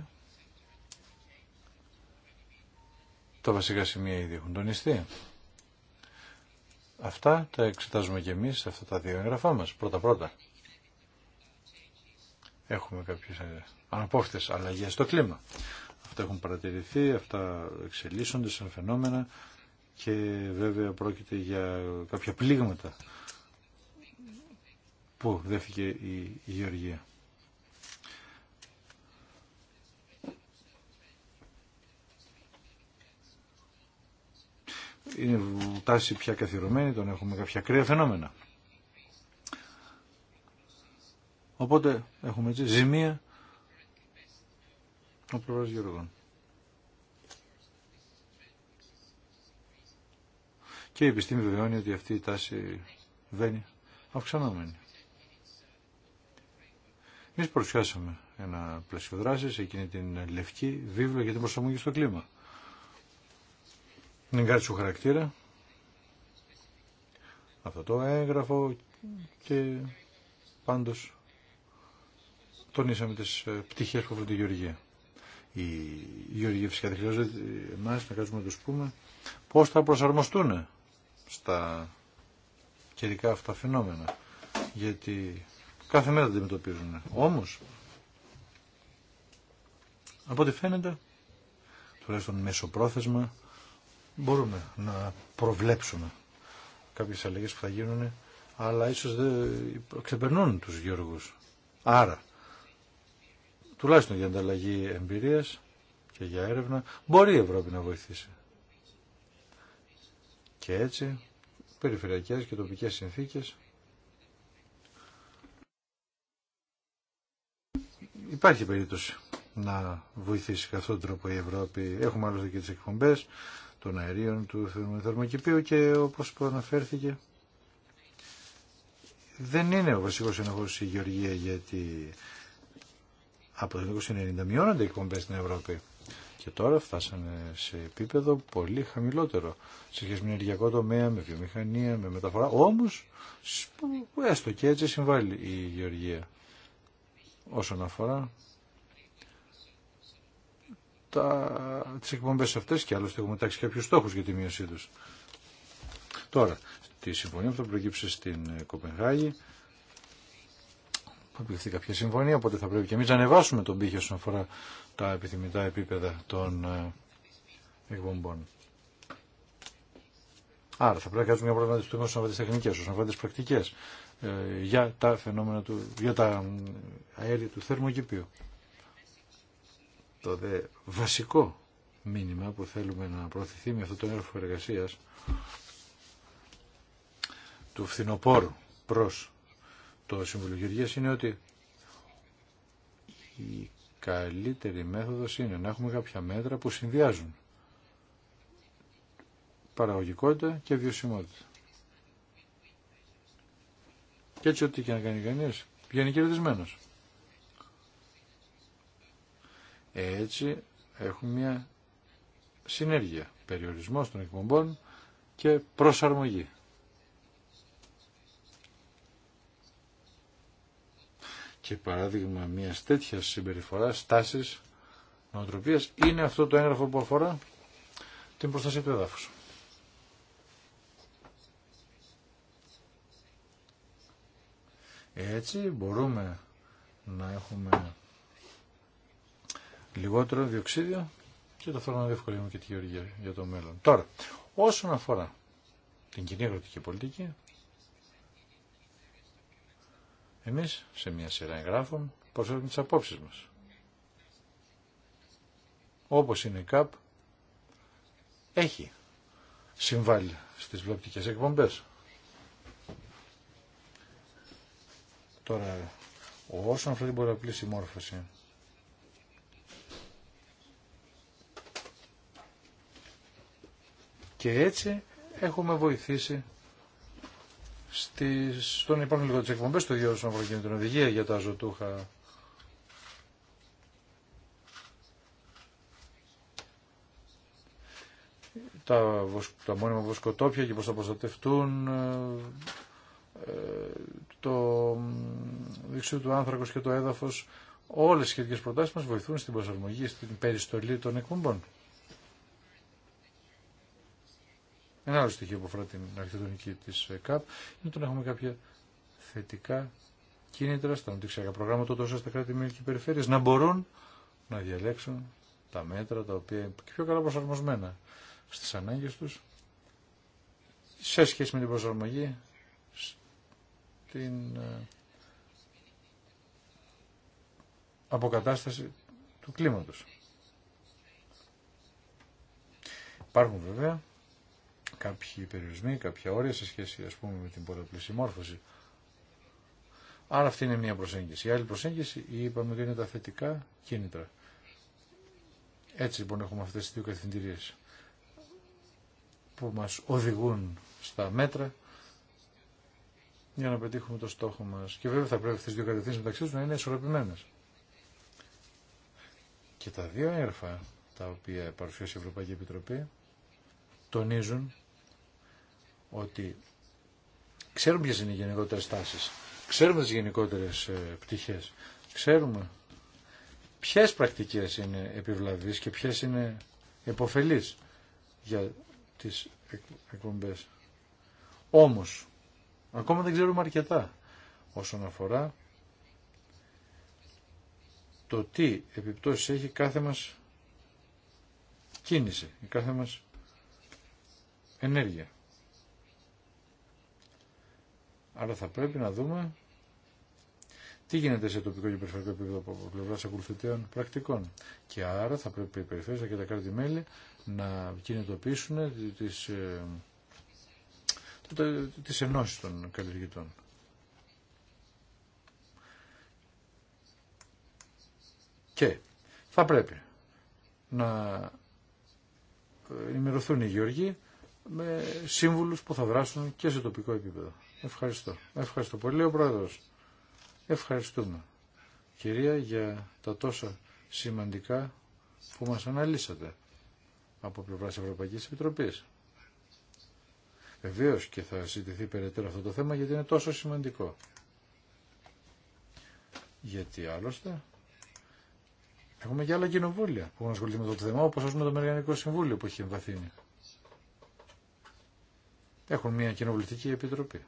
τα βασικά σημεία ήδη έχουν τονιστεί. Αυτά τα εξετάζουμε και εμείς σε αυτά τα δύο εγγραφά μας. Πρώτα-πρώτα έχουμε κάποιες ε, αναπόφευτες αλλαγές στο κλίμα. Αυτά έχουν παρατηρηθεί, αυτά εξελίσσονται σαν φαινόμενα και βέβαια πρόκειται για κάποια πλήγματα που δέθηκε η Γεωργία. είναι τάση πια καθιερωμένη, τον έχουμε κάποια κρύα φαινόμενα. Οπότε έχουμε έτσι ζημία ο πλευράς Γεωργών. Και η επιστήμη βεβαιώνει ότι αυτή η τάση βαίνει αυξανόμενη. Εμεί παρουσιάσαμε ένα πλαίσιο δράση, εκείνη την λευκή βίβλο για την προσαρμογή στο κλίμα την σου χαρακτήρα, αυτό το έγγραφο και πάντως τονίσαμε τις ε, πτυχές που αφορούν τη Γεωργία. Η Γεωργία φυσικά δεν χρειάζεται εμάς να κάτσουμε να τους πούμε πώς θα προσαρμοστούν στα καιρικά αυτά φαινόμενα. Γιατί κάθε μέρα τα αντιμετωπίζουν. Όμως, από ό,τι φαίνεται, τουλάχιστον πρόθεσμα μπορούμε να προβλέψουμε κάποιες αλλαγές που θα γίνουν, αλλά ίσως δεν ξεπερνούν τους Γιώργους. Άρα, τουλάχιστον για ανταλλαγή εμπειρίας και για έρευνα, μπορεί η Ευρώπη να βοηθήσει. Και έτσι, περιφερειακές και τοπικές συνθήκες, υπάρχει περίπτωση να βοηθήσει καθόλου τον τρόπο η Ευρώπη. Έχουμε άλλωστε και τις εκπομπές, των αερίων του θερμοκηπίου και όπως προαναφέρθηκε δεν είναι ο βασικός ενοχός η Γεωργία γιατί από το 1990 μειώνονται οι εκπομπές στην Ευρώπη και τώρα φτάσανε σε επίπεδο πολύ χαμηλότερο σε σχέση με ενεργειακό τομέα, με βιομηχανία, με μεταφορά. Όμως, έστω και έτσι συμβάλλει η Γεωργία όσον αφορά τα, τις εκπομπές αυτές και άλλωστε έχουμε τάξει κάποιους στόχους για τη μείωσή τους. Τώρα, τη συμφωνία που θα προκύψει στην ε, Κοπενχάγη θα πληθεί κάποια συμφωνία, οπότε θα πρέπει και εμείς να ανεβάσουμε τον πύχη όσον αφορά τα επιθυμητά επίπεδα των ε, εκπομπών. Άρα θα πρέπει να κάνουμε μια προβληματιστούμε όσον αφορά τις τεχνικές, όσον αφορά τις πρακτικές ε, για τα φαινόμενα του, για τα αέρια του θερμοκηπίου. Το δε βασικό μήνυμα που θέλουμε να προωθηθεί με αυτό το έργο εργασία του φθινοπόρου προς το Συμβουλίο είναι ότι η καλύτερη μέθοδος είναι να έχουμε κάποια μέτρα που συνδυάζουν παραγωγικότητα και βιωσιμότητα. Και έτσι ό,τι και να κάνει κανείς, πηγαίνει κερδισμένος. Έτσι έχουμε μια συνέργεια, περιορισμός των εκπομπών και προσαρμογή. Και παράδειγμα μια τέτοια συμπεριφορά, τάση νοοτροπία είναι αυτό το έγγραφο που αφορά την προστασία του εδάφου. Έτσι μπορούμε να έχουμε λιγότερο διοξίδιο και το θέλω να διευκολύνουμε και τη γεωργία για το μέλλον. Τώρα, όσον αφορά την κοινή αγροτική πολιτική, εμείς σε μια σειρά εγγράφων προσέχουμε τις απόψεις μας. Όπως είναι η ΚΑΠ, έχει συμβάλει στις βλεπτικές εκπομπές. Τώρα, όσον αφορά την πολλαπλή συμμόρφωση, Και έτσι έχουμε βοηθήσει στις, στον υπόλοιπο λίγο της εκπομπής του δύο στον την οδηγία για τα ζωτούχα. Τα, τα μόνιμα βοσκοτόπια και πώς θα προστατευτούν, ε, το δεξιού του άνθρακος και το έδαφος, όλες οι σχετικές προτάσεις μας βοηθούν στην προσαρμογή, στην περιστολή των εκπομπών. Ένα άλλο στοιχείο που αφορά την αρχιτεκτονική της ΚΑΠ είναι το να έχουμε κάποια θετικά κίνητρα στα αντίξιακα προγράμματα τόσο στα κράτη-μέλη και περιφέρειες να μπορούν να διαλέξουν τα μέτρα τα οποία είναι πιο καλά προσαρμοσμένα στις ανάγκες τους σε σχέση με την προσαρμογή στην ε, αποκατάσταση του κλίματος. Υπάρχουν βέβαια κάποιοι περιορισμοί, κάποια όρια σε σχέση ας πούμε με την πολλαπλή συμμόρφωση. Άρα αυτή είναι μια προσέγγιση. Η άλλη προσέγγιση είπαμε ότι είναι τα θετικά κίνητρα. Έτσι λοιπόν έχουμε αυτές τις δύο καθημερινές που μας οδηγούν στα μέτρα για να πετύχουμε το στόχο μας. Και βέβαια θα πρέπει αυτές τις δύο κατευθύνσεις μεταξύ τους να είναι ισορροπημένες. Και τα δύο έρφα τα οποία παρουσιάζει η Ευρωπαϊκή Επιτροπή τονίζουν ότι ξέρουμε ποιες είναι οι γενικότερες τάσεις, ξέρουμε τις γενικότερες ε, πτυχές, ξέρουμε ποιες πρακτικές είναι επιβλαβείς και ποιες είναι εποφελείς για τις εκπομπές. Όμως, ακόμα δεν ξέρουμε αρκετά όσον αφορά το τι επιπτώσεις έχει κάθε μας κίνηση, η κάθε μας ενέργεια. Άρα θα πρέπει να δούμε τι γίνεται σε τοπικό και περιφερειακό επίπεδο από πλευρά ακολουθητέων πρακτικών. Και άρα θα πρέπει οι περιφέρειε και τα κράτη-μέλη να κινητοποιήσουν τις, ε, τις ενώσεις των καλλιεργητών. Και θα πρέπει να ε, ενημερωθούν οι γεωργοί με σύμβουλους που θα δράσουν και σε τοπικό επίπεδο. Ευχαριστώ. Ευχαριστώ πολύ ο Πρόεδρος. Ευχαριστούμε. Κυρία για τα τόσα σημαντικά που μας αναλύσατε από πλευρά της Ευρωπαϊκής Επιτροπής. Βεβαίω και θα συζητηθεί περαιτέρω αυτό το θέμα γιατί είναι τόσο σημαντικό. Γιατί άλλωστε έχουμε και άλλα κοινοβούλια που έχουν ασχοληθεί με το θέμα όπως με το Μεριανικό Συμβούλιο που έχει εμβαθύνει. Έχουν μια κοινοβουλευτική επιτροπή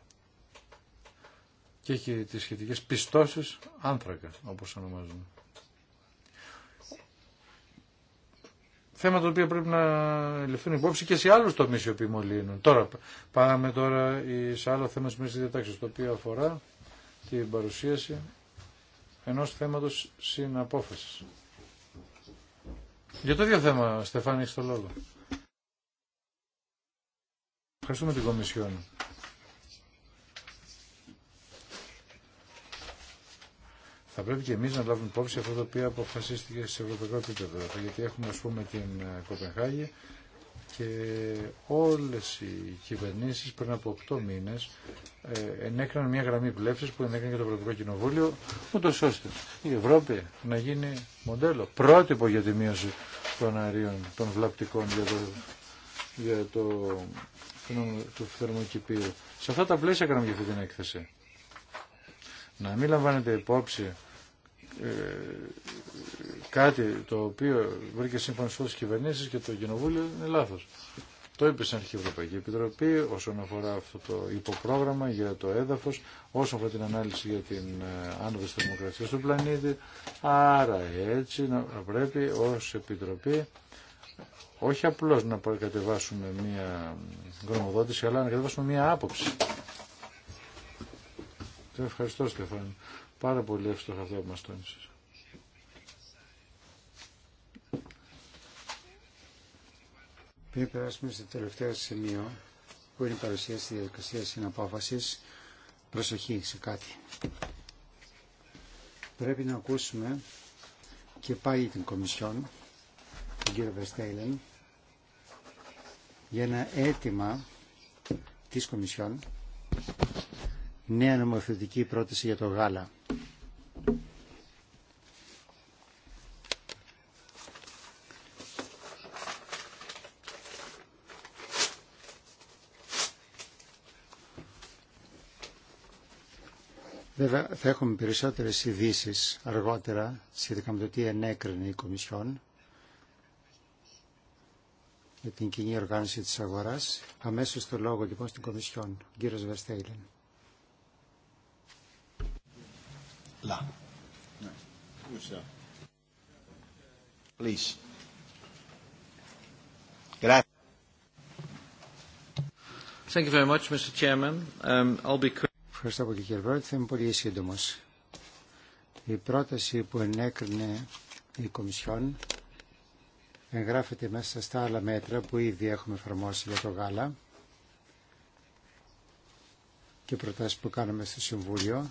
και έχει τις σχετικές πιστώσεις άνθρακα, όπως ονομάζουμε. Θέμα το οποίο πρέπει να ληφθούν υπόψη και σε άλλους τομείς οι οποίοι μολύνουν. Τώρα πάμε τώρα σε άλλο θέμα της διατάξης, το οποίο αφορά την παρουσίαση ενός θέματος συναπόφασης. Για το ίδιο θέμα, Στεφάνη, έχεις το λόγο. Ευχαριστούμε την Κομισιόν. θα πρέπει και εμείς να λάβουμε υπόψη αυτό το οποίο αποφασίστηκε σε ευρωπαϊκό επίπεδο. Γιατί έχουμε ας πούμε την ε, Κοπενχάγη και όλες οι κυβερνήσεις πριν από 8 μήνες ε, ενέκριναν μια γραμμή πλεύσης που ενέκρινε και το Ευρωπαϊκό Κοινοβούλιο ούτω ώστε η Ευρώπη να γίνει μοντέλο, πρότυπο για τη μείωση των αερίων, των βλαπτικών για το, για το, θερμοκηπίου. Σε αυτά τα πλαίσια έκαναμε και αυτή την έκθεση. Να μην λαμβάνετε υπόψη ε, κάτι το οποίο βρήκε σύμφωνα στις κυβερνήσει και το κοινοβούλιο είναι λάθος. Το είπε στην αρχή η Ευρωπαϊκή Επιτροπή όσον αφορά αυτό το υποπρόγραμμα για το έδαφος, όσον αφορά την ανάλυση για την ε, άνοδο της δημοκρατίας του πλανήτη. Άρα έτσι να πρέπει ως Επιτροπή όχι απλώς να κατεβάσουμε μία γνωμοδότηση, αλλά να κατεβάσουμε μία άποψη. Ευχαριστώ Στεφάνη. Πάρα πολύ εύστοχα αυτά που μας τόνισες. Πριν περάσουμε στο τελευταίο σημείο, που είναι η παρουσίαση τη διαδικασία συναπόφασης προσοχή σε κάτι. Πρέπει να ακούσουμε και πάλι την Κομισιόν, τον κύριο Βεστέιλεν, για ένα αίτημα της Κομισιόν νέα νομοθετική πρόταση για το γάλα. Βέβαια θα έχουμε περισσότερες ειδήσει αργότερα σχετικά με το τι ενέκρινε η Κομισιόν για την κοινή οργάνωση της αγοράς. Αμέσως το λόγο λοιπόν στην Κομισιόν. Κύριος Βεστέιλεν. Ευχαριστώ πολύ κύριε Πρόεδρε. Θα είμαι πολύ σύντομο. Η πρόταση που ενέκρινε η Κομισιόν εγγράφεται μέσα στα άλλα μέτρα που ήδη έχουμε εφαρμόσει για το γάλα και προτάσει που κάναμε στο Συμβούλιο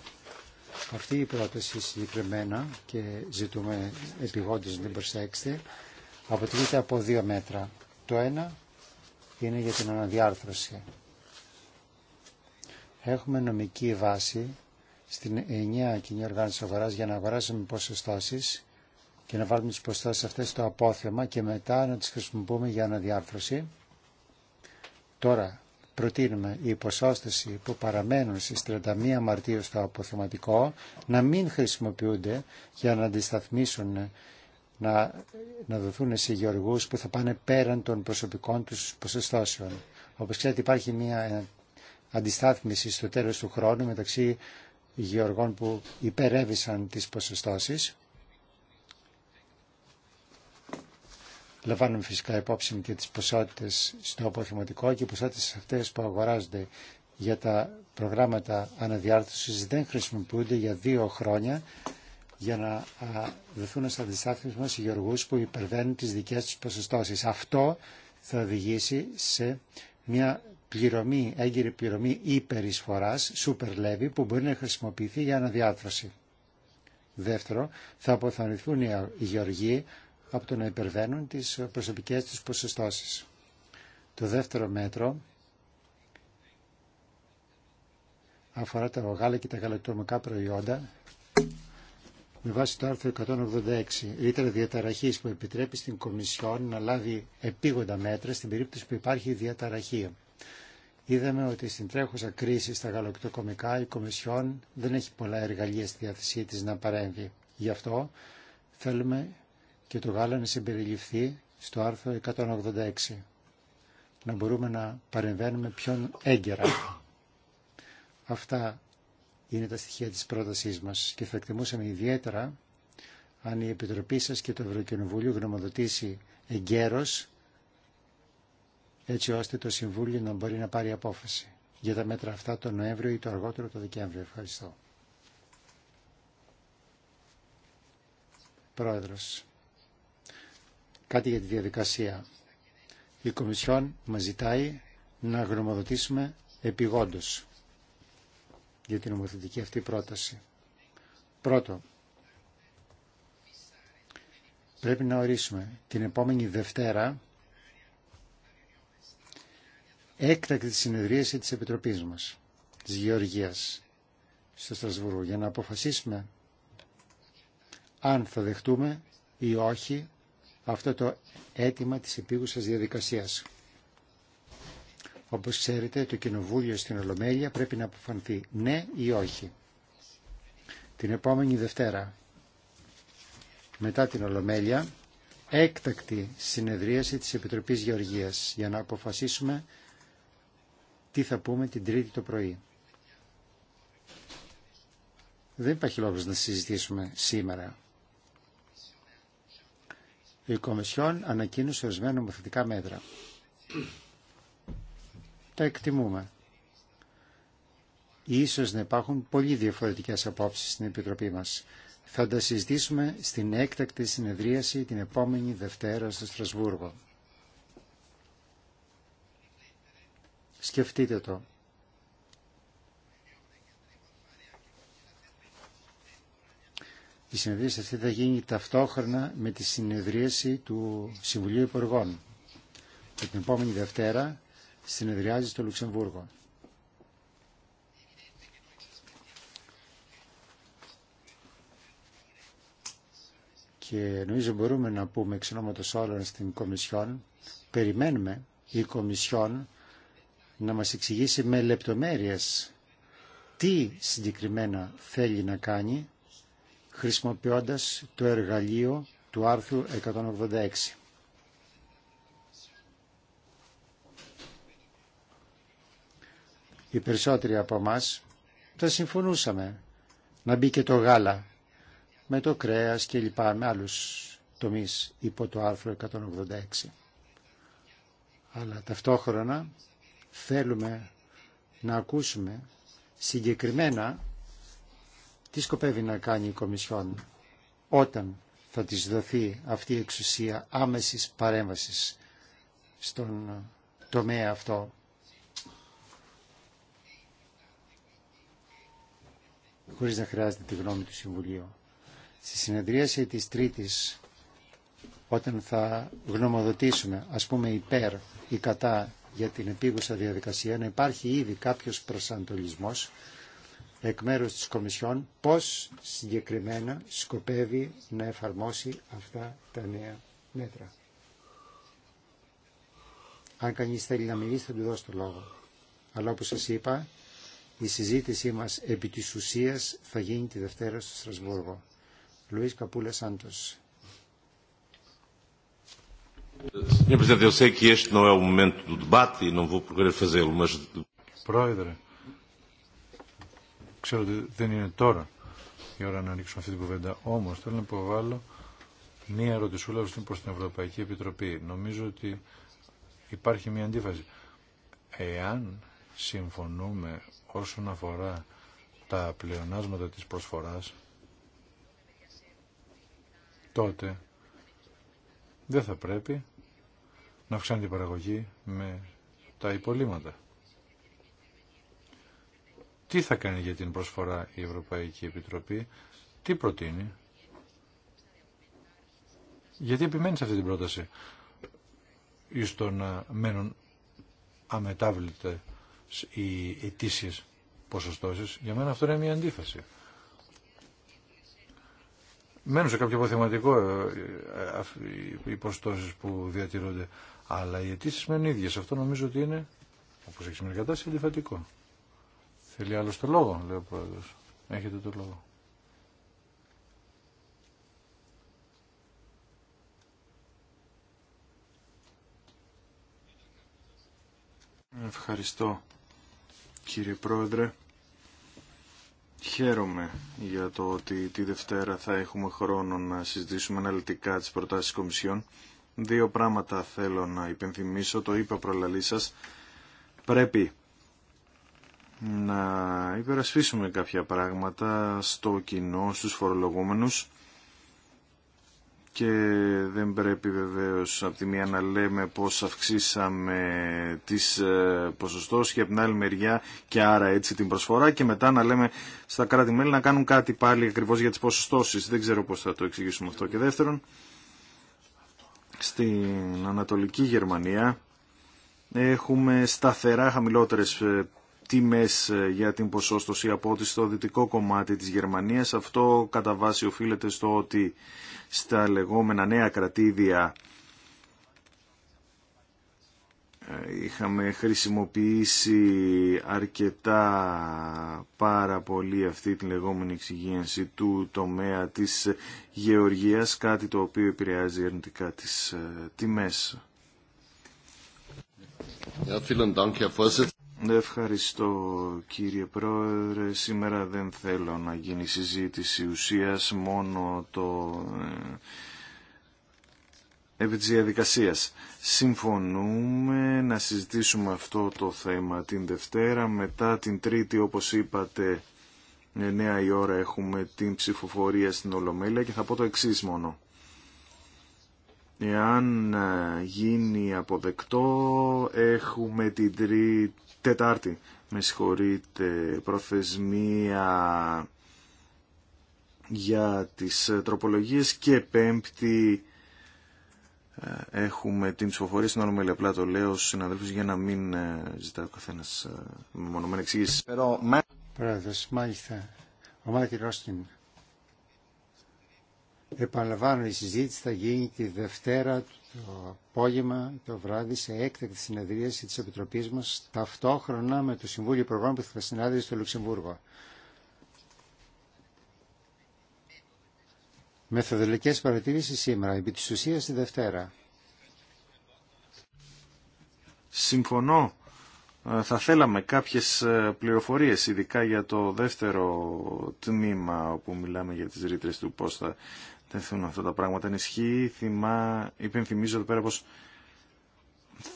αυτή η πρόταση συγκεκριμένα και ζητούμε επιγόντως να την προσέξετε αποτελείται από δύο μέτρα. Το ένα είναι για την αναδιάρθρωση. Έχουμε νομική βάση στην ενιαία κοινή οργάνωση αγοράς για να αγοράσουμε ποσοστώσεις και να βάλουμε τις ποσοστώσεις αυτές στο απόθεμα και μετά να τις χρησιμοποιούμε για αναδιάρθρωση. Τώρα, προτείνουμε η ποσόστοση που παραμένουν στις 31 Μαρτίου στο αποθεματικό να μην χρησιμοποιούνται για να αντισταθμίσουν να, να δοθούν σε γεωργούς που θα πάνε πέραν των προσωπικών τους ποσοστώσεων. Όπως ξέρετε υπάρχει μια αντιστάθμιση στο τέλος του χρόνου μεταξύ γεωργών που υπερέβησαν τις ποσοστώσεις λαμβάνουμε φυσικά υπόψη και τις ποσότητες στο αποθυματικό και οι ποσότητες αυτές που αγοράζονται για τα προγράμματα αναδιάρθρωσης δεν χρησιμοποιούνται για δύο χρόνια για να δοθούν στα διστάθμισμα σε γεωργούς που υπερβαίνουν τις δικές τους ποσοστώσεις. Αυτό θα οδηγήσει σε μια πληρωμή, έγκυρη πληρωμή υπερισφοράς, super levy, που μπορεί να χρησιμοποιηθεί για αναδιάρθρωση. Δεύτερο, θα αποθανηθούν οι γεωργοί από το να υπερβαίνουν τις προσωπικές τους ποσοστώσεις. Το δεύτερο μέτρο αφορά τα γάλα και τα γαλακτοκομικά προϊόντα με βάση το άρθρο 186 ρήτρα διαταραχή που επιτρέπει στην Κομισιόν να λάβει επίγοντα μέτρα στην περίπτωση που υπάρχει διαταραχή. Είδαμε ότι στην τρέχουσα κρίση στα γαλακτοκομικά η Κομισιόν δεν έχει πολλά εργαλεία στη διάθεσή της να παρέμβει. Γι' αυτό θέλουμε και το γάλα να συμπεριληφθεί στο άρθρο 186. Να μπορούμε να παρεμβαίνουμε πιο έγκαιρα. Αυτά είναι τα στοιχεία της πρότασής μας και θα εκτιμούσαμε ιδιαίτερα αν η Επιτροπή σας και το Ευρωκοινοβούλιο γνωμοδοτήσει εγκαίρως έτσι ώστε το Συμβούλιο να μπορεί να πάρει απόφαση για τα μέτρα αυτά το Νοέμβριο ή το αργότερο το Δεκέμβριο. Ευχαριστώ. Πρόεδρος κάτι για τη διαδικασία. Η Κομισιόν μας ζητάει να γνωμοδοτήσουμε επιγόντως για την νομοθετική αυτή πρόταση. Πρώτο, πρέπει να ορίσουμε την επόμενη Δευτέρα έκτακτη συνεδρίαση της Επιτροπής μας, της Γεωργίας, στο Στρασβούργο, για να αποφασίσουμε αν θα δεχτούμε ή όχι αυτό το αίτημα της επίγουσας διαδικασίας. Όπως ξέρετε, το Κοινοβούλιο στην Ολομέλεια πρέπει να αποφανθεί ναι ή όχι. Την επόμενη Δευτέρα, μετά την Ολομέλεια, έκτακτη συνεδρίαση της Επιτροπής Γεωργίας για να αποφασίσουμε τι θα πούμε την Τρίτη το πρωί. Δεν υπάρχει λόγος να συζητήσουμε σήμερα η Κομισιόν ανακοίνωσε ορισμένα νομοθετικά μέτρα. Τα εκτιμούμε. Ίσως να υπάρχουν πολύ διαφορετικές απόψεις στην Επιτροπή μας. Θα τα συζητήσουμε στην έκτακτη συνεδρίαση την επόμενη Δευτέρα στο Στρασβούργο. Σκεφτείτε το. η συνεδρίαση αυτή θα γίνει ταυτόχρονα με τη συνεδρίαση του Συμβουλίου Υπουργών. Και την επόμενη Δευτέρα συνεδριάζει στο Λουξεμβούργο. Και νομίζω μπορούμε να πούμε εξ ονόματος όλων στην Κομισιόν, περιμένουμε η Κομισιόν να μας εξηγήσει με λεπτομέρειες τι συγκεκριμένα θέλει να κάνει χρησιμοποιώντας το εργαλείο του άρθρου 186. Οι περισσότεροι από εμά θα συμφωνούσαμε να μπει και το γάλα με το κρέας και λοιπά με άλλους τομείς υπό το άρθρο 186. Αλλά ταυτόχρονα θέλουμε να ακούσουμε συγκεκριμένα τι σκοπεύει να κάνει η Κομισιόν όταν θα της δοθεί αυτή η εξουσία άμεσης παρέμβασης στον τομέα αυτό. χωρίς να χρειάζεται τη γνώμη του Συμβουλίου. Στη συνεδρίαση της Τρίτης, όταν θα γνωμοδοτήσουμε, ας πούμε υπέρ ή κατά για την επίγουσα διαδικασία, να υπάρχει ήδη κάποιος προσανατολισμός εκ μέρους της Κομισιόν πώς συγκεκριμένα σκοπεύει να εφαρμόσει αυτά τα νέα μέτρα. Αν κανείς θέλει να μιλήσει θα του δώσω το λόγο. Αλλά όπως σας είπα, η συζήτησή μας επί της ουσίας θα γίνει τη Δευτέρα στο Στρασβούργο. Λουίς Καπούλα Σάντος. Πρόεδρε, ξέρω ότι δεν είναι τώρα η ώρα να ανοίξουμε αυτή την κουβέντα. Όμω θέλω να υποβάλω μία ερωτησούλα προ την Ευρωπαϊκή Επιτροπή. Νομίζω ότι υπάρχει μία αντίφαση. Εάν συμφωνούμε όσον αφορά τα πλεονάσματα της προσφοράς, τότε δεν θα πρέπει να αυξάνει την παραγωγή με τα υπολείμματα. Τι θα κάνει για την προσφορά η Ευρωπαϊκή Επιτροπή, τι προτείνει. Γιατί επιμένει σε αυτή την πρόταση εις το να μένουν αμετάβλητε οι αιτήσει ποσοστώσεις. Για μένα αυτό είναι μια αντίφαση. Μένουν σε κάποιο αποθεματικό ε, ε, οι ποσοστώσεις που διατηρούνται, αλλά οι αιτήσει μένουν ίδιες. Αυτό νομίζω ότι είναι, όπως έχει σημαίνει κατάσταση, αντιφατικό. Θέλει άλλο το λόγο, λέει ο πρόεδρος. Έχετε το λόγο. Ευχαριστώ κύριε Πρόεδρε. Χαίρομαι για το ότι τη Δευτέρα θα έχουμε χρόνο να συζητήσουμε αναλυτικά τις προτάσεις Κομισιόν. Δύο πράγματα θέλω να υπενθυμίσω, το είπα προλαλή σας. Πρέπει να υπερασπίσουμε κάποια πράγματα στο κοινό, στους φορολογούμενους και δεν πρέπει βεβαίως από τη μία να λέμε πως αυξήσαμε τις ε, ποσοστώσεις και από την άλλη μεριά και άρα έτσι την προσφορά και μετά να λέμε στα κράτη-μέλη να κάνουν κάτι πάλι ακριβώς για τις ποσοστώσεις. Δεν ξέρω πώς θα το εξηγήσουμε αυτό. Και δεύτερον, στην Ανατολική Γερμανία έχουμε σταθερά χαμηλότερες ε, τιμές ε, για την ποσόστοση από ότι στο δυτικό κομμάτι της Γερμανίας. Αυτό κατά βάση οφείλεται στο ότι στα λεγόμενα νέα κρατήδια ε, είχαμε χρησιμοποιήσει αρκετά πάρα πολύ αυτή την λεγόμενη εξυγίανση του τομέα της γεωργίας, κάτι το οποίο επηρεάζει αρνητικά τις ε, τιμές. Ευχαριστώ κύριε Πρόεδρε. Σήμερα δεν θέλω να γίνει συζήτηση ουσίας μόνο το... Ε, επί της διαδικασίας. Συμφωνούμε να συζητήσουμε αυτό το θέμα την Δευτέρα. Μετά την Τρίτη, όπως είπατε, 9 η ώρα έχουμε την ψηφοφορία στην Ολομέλεια και θα πω το εξή μόνο. Εάν ε, γίνει αποδεκτό, έχουμε την Τρίτη Τετάρτη, με συγχωρείτε, προθεσμία για τις ε, τροπολογίες και πέμπτη ε, έχουμε την ψηφοφορία στην όνομα Απλά το λέω στους συναδέλφους για να μην ε, ζητάει ο καθένας μονομένη εξήγηση. Πρόεδρος, μάλιστα, ο Μάτι Ρόστιν. Επαναλαμβάνω, η συζήτηση θα γίνει τη Δευτέρα του το απόγευμα, το βράδυ, σε έκτακτη συνεδρίαση της Επιτροπής μας, ταυτόχρονα με το Συμβούλιο Υπουργών που θα συνάδει στο Λουξεμβούργο. Μεθοδολογικέ παρατηρήσει σήμερα, επί της ουσίας τη Δευτέρα. Συμφωνώ. Ε, θα θέλαμε κάποιες ε, πληροφορίες, ειδικά για το δεύτερο τμήμα όπου μιλάμε για τις ρήτρες του πώς θα τεθούν αυτά τα πράγματα. Ενισχύει, θυμά, υπενθυμίζω εδώ πέρα πως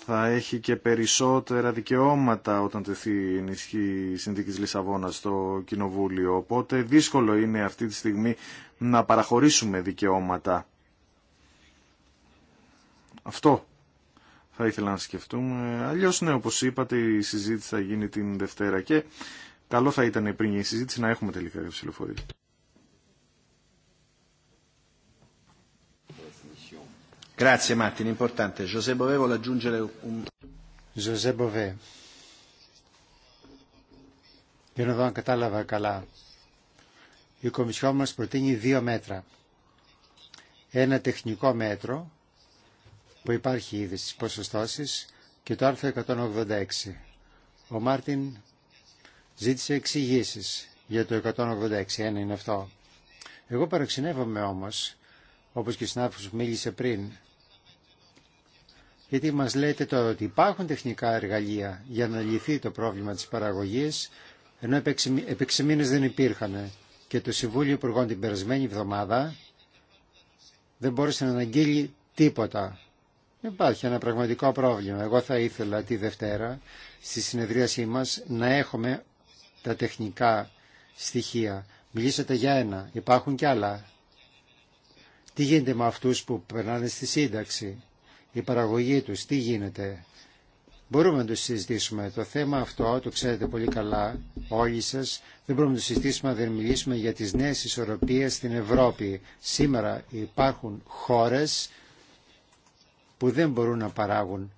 θα έχει και περισσότερα δικαιώματα όταν τεθεί ενισχύ η λίσαβόνας Λισαβόνα στο Κοινοβούλιο. Οπότε δύσκολο είναι αυτή τη στιγμή να παραχωρήσουμε δικαιώματα. Αυτό θα ήθελα να σκεφτούμε. Αλλιώς, ναι, όπως είπατε, η συζήτηση θα γίνει την Δευτέρα και καλό θα ήταν πριν η συζήτηση να έχουμε τελικά ψηφοφορία. Grazie Martin, Για να δω αν κατάλαβα καλά. Η Κομισιόν μα προτείνει δύο μέτρα. Ένα τεχνικό μέτρο που υπάρχει ήδη στι ποσοστώσεις και το άρθρο 186. Ο Μάρτιν ζήτησε εξηγήσει για το 186. Ένα είναι αυτό. Εγώ παραξενεύομαι όμω, όπως και ο συνάδελφος μίλησε πριν, γιατί μας λέτε τώρα ότι υπάρχουν τεχνικά εργαλεία για να λυθεί το πρόβλημα της παραγωγής, ενώ επί δεν υπήρχαν. Και το Συμβούλιο Υπουργών την περασμένη εβδομάδα δεν μπόρεσε να αναγγείλει τίποτα. Υπάρχει ένα πραγματικό πρόβλημα. Εγώ θα ήθελα τη Δευτέρα στη συνεδρίασή μας να έχουμε τα τεχνικά στοιχεία. Μιλήσατε για ένα, υπάρχουν κι άλλα. Τι γίνεται με αυτούς που περνάνε στη σύνταξη, η παραγωγή τους, τι γίνεται. Μπορούμε να το συζητήσουμε. Το θέμα αυτό το ξέρετε πολύ καλά όλοι σας. Δεν μπορούμε να το συζητήσουμε αν δεν μιλήσουμε για τις νέες ισορροπίες στην Ευρώπη. Σήμερα υπάρχουν χώρες που δεν μπορούν να παράγουν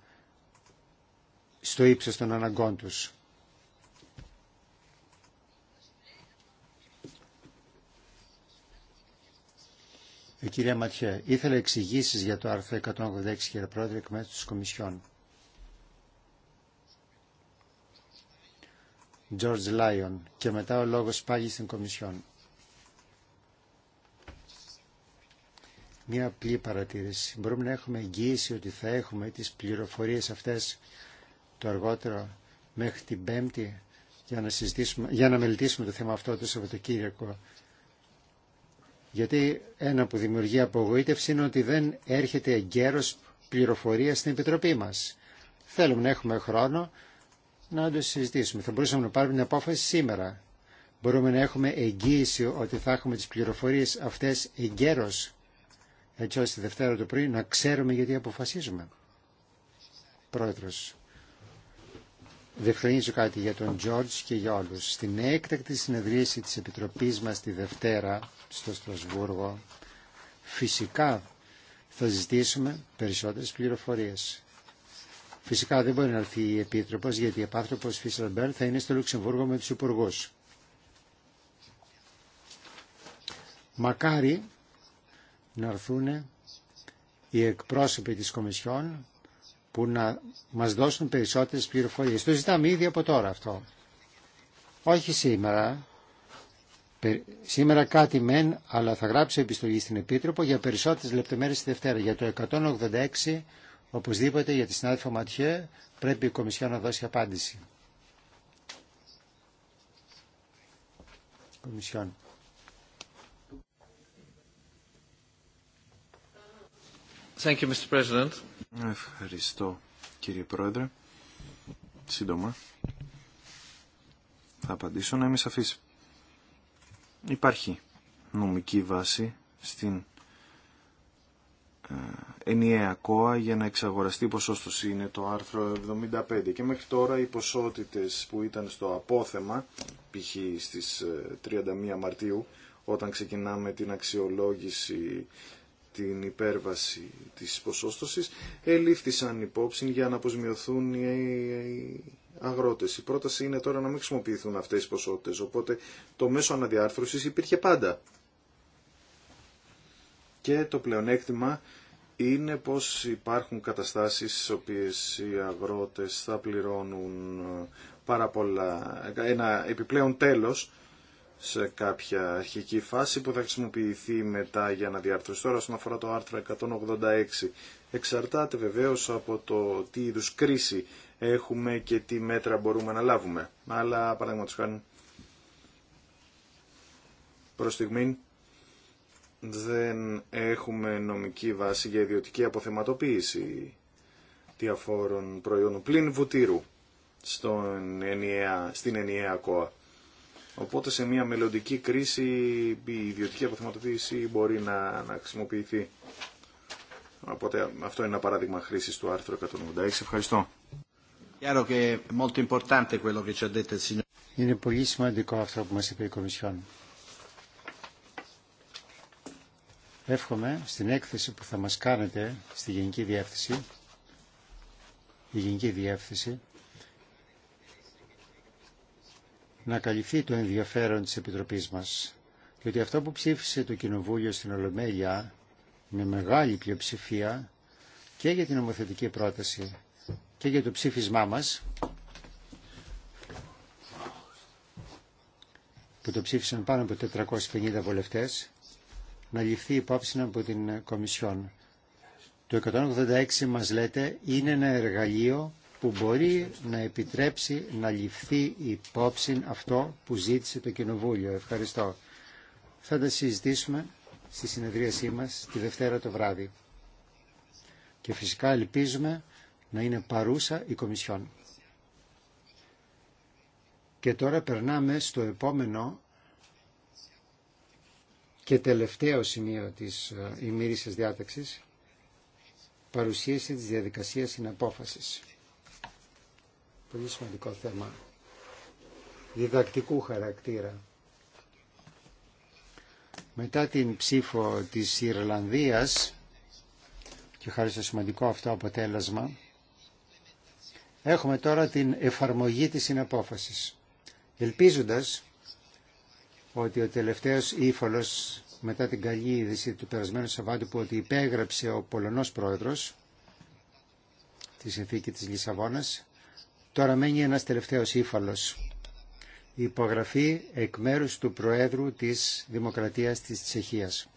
στο ύψος των αναγκών τους. Ε, κυρία Ματιέ, ήθελα εξηγήσει για το άρθρο 186, κύριε Πρόεδρε, εκ μέρου τη Κομισιόν. George Lyon και μετά ο λόγος πάλι στην Κομισιόν. Μία απλή παρατήρηση. Μπορούμε να έχουμε εγγύηση ότι θα έχουμε τις πληροφορίες αυτές το αργότερο μέχρι την Πέμπτη για να, συζητήσουμε, για να μελετήσουμε το θέμα αυτό το Σαββατοκύριακο γιατί ένα που δημιουργεί απογοήτευση είναι ότι δεν έρχεται εγκαίρως πληροφορία στην Επιτροπή μας. Θέλουμε να έχουμε χρόνο να το συζητήσουμε. Θα μπορούσαμε να πάρουμε μια απόφαση σήμερα. Μπορούμε να έχουμε εγγύηση ότι θα έχουμε τις πληροφορίες αυτές εγκαίρως, έτσι ώστε Δευτέρα το πρωί να ξέρουμε γιατί αποφασίζουμε. Πρόεδρος διευκρινίζω κάτι για τον Τζόρτζ και για όλου. Στην έκτακτη συνεδρίαση της Επιτροπής μας τη Δευτέρα στο Στρασβούργο φυσικά θα ζητήσουμε περισσότερε πληροφορίε. Φυσικά δεν μπορεί να έρθει η Επίτροπος γιατί η Φίσσαλ Φίσλαμπερ θα είναι στο Λουξεμβούργο με του υπουργού. Μακάρι να έρθουν οι εκπρόσωποι της Κομισιόν που να μας δώσουν περισσότερες πληροφορίες. Το ζητάμε ήδη από τώρα αυτό. Όχι σήμερα. Σήμερα κάτι μεν, αλλά θα γράψω επιστολή στην Επίτροπο για περισσότερες λεπτομέρειες τη Δευτέρα. Για το 186, οπωσδήποτε για τη συνάδελφα Ματιέ, πρέπει η Κομισιόν να δώσει απάντηση. Κομισιόν. Thank you, Mr. President. Ευχαριστώ κύριε Πρόεδρε. Σύντομα. Θα απαντήσω να είμαι σαφής. Υπάρχει νομική βάση στην ε, ενιαία κόα για να εξαγοραστεί πόσο είναι το άρθρο 75 και μέχρι τώρα οι ποσότητες που ήταν στο απόθεμα π.χ. στις 31 ε, Μαρτίου όταν ξεκινάμε την αξιολόγηση την υπέρβαση της ποσόστοσης ελήφθησαν υπόψη για να αποσμειωθούν οι αγρότες. Η πρόταση είναι τώρα να μην χρησιμοποιηθούν αυτές οι ποσότητες, οπότε το μέσο αναδιάρθρωσης υπήρχε πάντα. Και το πλεονέκτημα είναι πως υπάρχουν καταστάσεις στις οποίες οι αγρότες θα πληρώνουν ε, πάρα πολλά, ένα επιπλέον τέλος σε κάποια αρχική φάση που θα χρησιμοποιηθεί μετά για να διαρθρωθεί. Τώρα, όσον αφορά το άρθρο 186, εξαρτάται βεβαίως από το τι είδους κρίση έχουμε και τι μέτρα μπορούμε να λάβουμε. Αλλά, παραδείγματος χάνει προς στιγμή δεν έχουμε νομική βάση για ιδιωτική αποθεματοποίηση διαφόρων προϊόντων πλην βουτύρου στον ενιαία, στην ενιαία ΚΟΑ. Οπότε σε μια μελλοντική κρίση η ιδιωτική αποθεματοποίηση μπορεί να, να χρησιμοποιηθεί. Οπότε αυτό είναι ένα παράδειγμα χρήση του άρθρου 186. Ευχαριστώ. Είναι πολύ σημαντικό αυτό που μας είπε η Κομισιόν. Εύχομαι στην έκθεση που θα μας κάνετε στη Γενική Διεύθυνση, η Γενική Διεύθυνση, να καλυφθεί το ενδιαφέρον της Επιτροπής μας. ότι αυτό που ψήφισε το Κοινοβούλιο στην Ολομέλεια με μεγάλη πλειοψηφία και για την νομοθετική πρόταση και για το ψήφισμά μας που το ψήφισαν πάνω από 450 βολευτές να ληφθεί υπόψη από την Κομισιόν. Το 186 μας λέτε είναι ένα εργαλείο που μπορεί να επιτρέψει να ληφθεί υπόψη αυτό που ζήτησε το Κοινοβούλιο. Ευχαριστώ. Θα τα συζητήσουμε στη συνεδρίασή μας τη Δευτέρα το βράδυ. Και φυσικά ελπίζουμε να είναι παρούσα η Κομισιόν. Και τώρα περνάμε στο επόμενο και τελευταίο σημείο της ε, ημίρησης διάταξης, παρουσίαση της διαδικασίας συναπόφασης πολύ σημαντικό θέμα διδακτικού χαρακτήρα. Μετά την ψήφο της Ιρλανδίας και χάρη στο σημαντικό αυτό αποτέλεσμα έχουμε τώρα την εφαρμογή της συναπόφασης ελπίζοντας ότι ο τελευταίος ύφολος μετά την καλή είδηση του περασμένου Σαββάτου που ότι υπέγραψε ο Πολωνός Πρόεδρος τη συνθήκη της Λισαβόνας Τώρα μένει ένας τελευταίος ύφαλος. υπογραφή εκ μέρους του Προέδρου της Δημοκρατίας της Τσεχίας.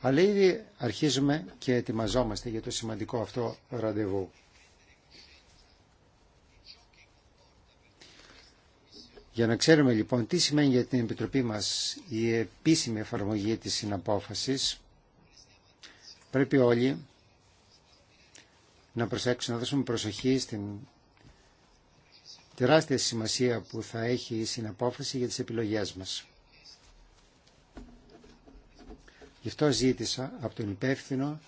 Αλλά ήδη αρχίζουμε και ετοιμαζόμαστε για το σημαντικό αυτό ραντεβού. Για να ξέρουμε λοιπόν τι σημαίνει για την Επιτροπή μας η επίσημη εφαρμογή της συναπόφασης, πρέπει όλοι να προσέξουν, να δώσουμε προσοχή στην τεράστια σημασία που θα έχει η συναπόφαση για τις επιλογές μας. Γι' αυτό ζήτησα από τον υπεύθυνο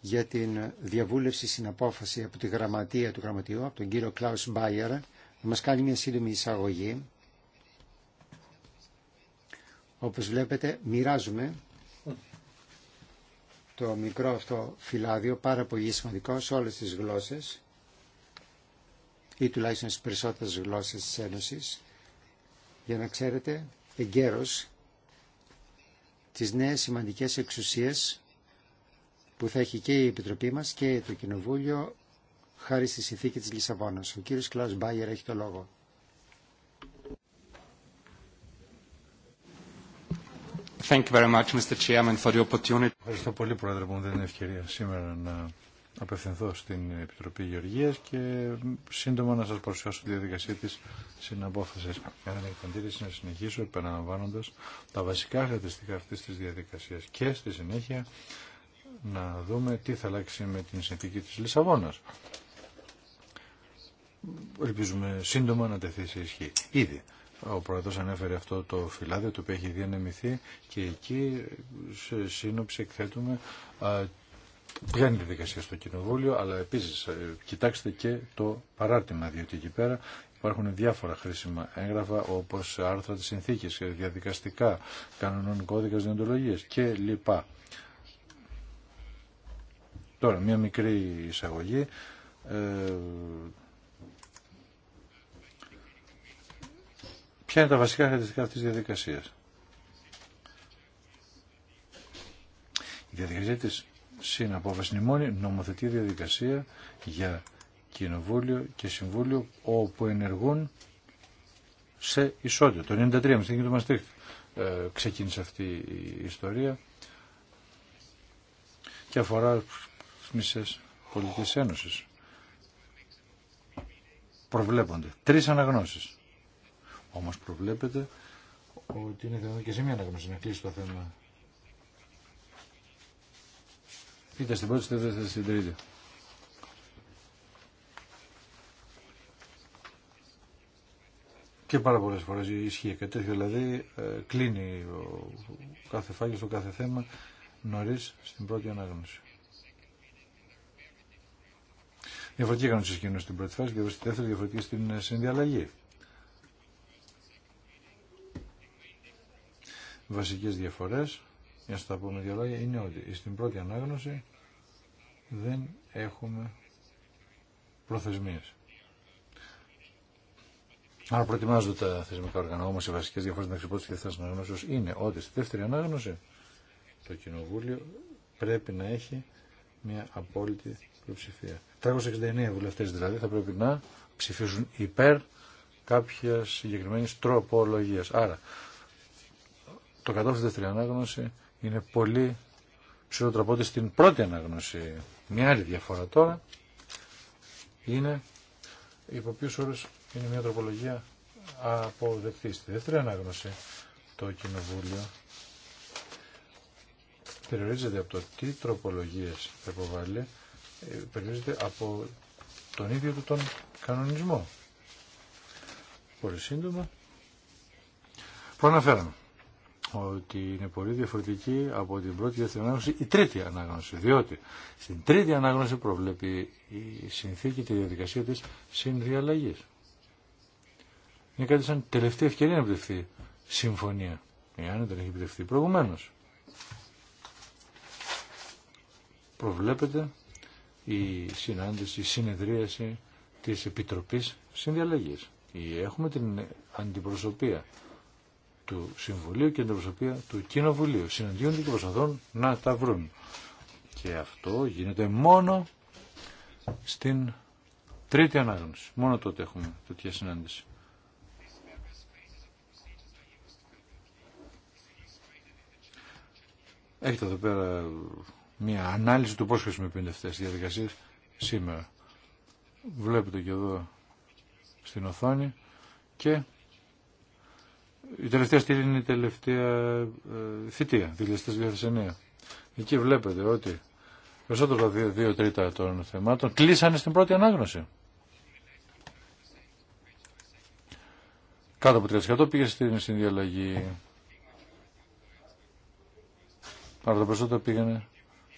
για την διαβούλευση συναπόφαση από τη γραμματεία του γραμματείου, από τον κύριο Κλάους Μπάιερ, να μας κάνει μια σύντομη εισαγωγή. Όπως βλέπετε, μοιράζουμε το μικρό αυτό φυλάδιο, πάρα πολύ σημαντικό, σε όλες τις γλώσσες ή τουλάχιστον στις περισσότερες γλώσσες της Ένωσης για να ξέρετε εγκαίρως τις νέες σημαντικές εξουσίες που θα έχει και η Επιτροπή μας και το Κοινοβούλιο χάρη στη συνθήκη της Λισαβόνας. Ο κύριος Κλάους Μπάγερ έχει το λόγο. Ευχαριστώ πολύ, Πρόεδρε, που μου δίνει ευκαιρία σήμερα να απευθυνθώ στην Επιτροπή Γεωργίας και σύντομα να σας παρουσιάσω τη διαδικασία της συναπόφασης. Κατά εκταντήρηση να συνεχίσω επαναλαμβάνοντας τα βασικά χαρακτηριστικά αυτής της διαδικασίας και στη συνέχεια να δούμε τι θα αλλάξει με την συνθήκη της Λισαβόνας. Ελπίζουμε σύντομα να τεθεί σε ισχύ. Ήδη ο Πρόεδρος ανέφερε αυτό το φυλάδιο το οποίο έχει διανεμηθεί και εκεί σε σύνοψη εκθέτουμε Ποια είναι η διαδικασία στο Κοινοβούλιο, αλλά επίση ε, κοιτάξτε και το παράρτημα, διότι εκεί πέρα υπάρχουν διάφορα χρήσιμα έγγραφα, όπω άρθρα τη συνθήκη, ε, διαδικαστικά, κανονών κώδικα διοντολογία κλπ. Τώρα, μία μικρή εισαγωγή. Ε, ποια είναι τα βασικά χαρακτηριστικά αυτής της διαδικασίας. Η διαδικασία της συναπόφαση μόνη νομοθετή διαδικασία για Κοινοβούλιο και Συμβούλιο όπου ενεργούν σε ισότητα. Το 1993 με στιγμή του Μαστρίχτ ε, ξεκίνησε αυτή η ιστορία και αφορά μισές πολιτικές ένωσης. Προβλέπονται τρεις αναγνώσεις. Όμως προβλέπεται ότι είναι δυνατόν και σε μία αναγνώση να κλείσει το θέμα Είτε στην πρώτη, στην στην τρίτη. Και πάρα πολλές φορές ισχύει και τέτοιο, δηλαδή ε, κλείνει κάθε φάκελο, στο κάθε θέμα νωρίς στην πρώτη ανάγνωση. Διαφορετική κανόνε κίνηση στην πρώτη φάση, διαφορετική στη δεύτερη, διαφορετική στην ε, συνδιαλλαγή. Βασικές διαφορές για να τα πούμε δύο λόγια, είναι ότι στην πρώτη ανάγνωση δεν έχουμε προθεσμίες. Άρα προετοιμάζονται τα θεσμικά όργανα, όμως οι βασικές διαφορές μεταξύ πρώτης και δεύτερης ανάγνωσης είναι ότι στη δεύτερη ανάγνωση το Κοινοβούλιο πρέπει να έχει μια απόλυτη πλειοψηφία. 369 βουλευτέ, δηλαδή θα πρέπει να ψηφίσουν υπέρ κάποια συγκεκριμένη τροπολογία. Άρα, το κατόφλι δεύτερη ανάγνωση είναι πολύ ψηλότερο από ό,τι στην πρώτη αναγνωσή. Μια άλλη διαφορά τώρα είναι υπό ποιους όρους είναι μια τροπολογία αποδεκτή. Στη δεύτερη ανάγνωση το Κοινοβούλιο περιορίζεται από το τι τροπολογίες θα υποβάλει, ε, περιορίζεται από τον ίδιο του τον κανονισμό. Πολύ σύντομα. Προαναφέραμε ότι είναι πολύ διαφορετική από την πρώτη δεύτερη ανάγνωση η τρίτη ανάγνωση. Διότι στην τρίτη ανάγνωση προβλέπει η συνθήκη τη διαδικασία της συνδιαλλαγής. Είναι κάτι σαν τελευταία ευκαιρία να επιτευχθεί συμφωνία. Εάν δεν έχει επιτευχθεί προηγουμένω. Προβλέπεται η συνάντηση, η συνεδρίαση της Επιτροπής Συνδιαλλαγής. Έχουμε την αντιπροσωπεία του Συμβουλίου και την προσωπία του Κοινοβουλίου. Συναντιούνται και προσπαθούν να τα βρουν. Και αυτό γίνεται μόνο στην τρίτη ανάγνωση. Μόνο τότε έχουμε τέτοια συνάντηση. Έχετε εδώ πέρα μια ανάλυση του πώς χρησιμοποιούνται αυτές τις διαδικασίες σήμερα. Βλέπετε και εδώ στην οθόνη και η τελευταία στήλη είναι η τελευταία ε, θητεία, 2009. Εκεί βλέπετε ότι περισσότερο από δύο, δύο τρίτα των θεμάτων κλείσανε στην πρώτη ανάγνωση. Κάτω από 30% πήγε στην συνδιαλλαγή. Αλλά τα περισσότερα πήγανε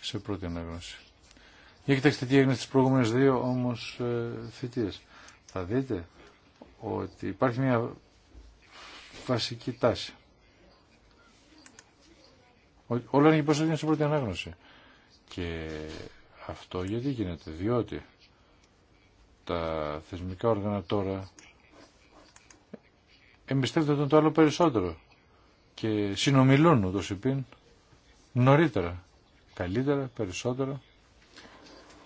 σε πρώτη ανάγνωση. Για κοιτάξτε τι έγινε στις προηγούμενες δύο όμως ε, θητείες. Θα δείτε ότι υπάρχει μια βασική τάση. Όλα είναι υπόσταση είναι στην πρώτη ανάγνωση. Και αυτό γιατί γίνεται, διότι τα θεσμικά όργανα τώρα εμπιστεύονται τον το άλλο περισσότερο και συνομιλούν ούτως υπήν νωρίτερα, καλύτερα, περισσότερο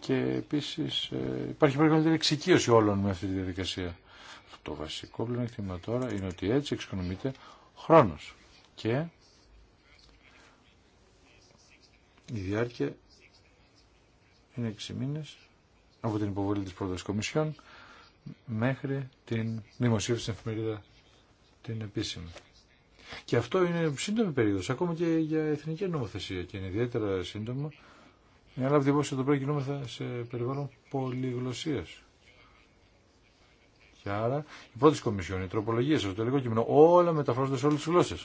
και επίσης ε, υπάρχει πολύ καλύτερη εξοικείωση όλων με αυτή τη διαδικασία. Το βασικό πλεονέκτημα τώρα είναι ότι έτσι εξοικονομείται χρόνος και η διάρκεια είναι 6 μήνες από την υποβολή της πρώτας κομισιόν μέχρι την δημοσίευση στην εφημερίδα την επίσημη. Και αυτό είναι σύντομη περίοδος, ακόμα και για εθνική νομοθεσία και είναι ιδιαίτερα σύντομο. Αλλά δημόσια το πρέπει κινούμεθα σε περιβάλλον πολυγλωσσίας. Και άρα η πρώτη κομισιόν, η τροπολογία το ελληνικό κείμενο, όλα μεταφράζονται σε όλε τι γλώσσε.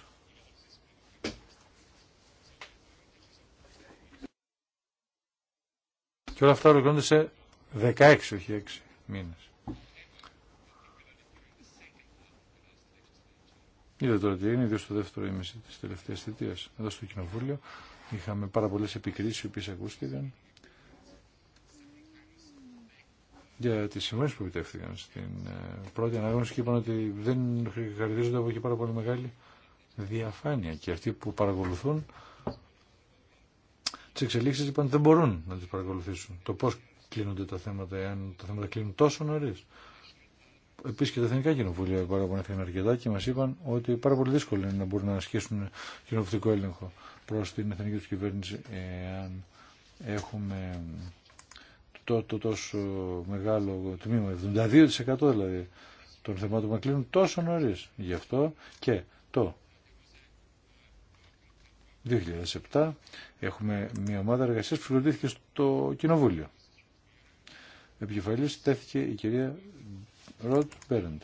Και όλα αυτά ολοκληρώνονται σε 16, όχι 6 μήνε. Είδα τώρα τι έγινε, ιδίω στο δεύτερο ήμιση τη τελευταία θητεία. Εδώ στο Κοινοβούλιο είχαμε πάρα πολλέ επικρίσει οι οποίε ακούστηκαν για τις σημαίες που επιτεύχθηκαν στην ε, πρώτη αναγνώριση και είπαν ότι δεν χαρακτηρίζονται από εκεί πάρα πολύ μεγάλη διαφάνεια και αυτοί που παρακολουθούν τις εξελίξεις είπαν ότι δεν μπορούν να τις παρακολουθήσουν. Το πώς κλείνονται τα θέματα, εάν τα θέματα κλείνουν τόσο νωρί. Επίση και τα Εθνικά Κοινοβούλια παραπονέθηκαν αρκετά και μα είπαν ότι πάρα πολύ δύσκολο είναι να μπορούν να ασκήσουν κοινοβουλευτικό έλεγχο προ την εθνική του κυβέρνηση εάν έχουμε το, το τόσο μεγάλο τμήμα, 72% δηλαδή των θεμάτων που κλείνουν τόσο νωρί Γι' αυτό και το 2007 έχουμε μια ομάδα εργασία που συγκροτήθηκε στο Κοινοβούλιο. Επικεφαλής τέθηκε η κυρία Ροτ Πέρεντ.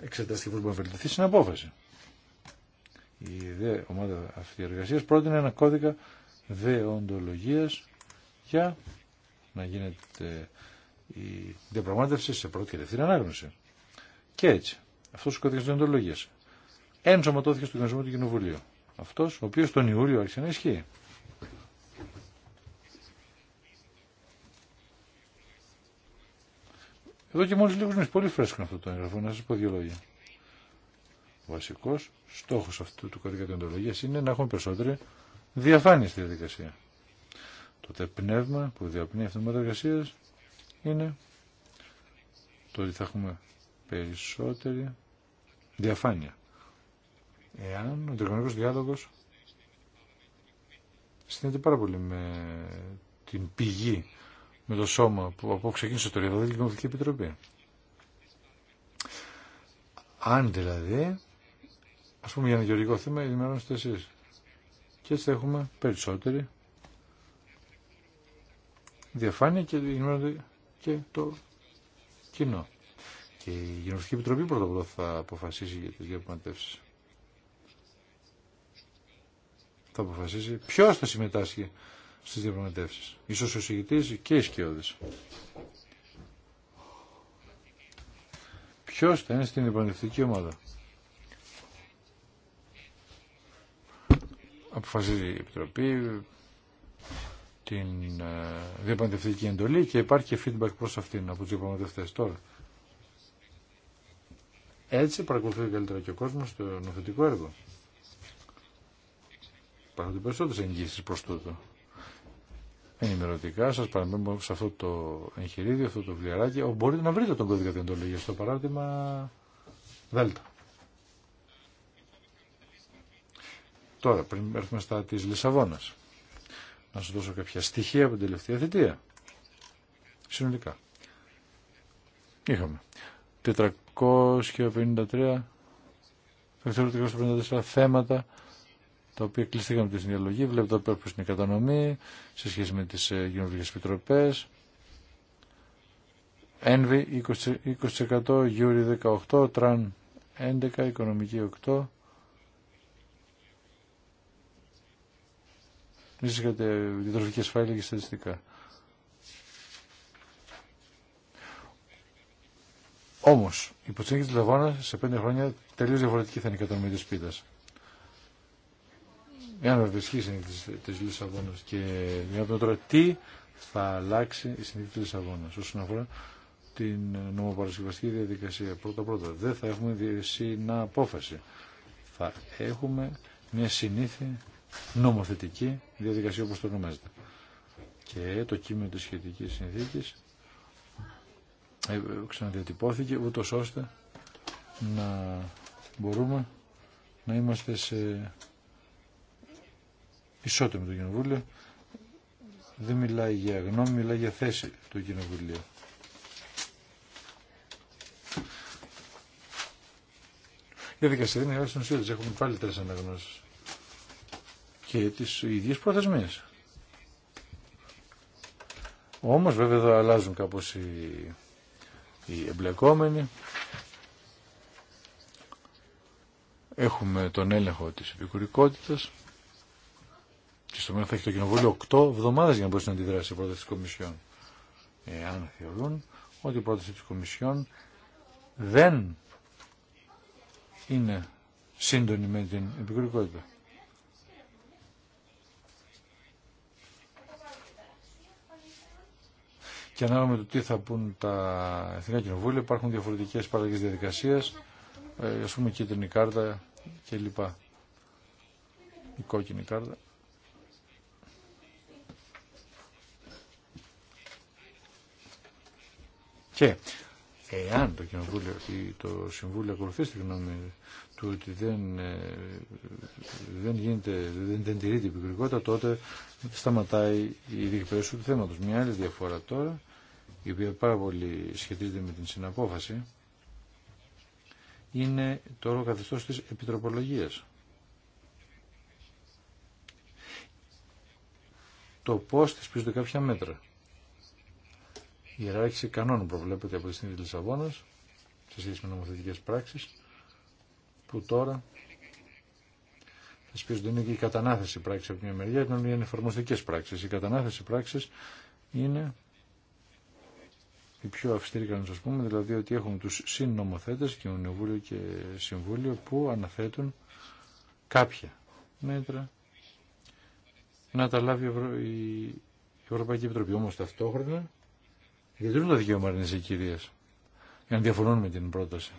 Εξετάστηκε που μπορεί να βελτιωθεί στην απόφαση. Η δε ομάδα αυτή εργασίας πρότεινε ένα κώδικα δεοντολογίας για να γίνεται η διαπραγμάτευση σε πρώτη και δεύτερη ανάγνωση. Και έτσι, αυτός ο κώδικας δεοντολογίας ενσωματώθηκε στο κοινωνισμό του Κοινοβουλίου. Αυτός, ο οποίο τον Ιούλιο άρχισε να ισχύει. Εδώ και μόλι λίγο είναι πολύ φρέσκο αυτό το έγγραφο, να σα πω δύο λόγια βασικός στόχος αυτού του κώδικα είναι να έχουμε περισσότερη διαφάνεια στη διαδικασία. Το πνεύμα που διαπνέει αυτή τη εργασία είναι το ότι θα έχουμε περισσότερη διαφάνεια. Εάν ο τριγωνικός διάλογος συνδέεται πάρα πολύ με την πηγή, με το σώμα που από ξεκίνησε το Ρεβαδέλη δηλαδή Κοινοβουλική Επιτροπή. Αν δηλαδή ας πούμε για ένα γεωργικό θέμα ενημερώνεστε εσείς. Και έτσι έχουμε περισσότερη διαφάνεια και ενημερώνεται και το κοινό. Και η Γενοστική Επιτροπή πρώτα απ' θα αποφασίσει για τις διαπραγματεύσεις. Θα αποφασίσει ποιος θα συμμετάσχει στις διαπραγματεύσεις. Ίσως ο συγητής και οι σκιώδε. Ποιος θα είναι στην επανειληπτική ομάδα. αποφασίζει η Επιτροπή την ε, διαπραγματευτική εντολή και υπάρχει και feedback προς αυτήν από τους διαπραγματευτές τώρα. Έτσι παρακολουθεί καλύτερα και ο κόσμος το νομοθετικό έργο. Υπάρχουν περισσότερες εγγύσεις προς τούτο. Ενημερωτικά σας παραμένω σε αυτό το εγχειρίδιο, αυτό το βιβλιαράκι, μπορείτε να βρείτε τον κώδικα για στο παράδειγμα Δέλτα. Τώρα, πριν έρθουμε στα της Λισαβόνας, να σου δώσω κάποια στοιχεία από την τελευταία θητεία. Συνολικά. Είχαμε 453 454 θέματα τα οποία κλειστήκαν από τη συνδιαλογή. Βλέπετε εδώ πέρα είναι η κατανομή σε σχέση με τις ε, κοινωνικές επιτροπές. Envy 20%, Γιούρι 18%, Τραν 11%, Οικονομική 8%, είχατε διατροφική ασφάλεια και στατιστικά. Όμω, η υποστήριξη τη Λαβάνα σε πέντε χρόνια τελείω διαφορετική θα είναι η κατανομή τη πίτα. βρισκεί η συνήθεια τη Λισαβόνα και μια από τώρα τι θα αλλάξει η συνήθεια τη Λισαβόνα όσον αφορά την νομοπαρασκευαστική διαδικασία. Πρώτα-πρώτα, δεν θα έχουμε απόφαση. Θα έχουμε μια συνήθεια νομοθετική διαδικασία όπως το ονομάζεται. Και το κείμενο της σχετικής συνθήκης ε, ξαναδιατυπώθηκε ούτω ώστε να μπορούμε να είμαστε σε ισότιμο το Κοινοβούλιο. Δεν μιλάει για γνώμη, μιλάει για θέση του Κοινοβουλίου. Η διαδικασία δεν είναι στην ουσία της. Έχουμε πάλι τρεις αναγνώσεις και τις ίδιες προθεσμίες. Όμως βέβαια εδώ αλλάζουν κάπως οι, οι εμπλεκόμενοι. Έχουμε τον έλεγχο της επικουρικότητας. Και στο μέλλον θα έχει το κοινοβούλιο 8 εβδομάδες για να μπορέσει να αντιδράσει η πρόταση της Κομισιόν. Εάν θεωρούν ότι η πρόταση της Κομισιόν δεν είναι σύντονη με την επικουρικότητα. και ανάλογα με το τι θα πούν τα Εθνικά Κοινοβούλια υπάρχουν διαφορετικές παραγές διαδικασίας, Α ε, ας πούμε κίτρινη κάρτα κλπ. Η κόκκινη κάρτα. Και εάν το Κοινοβούλιο ή το Συμβούλιο ακολουθεί τη γνώμη του ότι δεν, ε, δεν, γίνεται, δεν, δεν τηρεί την τότε σταματάει η διεκπαιρέωση του θέματος. Μια άλλη διαφορά τώρα η οποία πάρα πολύ σχετίζεται με την συναπόφαση, είναι το όρο καθεστώς της επιτροπολογίας. Το πώς της πίζονται κάποια μέτρα. Η ιεράρχηση κανόνων προβλέπεται από τη στιγμή της Λισαβόνας, σε σχέση με νομοθετικές πράξεις, που τώρα θεσπίζονται είναι και η κατανάθεση πράξη από μια μεριά, ενώ είναι εφαρμοστικέ πράξεις. Η κατανάθεση πράξης είναι οι πιο αυστηροί να σας πούμε, δηλαδή ότι έχουμε τους συνομοθέτες, ονειοβούλιο και συμβούλιο, που αναθέτουν κάποια μέτρα να τα λάβει η, Ευρωπαϊκή Επιτροπή. Όμως ταυτόχρονα διατηρούν τα δικαίωμα της κυρίας, για να διαφωνούν με την πρόταση.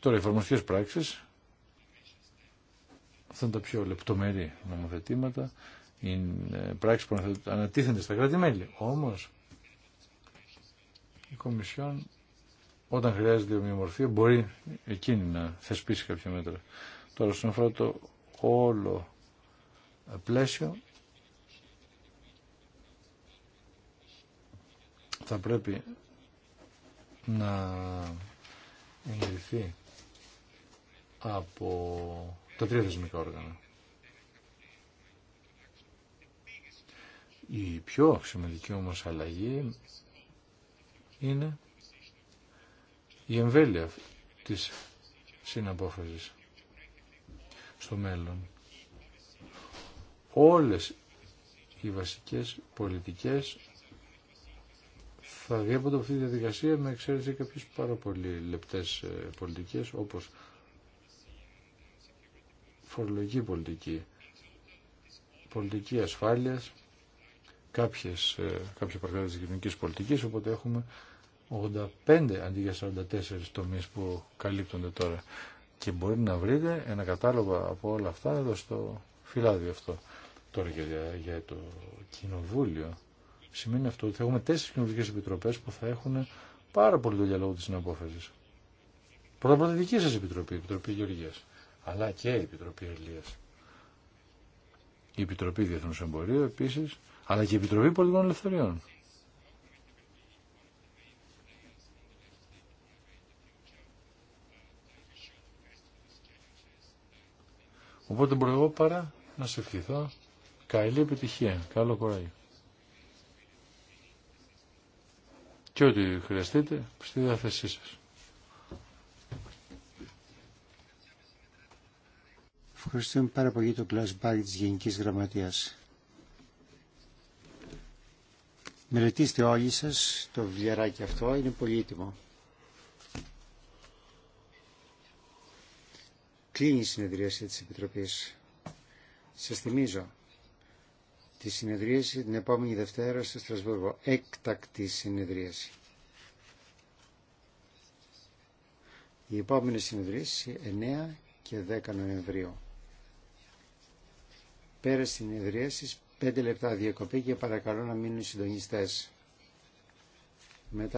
Τώρα, οι εφαρμοστικές πράξεις, αυτά είναι τα πιο λεπτομερή νομοθετήματα, είναι πράξεις που ανατίθενται στα κράτη-μέλη. Όμως, η Κομισιόν όταν χρειάζεται ομοιομορφία μπορεί εκείνη να θεσπίσει κάποια μέτρα. Τώρα στον αφορά το όλο πλαίσιο θα πρέπει να εγκριθεί από τα τρία θεσμικά όργανα. Η πιο σημαντική όμως αλλαγή είναι η εμβέλεια της συναπόφασης στο μέλλον. Όλες οι βασικές πολιτικές θα διέπονται από αυτή τη διαδικασία με εξαίρεση κάποιες πάρα πολύ λεπτές ε, πολιτικές όπως φορολογική πολιτική, πολιτική ασφάλειας, κάποιες, ε, κάποια παρακάτες της κοινωνικής πολιτικής, οπότε έχουμε 85 αντί για 44 τομείς που καλύπτονται τώρα. Και μπορείτε να βρείτε ένα κατάλογο από όλα αυτά εδώ στο φυλάδιο αυτό. Τώρα για, για το κοινοβούλιο σημαίνει αυτό ότι θα έχουμε τέσσερις κοινοβουλικές επιτροπές που θα έχουν πάρα πολύ δουλειά λόγω της συναπόφασης. Πρώτα πρώτα δική σας επιτροπή, η Επιτροπή Γεωργίας, αλλά και η Επιτροπή Ελίας. Η Επιτροπή Διεθνούς Εμπορίου επίσης, αλλά και η Επιτροπή Πολιτικών Ελευθεριών. Οπότε μπορώ εγώ παρά να σε ευχηθώ. Καλή επιτυχία. Καλό κοράγιο. Και ό,τι χρειαστείτε στη διάθεσή σας. Ευχαριστούμε πάρα πολύ το Κλάς της Γενικής Γραμματείας. Μελετήστε όλοι σας το βιβλιαράκι αυτό, είναι πολύ έτοιμο. κλείνει η συνεδρίαση της Επιτροπής. Σας θυμίζω τη συνεδρίαση την επόμενη Δευτέρα στο Στρασβούργο. Έκτακτη συνεδρίαση. Η επόμενη συνεδρίαση 9 και 10 Νοεμβρίου. Πέρα συνεδρίασης 5 λεπτά διακοπή και παρακαλώ να μείνουν οι Μετά.